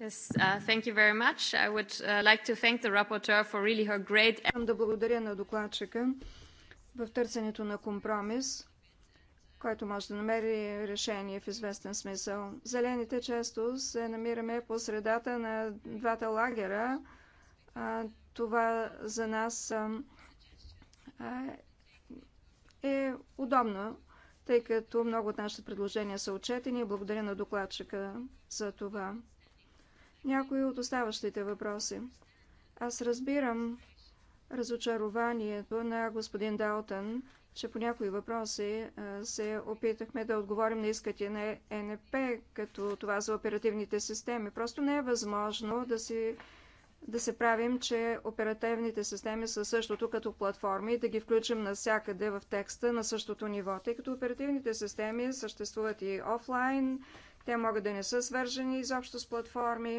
Yes, uh, thank you very much. I would uh, like to thank the rapporteur for really her great... Да благодаря на докладчика в търсенето на компромис, който може да намери решение в известен смисъл. Зелените често се намираме по средата на двата лагера. А, това за нас а, е удобно, тъй като много от нашите предложения са отчетени. Благодаря на докладчика за това някои от оставащите въпроси. Аз разбирам разочарованието на господин Далтън, че по някои въпроси се опитахме да отговорим на искате на НП като това за оперативните системи. Просто не е възможно да си да се правим, че оперативните системи са същото като платформи и да ги включим навсякъде в текста на същото ниво, тъй като оперативните системи съществуват и офлайн, те могат да не са свържени изобщо с платформи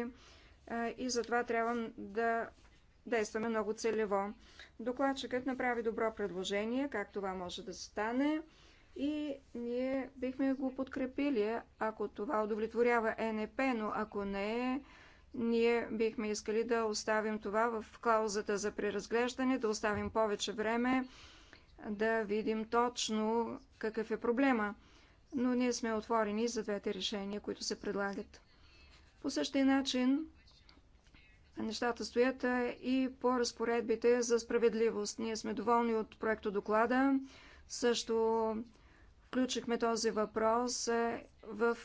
е, и затова трябва да действаме много целево. Докладчикът направи добро предложение, как това може да стане и ние бихме го подкрепили, ако това удовлетворява ЕНП, но ако не, ние бихме искали да оставим това в клаузата за преразглеждане, да оставим повече време, да видим точно какъв е проблема но ние сме отворени за двете решения, които се предлагат. По същия начин нещата стоят и по разпоредбите за справедливост. Ние сме доволни от проекто доклада. Също включихме този въпрос в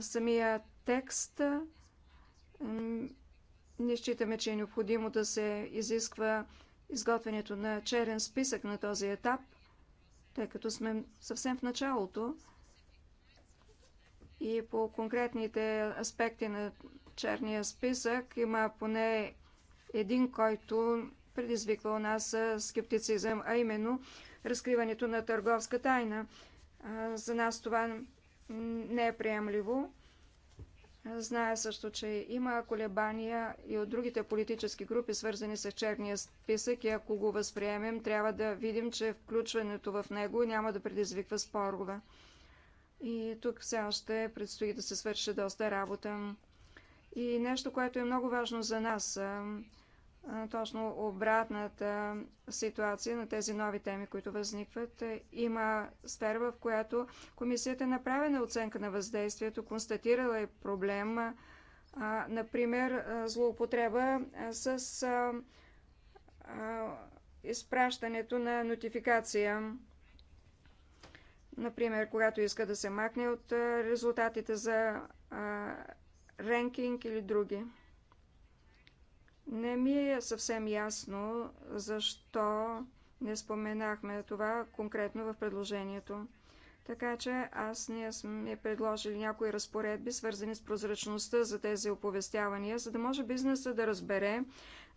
самия текст. Не считаме, че е необходимо да се изисква изготвянето на черен списък на този етап – тъй като сме съвсем в началото и по конкретните аспекти на черния списък има поне един, който предизвиква у нас скептицизъм, а именно разкриването на търговска тайна. За нас това не е приемливо. Зная също, че има колебания и от другите политически групи, свързани с черния списък и ако го възприемем, трябва да видим, че включването в него няма да предизвиква спорове. И тук все още предстои да се свърши доста работа. И нещо, което е много важно за нас, точно обратната ситуация на тези нови теми, които възникват. Има сфера, в която комисията е направена оценка на въздействието, констатирала е проблем, например, злоупотреба с изпращането на нотификация. Например, когато иска да се махне от резултатите за ренкинг или други. Не ми е съвсем ясно защо не споменахме това конкретно в предложението. Така че аз ние сме предложили някои разпоредби, свързани с прозрачността за тези оповестявания, за да може бизнеса да разбере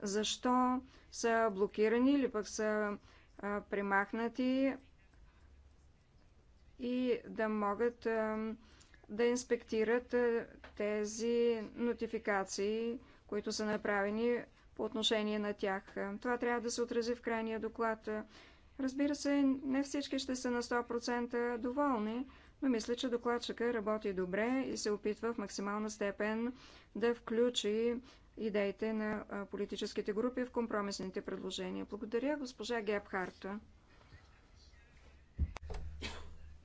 защо са блокирани или пък са а, примахнати и да могат а, да инспектират а, тези нотификации които са направени по отношение на тях. Това трябва да се отрази в крайния доклад. Разбира се, не всички ще са на 100% доволни, но мисля, че докладчика работи добре и се опитва в максимална степен да включи идеите на политическите групи в компромисните предложения. Благодаря, госпожа Гебхарта.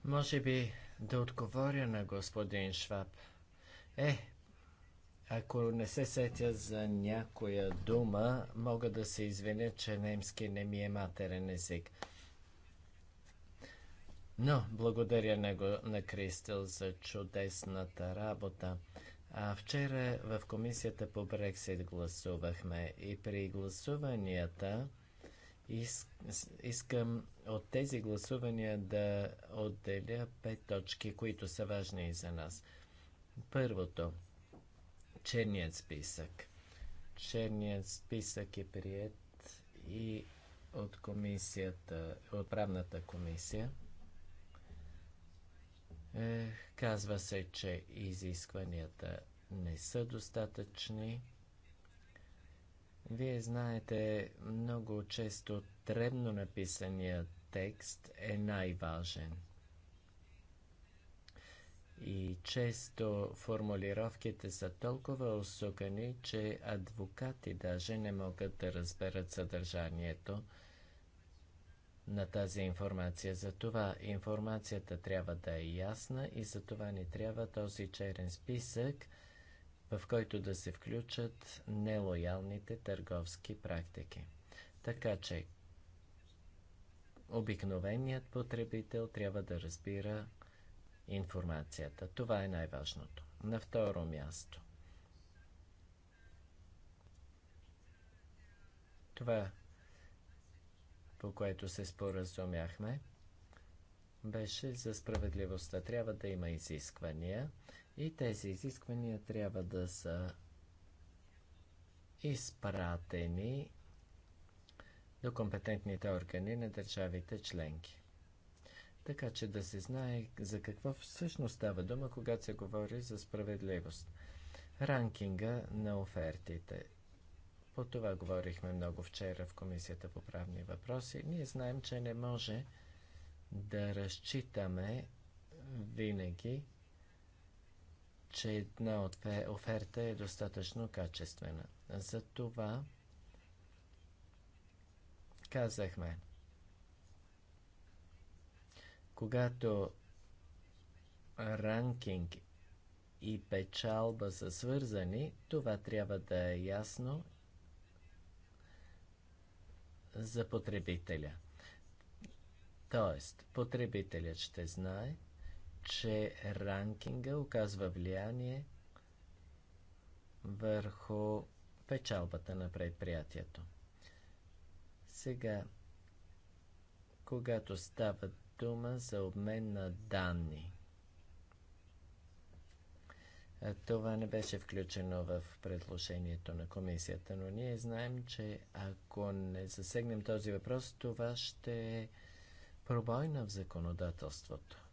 Може би да отговоря на господин Шваб. Е, ако не се сетя за някоя дума, мога да се извиня, че немски не ми е матерен език. Но благодаря на, го, на Кристил за чудесната работа. А вчера в комисията по Брексит гласувахме и при гласуванията из, искам от тези гласувания да отделя пет точки, които са важни и за нас. Първото – черният списък. Черният списък е прият и от комисията, от правната комисия. Е, казва се, че изискванията не са достатъчни. Вие знаете, много често требно написания текст е най-важен – и често формулировките са толкова усукани, че адвокати даже не могат да разберат съдържанието на тази информация. Затова информацията трябва да е ясна и затова ни трябва този черен списък, в който да се включат нелоялните търговски практики. Така че обикновеният потребител трябва да разбира информацията. Това е най-важното. На второ място. Това, по което се споразумяхме, беше за справедливостта. Трябва да има изисквания и тези изисквания трябва да са изпратени до компетентните органи на държавите членки така че да се знае за какво всъщност става дума, когато се говори за справедливост. Ранкинга на офертите. По това говорихме много вчера в Комисията по правни въпроси. Ние знаем, че не може да разчитаме винаги, че една оферта е достатъчно качествена. За това казахме – когато ранкинг и печалба са свързани, това трябва да е ясно за потребителя. Тоест, потребителят ще знае, че ранкинга оказва влияние върху печалбата на предприятието. Сега, когато става дума за обмен на данни. Това не беше включено в предложението на комисията, но ние знаем, че ако не засегнем този въпрос, това ще е пробойна в законодателството.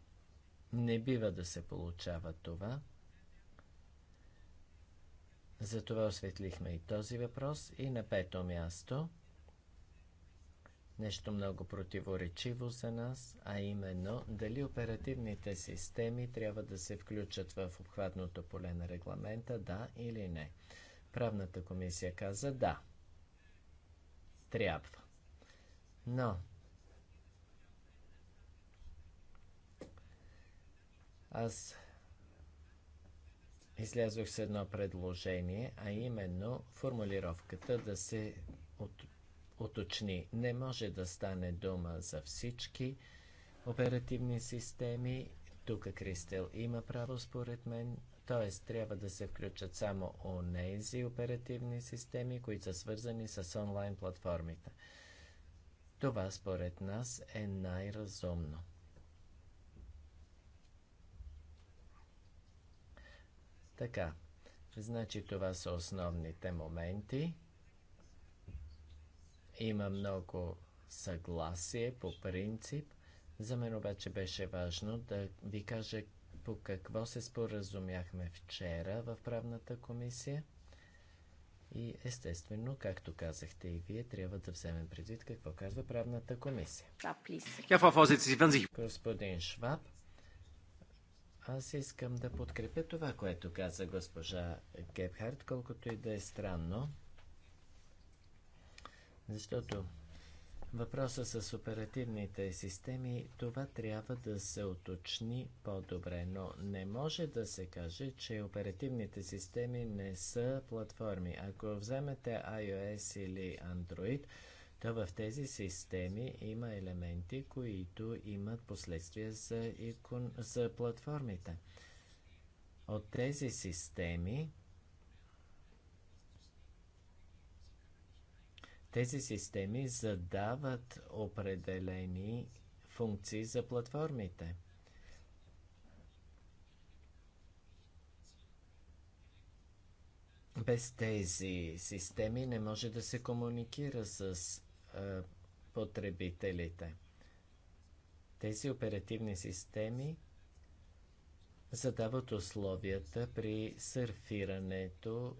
Не бива да се получава това. Затова осветлихме и този въпрос. И на пето място – нещо много противоречиво за нас, а именно дали оперативните системи трябва да се включат в обхватното поле на регламента, да или не. Правната комисия каза да. Трябва. Но аз излязох с едно предложение, а именно формулировката да се от уточни. Не може да стане дума за всички оперативни системи. Тук Кристел има право според мен, т.е. трябва да се включат само онези оперативни системи, които са свързани с онлайн платформите. Това според нас е най-разумно. Така, значи това са основните моменти. Има много съгласие по принцип. За мен обаче беше важно да ви кажа по какво се споразумяхме вчера в правната комисия. И естествено, както казахте и вие, трябва да вземем предвид какво казва правната комисия. Господин Шваб, аз искам да подкрепя това, което каза госпожа Гебхард, колкото и да е странно. Защото въпроса с оперативните системи, това трябва да се уточни по-добре, но не може да се каже, че оперативните системи не са платформи. Ако вземете iOS или Android, то в тези системи има елементи, които имат последствия за, икон... за платформите. От тези системи Тези системи задават определени функции за платформите. Без тези системи не може да се комуникира с а, е, потребителите. Тези оперативни системи задават условията при сърфирането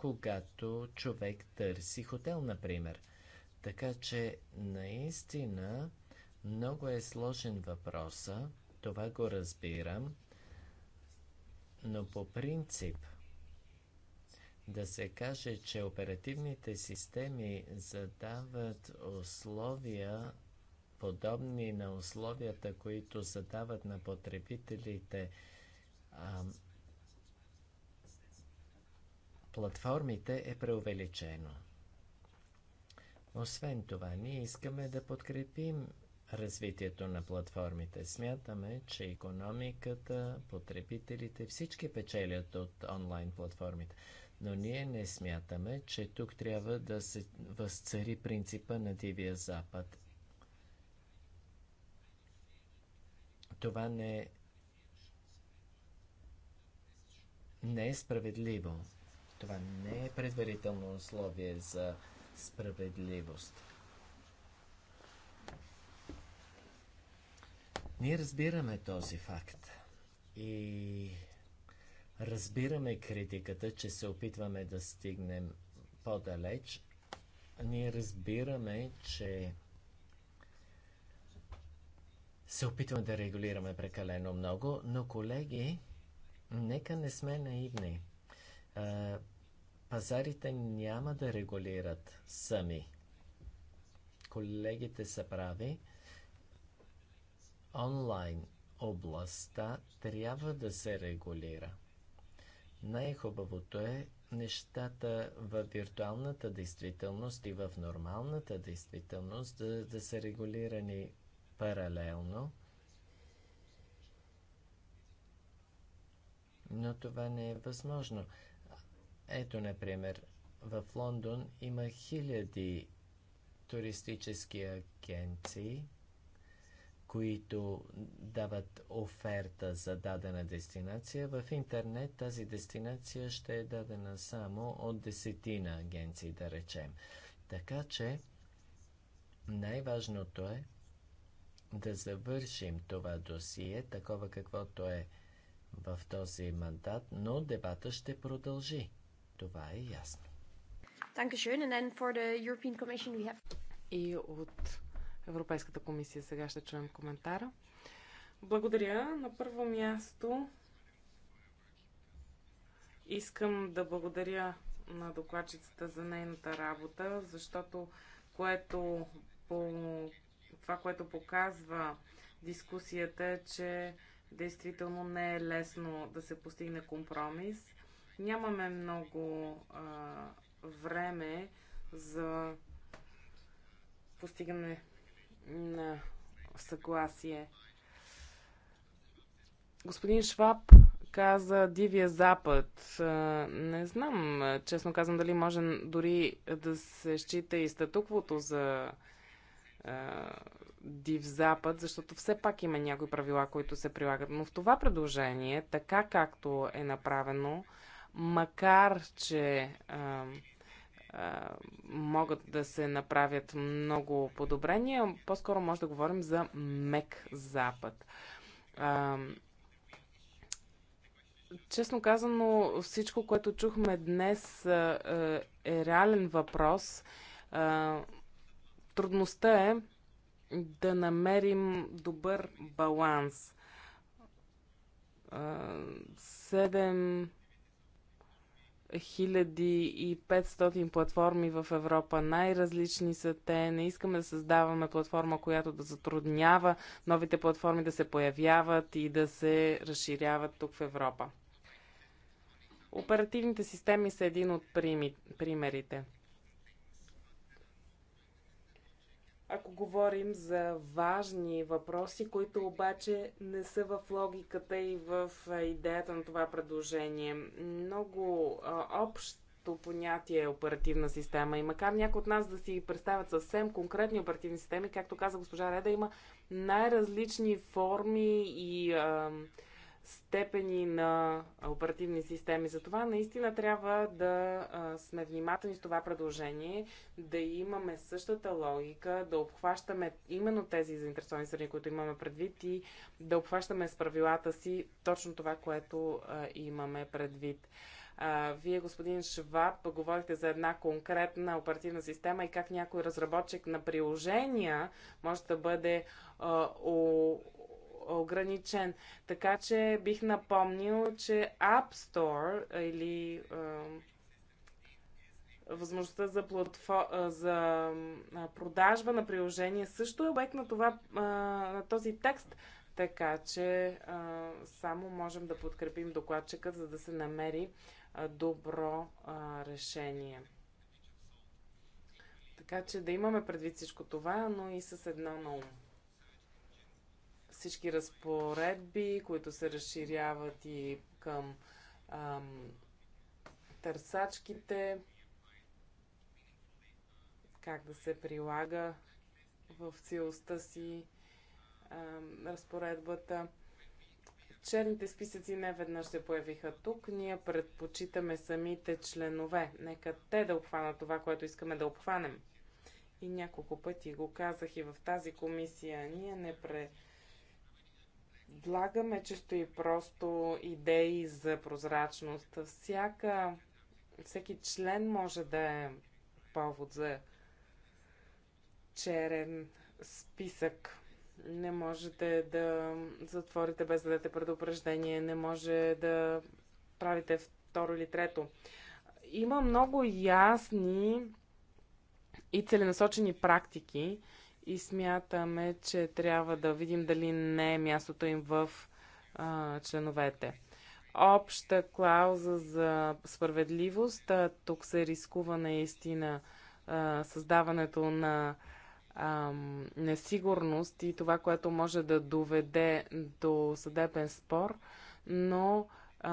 когато човек търси хотел, например. Така че наистина много е сложен въпроса, това го разбирам, но по принцип да се каже, че оперативните системи задават условия, подобни на условията, които задават на потребителите а, платформите е преувеличено. Освен това, ние искаме да подкрепим развитието на платформите. Смятаме, че економиката, потребителите, всички печелят от онлайн платформите. Но ние не смятаме, че тук трябва да се възцари принципа на Дивия Запад. Това не, не е справедливо. Това не е предварително условие за справедливост. Ние разбираме този факт и разбираме критиката, че се опитваме да стигнем по-далеч. Ние разбираме, че се опитваме да регулираме прекалено много, но колеги, нека не сме наивни пазарите няма да регулират сами. Колегите са прави. Онлайн областта трябва да се регулира. Най-хубавото е нещата в виртуалната действителност и в нормалната действителност да, да са регулирани паралелно. Но това не е възможно. Ето, например, в Лондон има хиляди туристически агенции, които дават оферта за дадена дестинация. В интернет тази дестинация ще е дадена само от десетина агенции, да речем. Така че най-важното е да завършим това досие, такова каквото е в този мандат, но дебата ще продължи. Това е ясно. И от Европейската комисия сега ще чуем коментара. Благодаря. На първо място искам да благодаря на докладчицата за нейната работа, защото което по, това, което показва дискусията е, че действително не е лесно да се постигне компромис. Нямаме много а, време за постигане на съгласие. Господин Шваб каза Дивия Запад. Не знам, честно казвам, дали може дори да се счита и статуквото за Див Запад, защото все пак има някои правила, които се прилагат. Но в това предложение, така както е направено, макар че а, а, могат да се направят много подобрения, по-скоро може да говорим за мек Запад. А, честно казано, всичко, което чухме днес е реален въпрос. Трудността е да намерим добър баланс. Седем 1500 платформи в Европа. Най-различни са те. Не искаме да създаваме платформа, която да затруднява новите платформи да се появяват и да се разширяват тук в Европа. Оперативните системи са един от примерите. ако говорим за важни въпроси, които обаче не са в логиката и в идеята на това предложение. Много а, общо понятие е оперативна система и макар някои от нас да си представят съвсем конкретни оперативни системи, както каза госпожа Реда, има най-различни форми и а, степени на оперативни системи. Затова наистина трябва да сме внимателни с това предложение, да имаме същата логика, да обхващаме именно тези заинтересовани страни, които имаме предвид и да обхващаме с правилата си точно това, което имаме предвид. Вие, господин Шваб, говорите за една конкретна оперативна система и как някой разработчик на приложения може да бъде ограничен. Така че бих напомнил, че App Store или възможността за, платфо, за продажба на приложение също е обект на, това, на този текст. Така че само можем да подкрепим докладчика, за да се намери добро решение. Така че да имаме предвид всичко това, но и с едно на ум всички разпоредби, които се разширяват и към ам, търсачките, как да се прилага в целостта си ам, разпоредбата. Черните списъци не веднъж се появиха тук. Ние предпочитаме самите членове. Нека те да обхванат това, което искаме да обхванем. И няколко пъти го казах и в тази комисия. Ние не пре Влагаме често и просто идеи за прозрачност. Всяка, всеки член може да е повод за черен списък. Не можете да затворите без да дадете предупреждение, не може да правите второ или трето. Има много ясни и целенасочени практики, и смятаме, че трябва да видим дали не е мястото им в а, членовете. Обща клауза за справедливост. А, тук се рискува наистина а, създаването на а, несигурност и това, което може да доведе до съдебен спор, но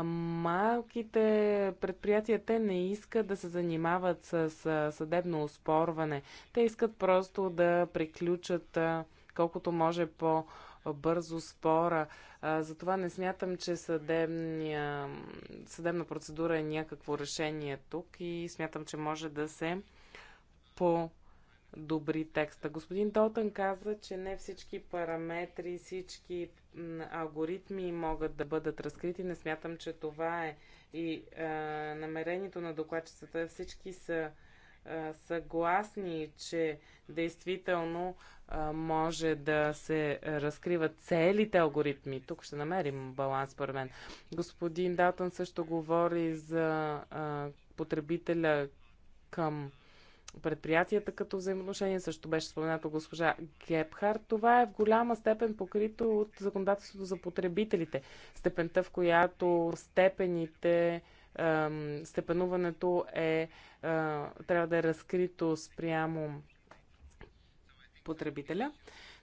малките предприятия, те не искат да се занимават с съдебно успорване. Те искат просто да приключат колкото може по- бързо спора. Затова не смятам, че съдебния, съдебна процедура е някакво решение тук и смятам, че може да се по добри текста. Господин Долтън каза, че не всички параметри, всички алгоритми могат да бъдат разкрити. Не смятам, че това е и а, намерението на докладчицата. Всички са а, съгласни, че действително а, може да се разкриват целите алгоритми. Тук ще намерим баланс, според мен. Господин Далтън също говори за а, потребителя към предприятията като взаимоотношение, също беше споменато госпожа Гепхард. Това е в голяма степен покрито от законодателството за потребителите. Степента, в която степените степенуването е, трябва да е разкрито спрямо потребителя.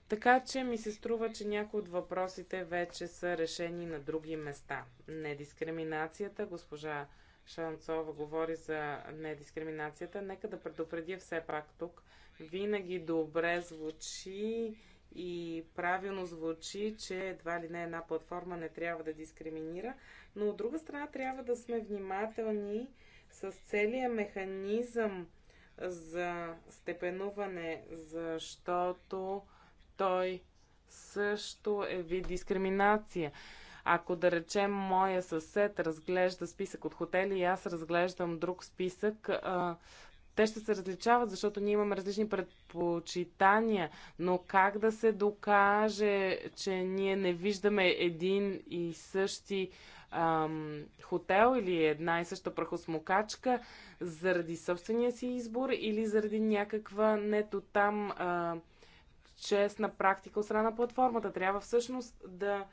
Така че ми се струва, че някои от въпросите вече са решени на други места. Недискриминацията, госпожа Шанцова говори за недискриминацията, нека да предупредя все пак тук. Винаги добре звучи и правилно звучи, че едва ли не една платформа не трябва да дискриминира, но от друга страна трябва да сме внимателни с целият механизъм за степенуване, защото той също е вид дискриминация. Ако да речем моя съсед разглежда списък от хотели и аз разглеждам друг списък, те ще се различават, защото ние имаме различни предпочитания, но как да се докаже, че ние не виждаме един и същи ам, хотел или една и съща прахосмокачка заради собствения си избор или заради някаква нето там а, честна практика от страна на платформата? Трябва всъщност да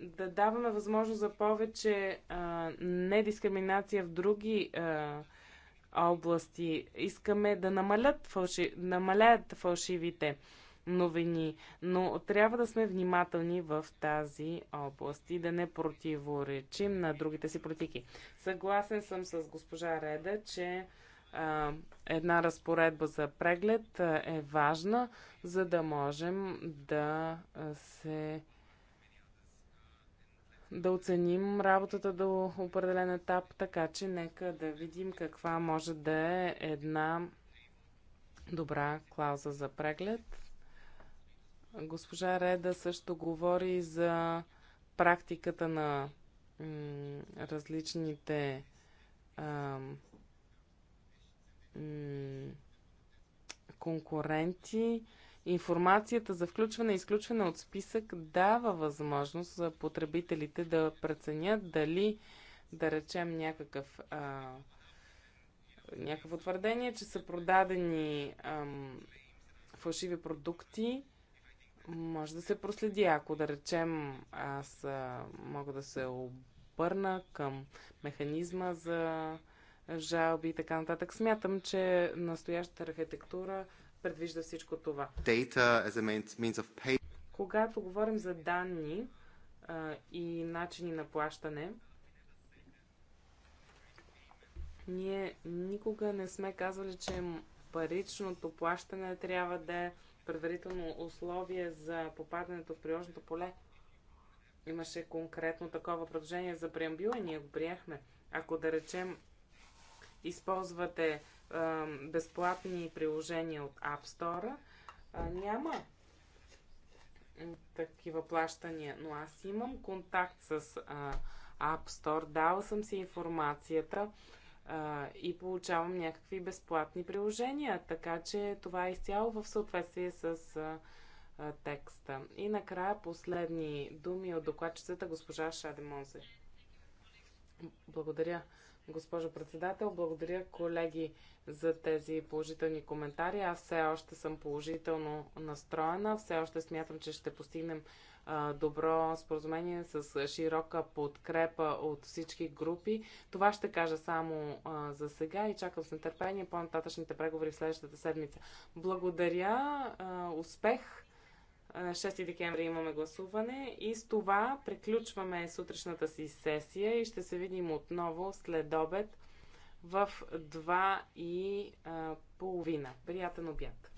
да даваме възможност за повече а, недискриминация в други а, области. Искаме да намалят фалши... намалят фалшивите новини, но трябва да сме внимателни в тази област и да не противоречим на другите си политики. Съгласен съм с госпожа Реда, че а, една разпоредба за преглед е важна, за да можем да се да оценим работата до определен етап, така че нека да видим каква може да е една добра клауза за преглед. Госпожа Реда също говори за практиката на различните конкуренти. Информацията за включване и изключване от списък дава възможност за потребителите да преценят дали, да речем, някакъв, а, някакво твърдение, че са продадени ам, фалшиви продукти, може да се проследи. Ако, да речем, аз а, мога да се обърна към механизма за жалби и така нататък, смятам, че настоящата архитектура предвижда всичко това. Data as a means of pay. Когато говорим за данни а, и начини на плащане, ние никога не сме казвали, че паричното плащане трябва да е предварително условие за попадането в приложното поле. Имаше конкретно такова предложение за преамбюла и ние го приехме. Ако да речем използвате а, безплатни приложения от App Store, а, няма такива плащания, но аз имам контакт с а, App Store, дала съм си информацията а, и получавам някакви безплатни приложения, така че това е изцяло в съответствие с а, а, текста. И накрая последни думи от докладчицата госпожа Шадемонзе. Благодаря госпожо председател. Благодаря, колеги, за тези положителни коментари. Аз все още съм положително настроена. Все още смятам, че ще постигнем добро споразумение с широка подкрепа от всички групи. Това ще кажа само а, за сега и чакам с нетърпение по-нататъчните преговори в следващата седмица. Благодаря, а, успех 6 декември имаме гласуване и с това приключваме сутрешната си сесия и ще се видим отново след обед в 2 и половина. Приятен обяд!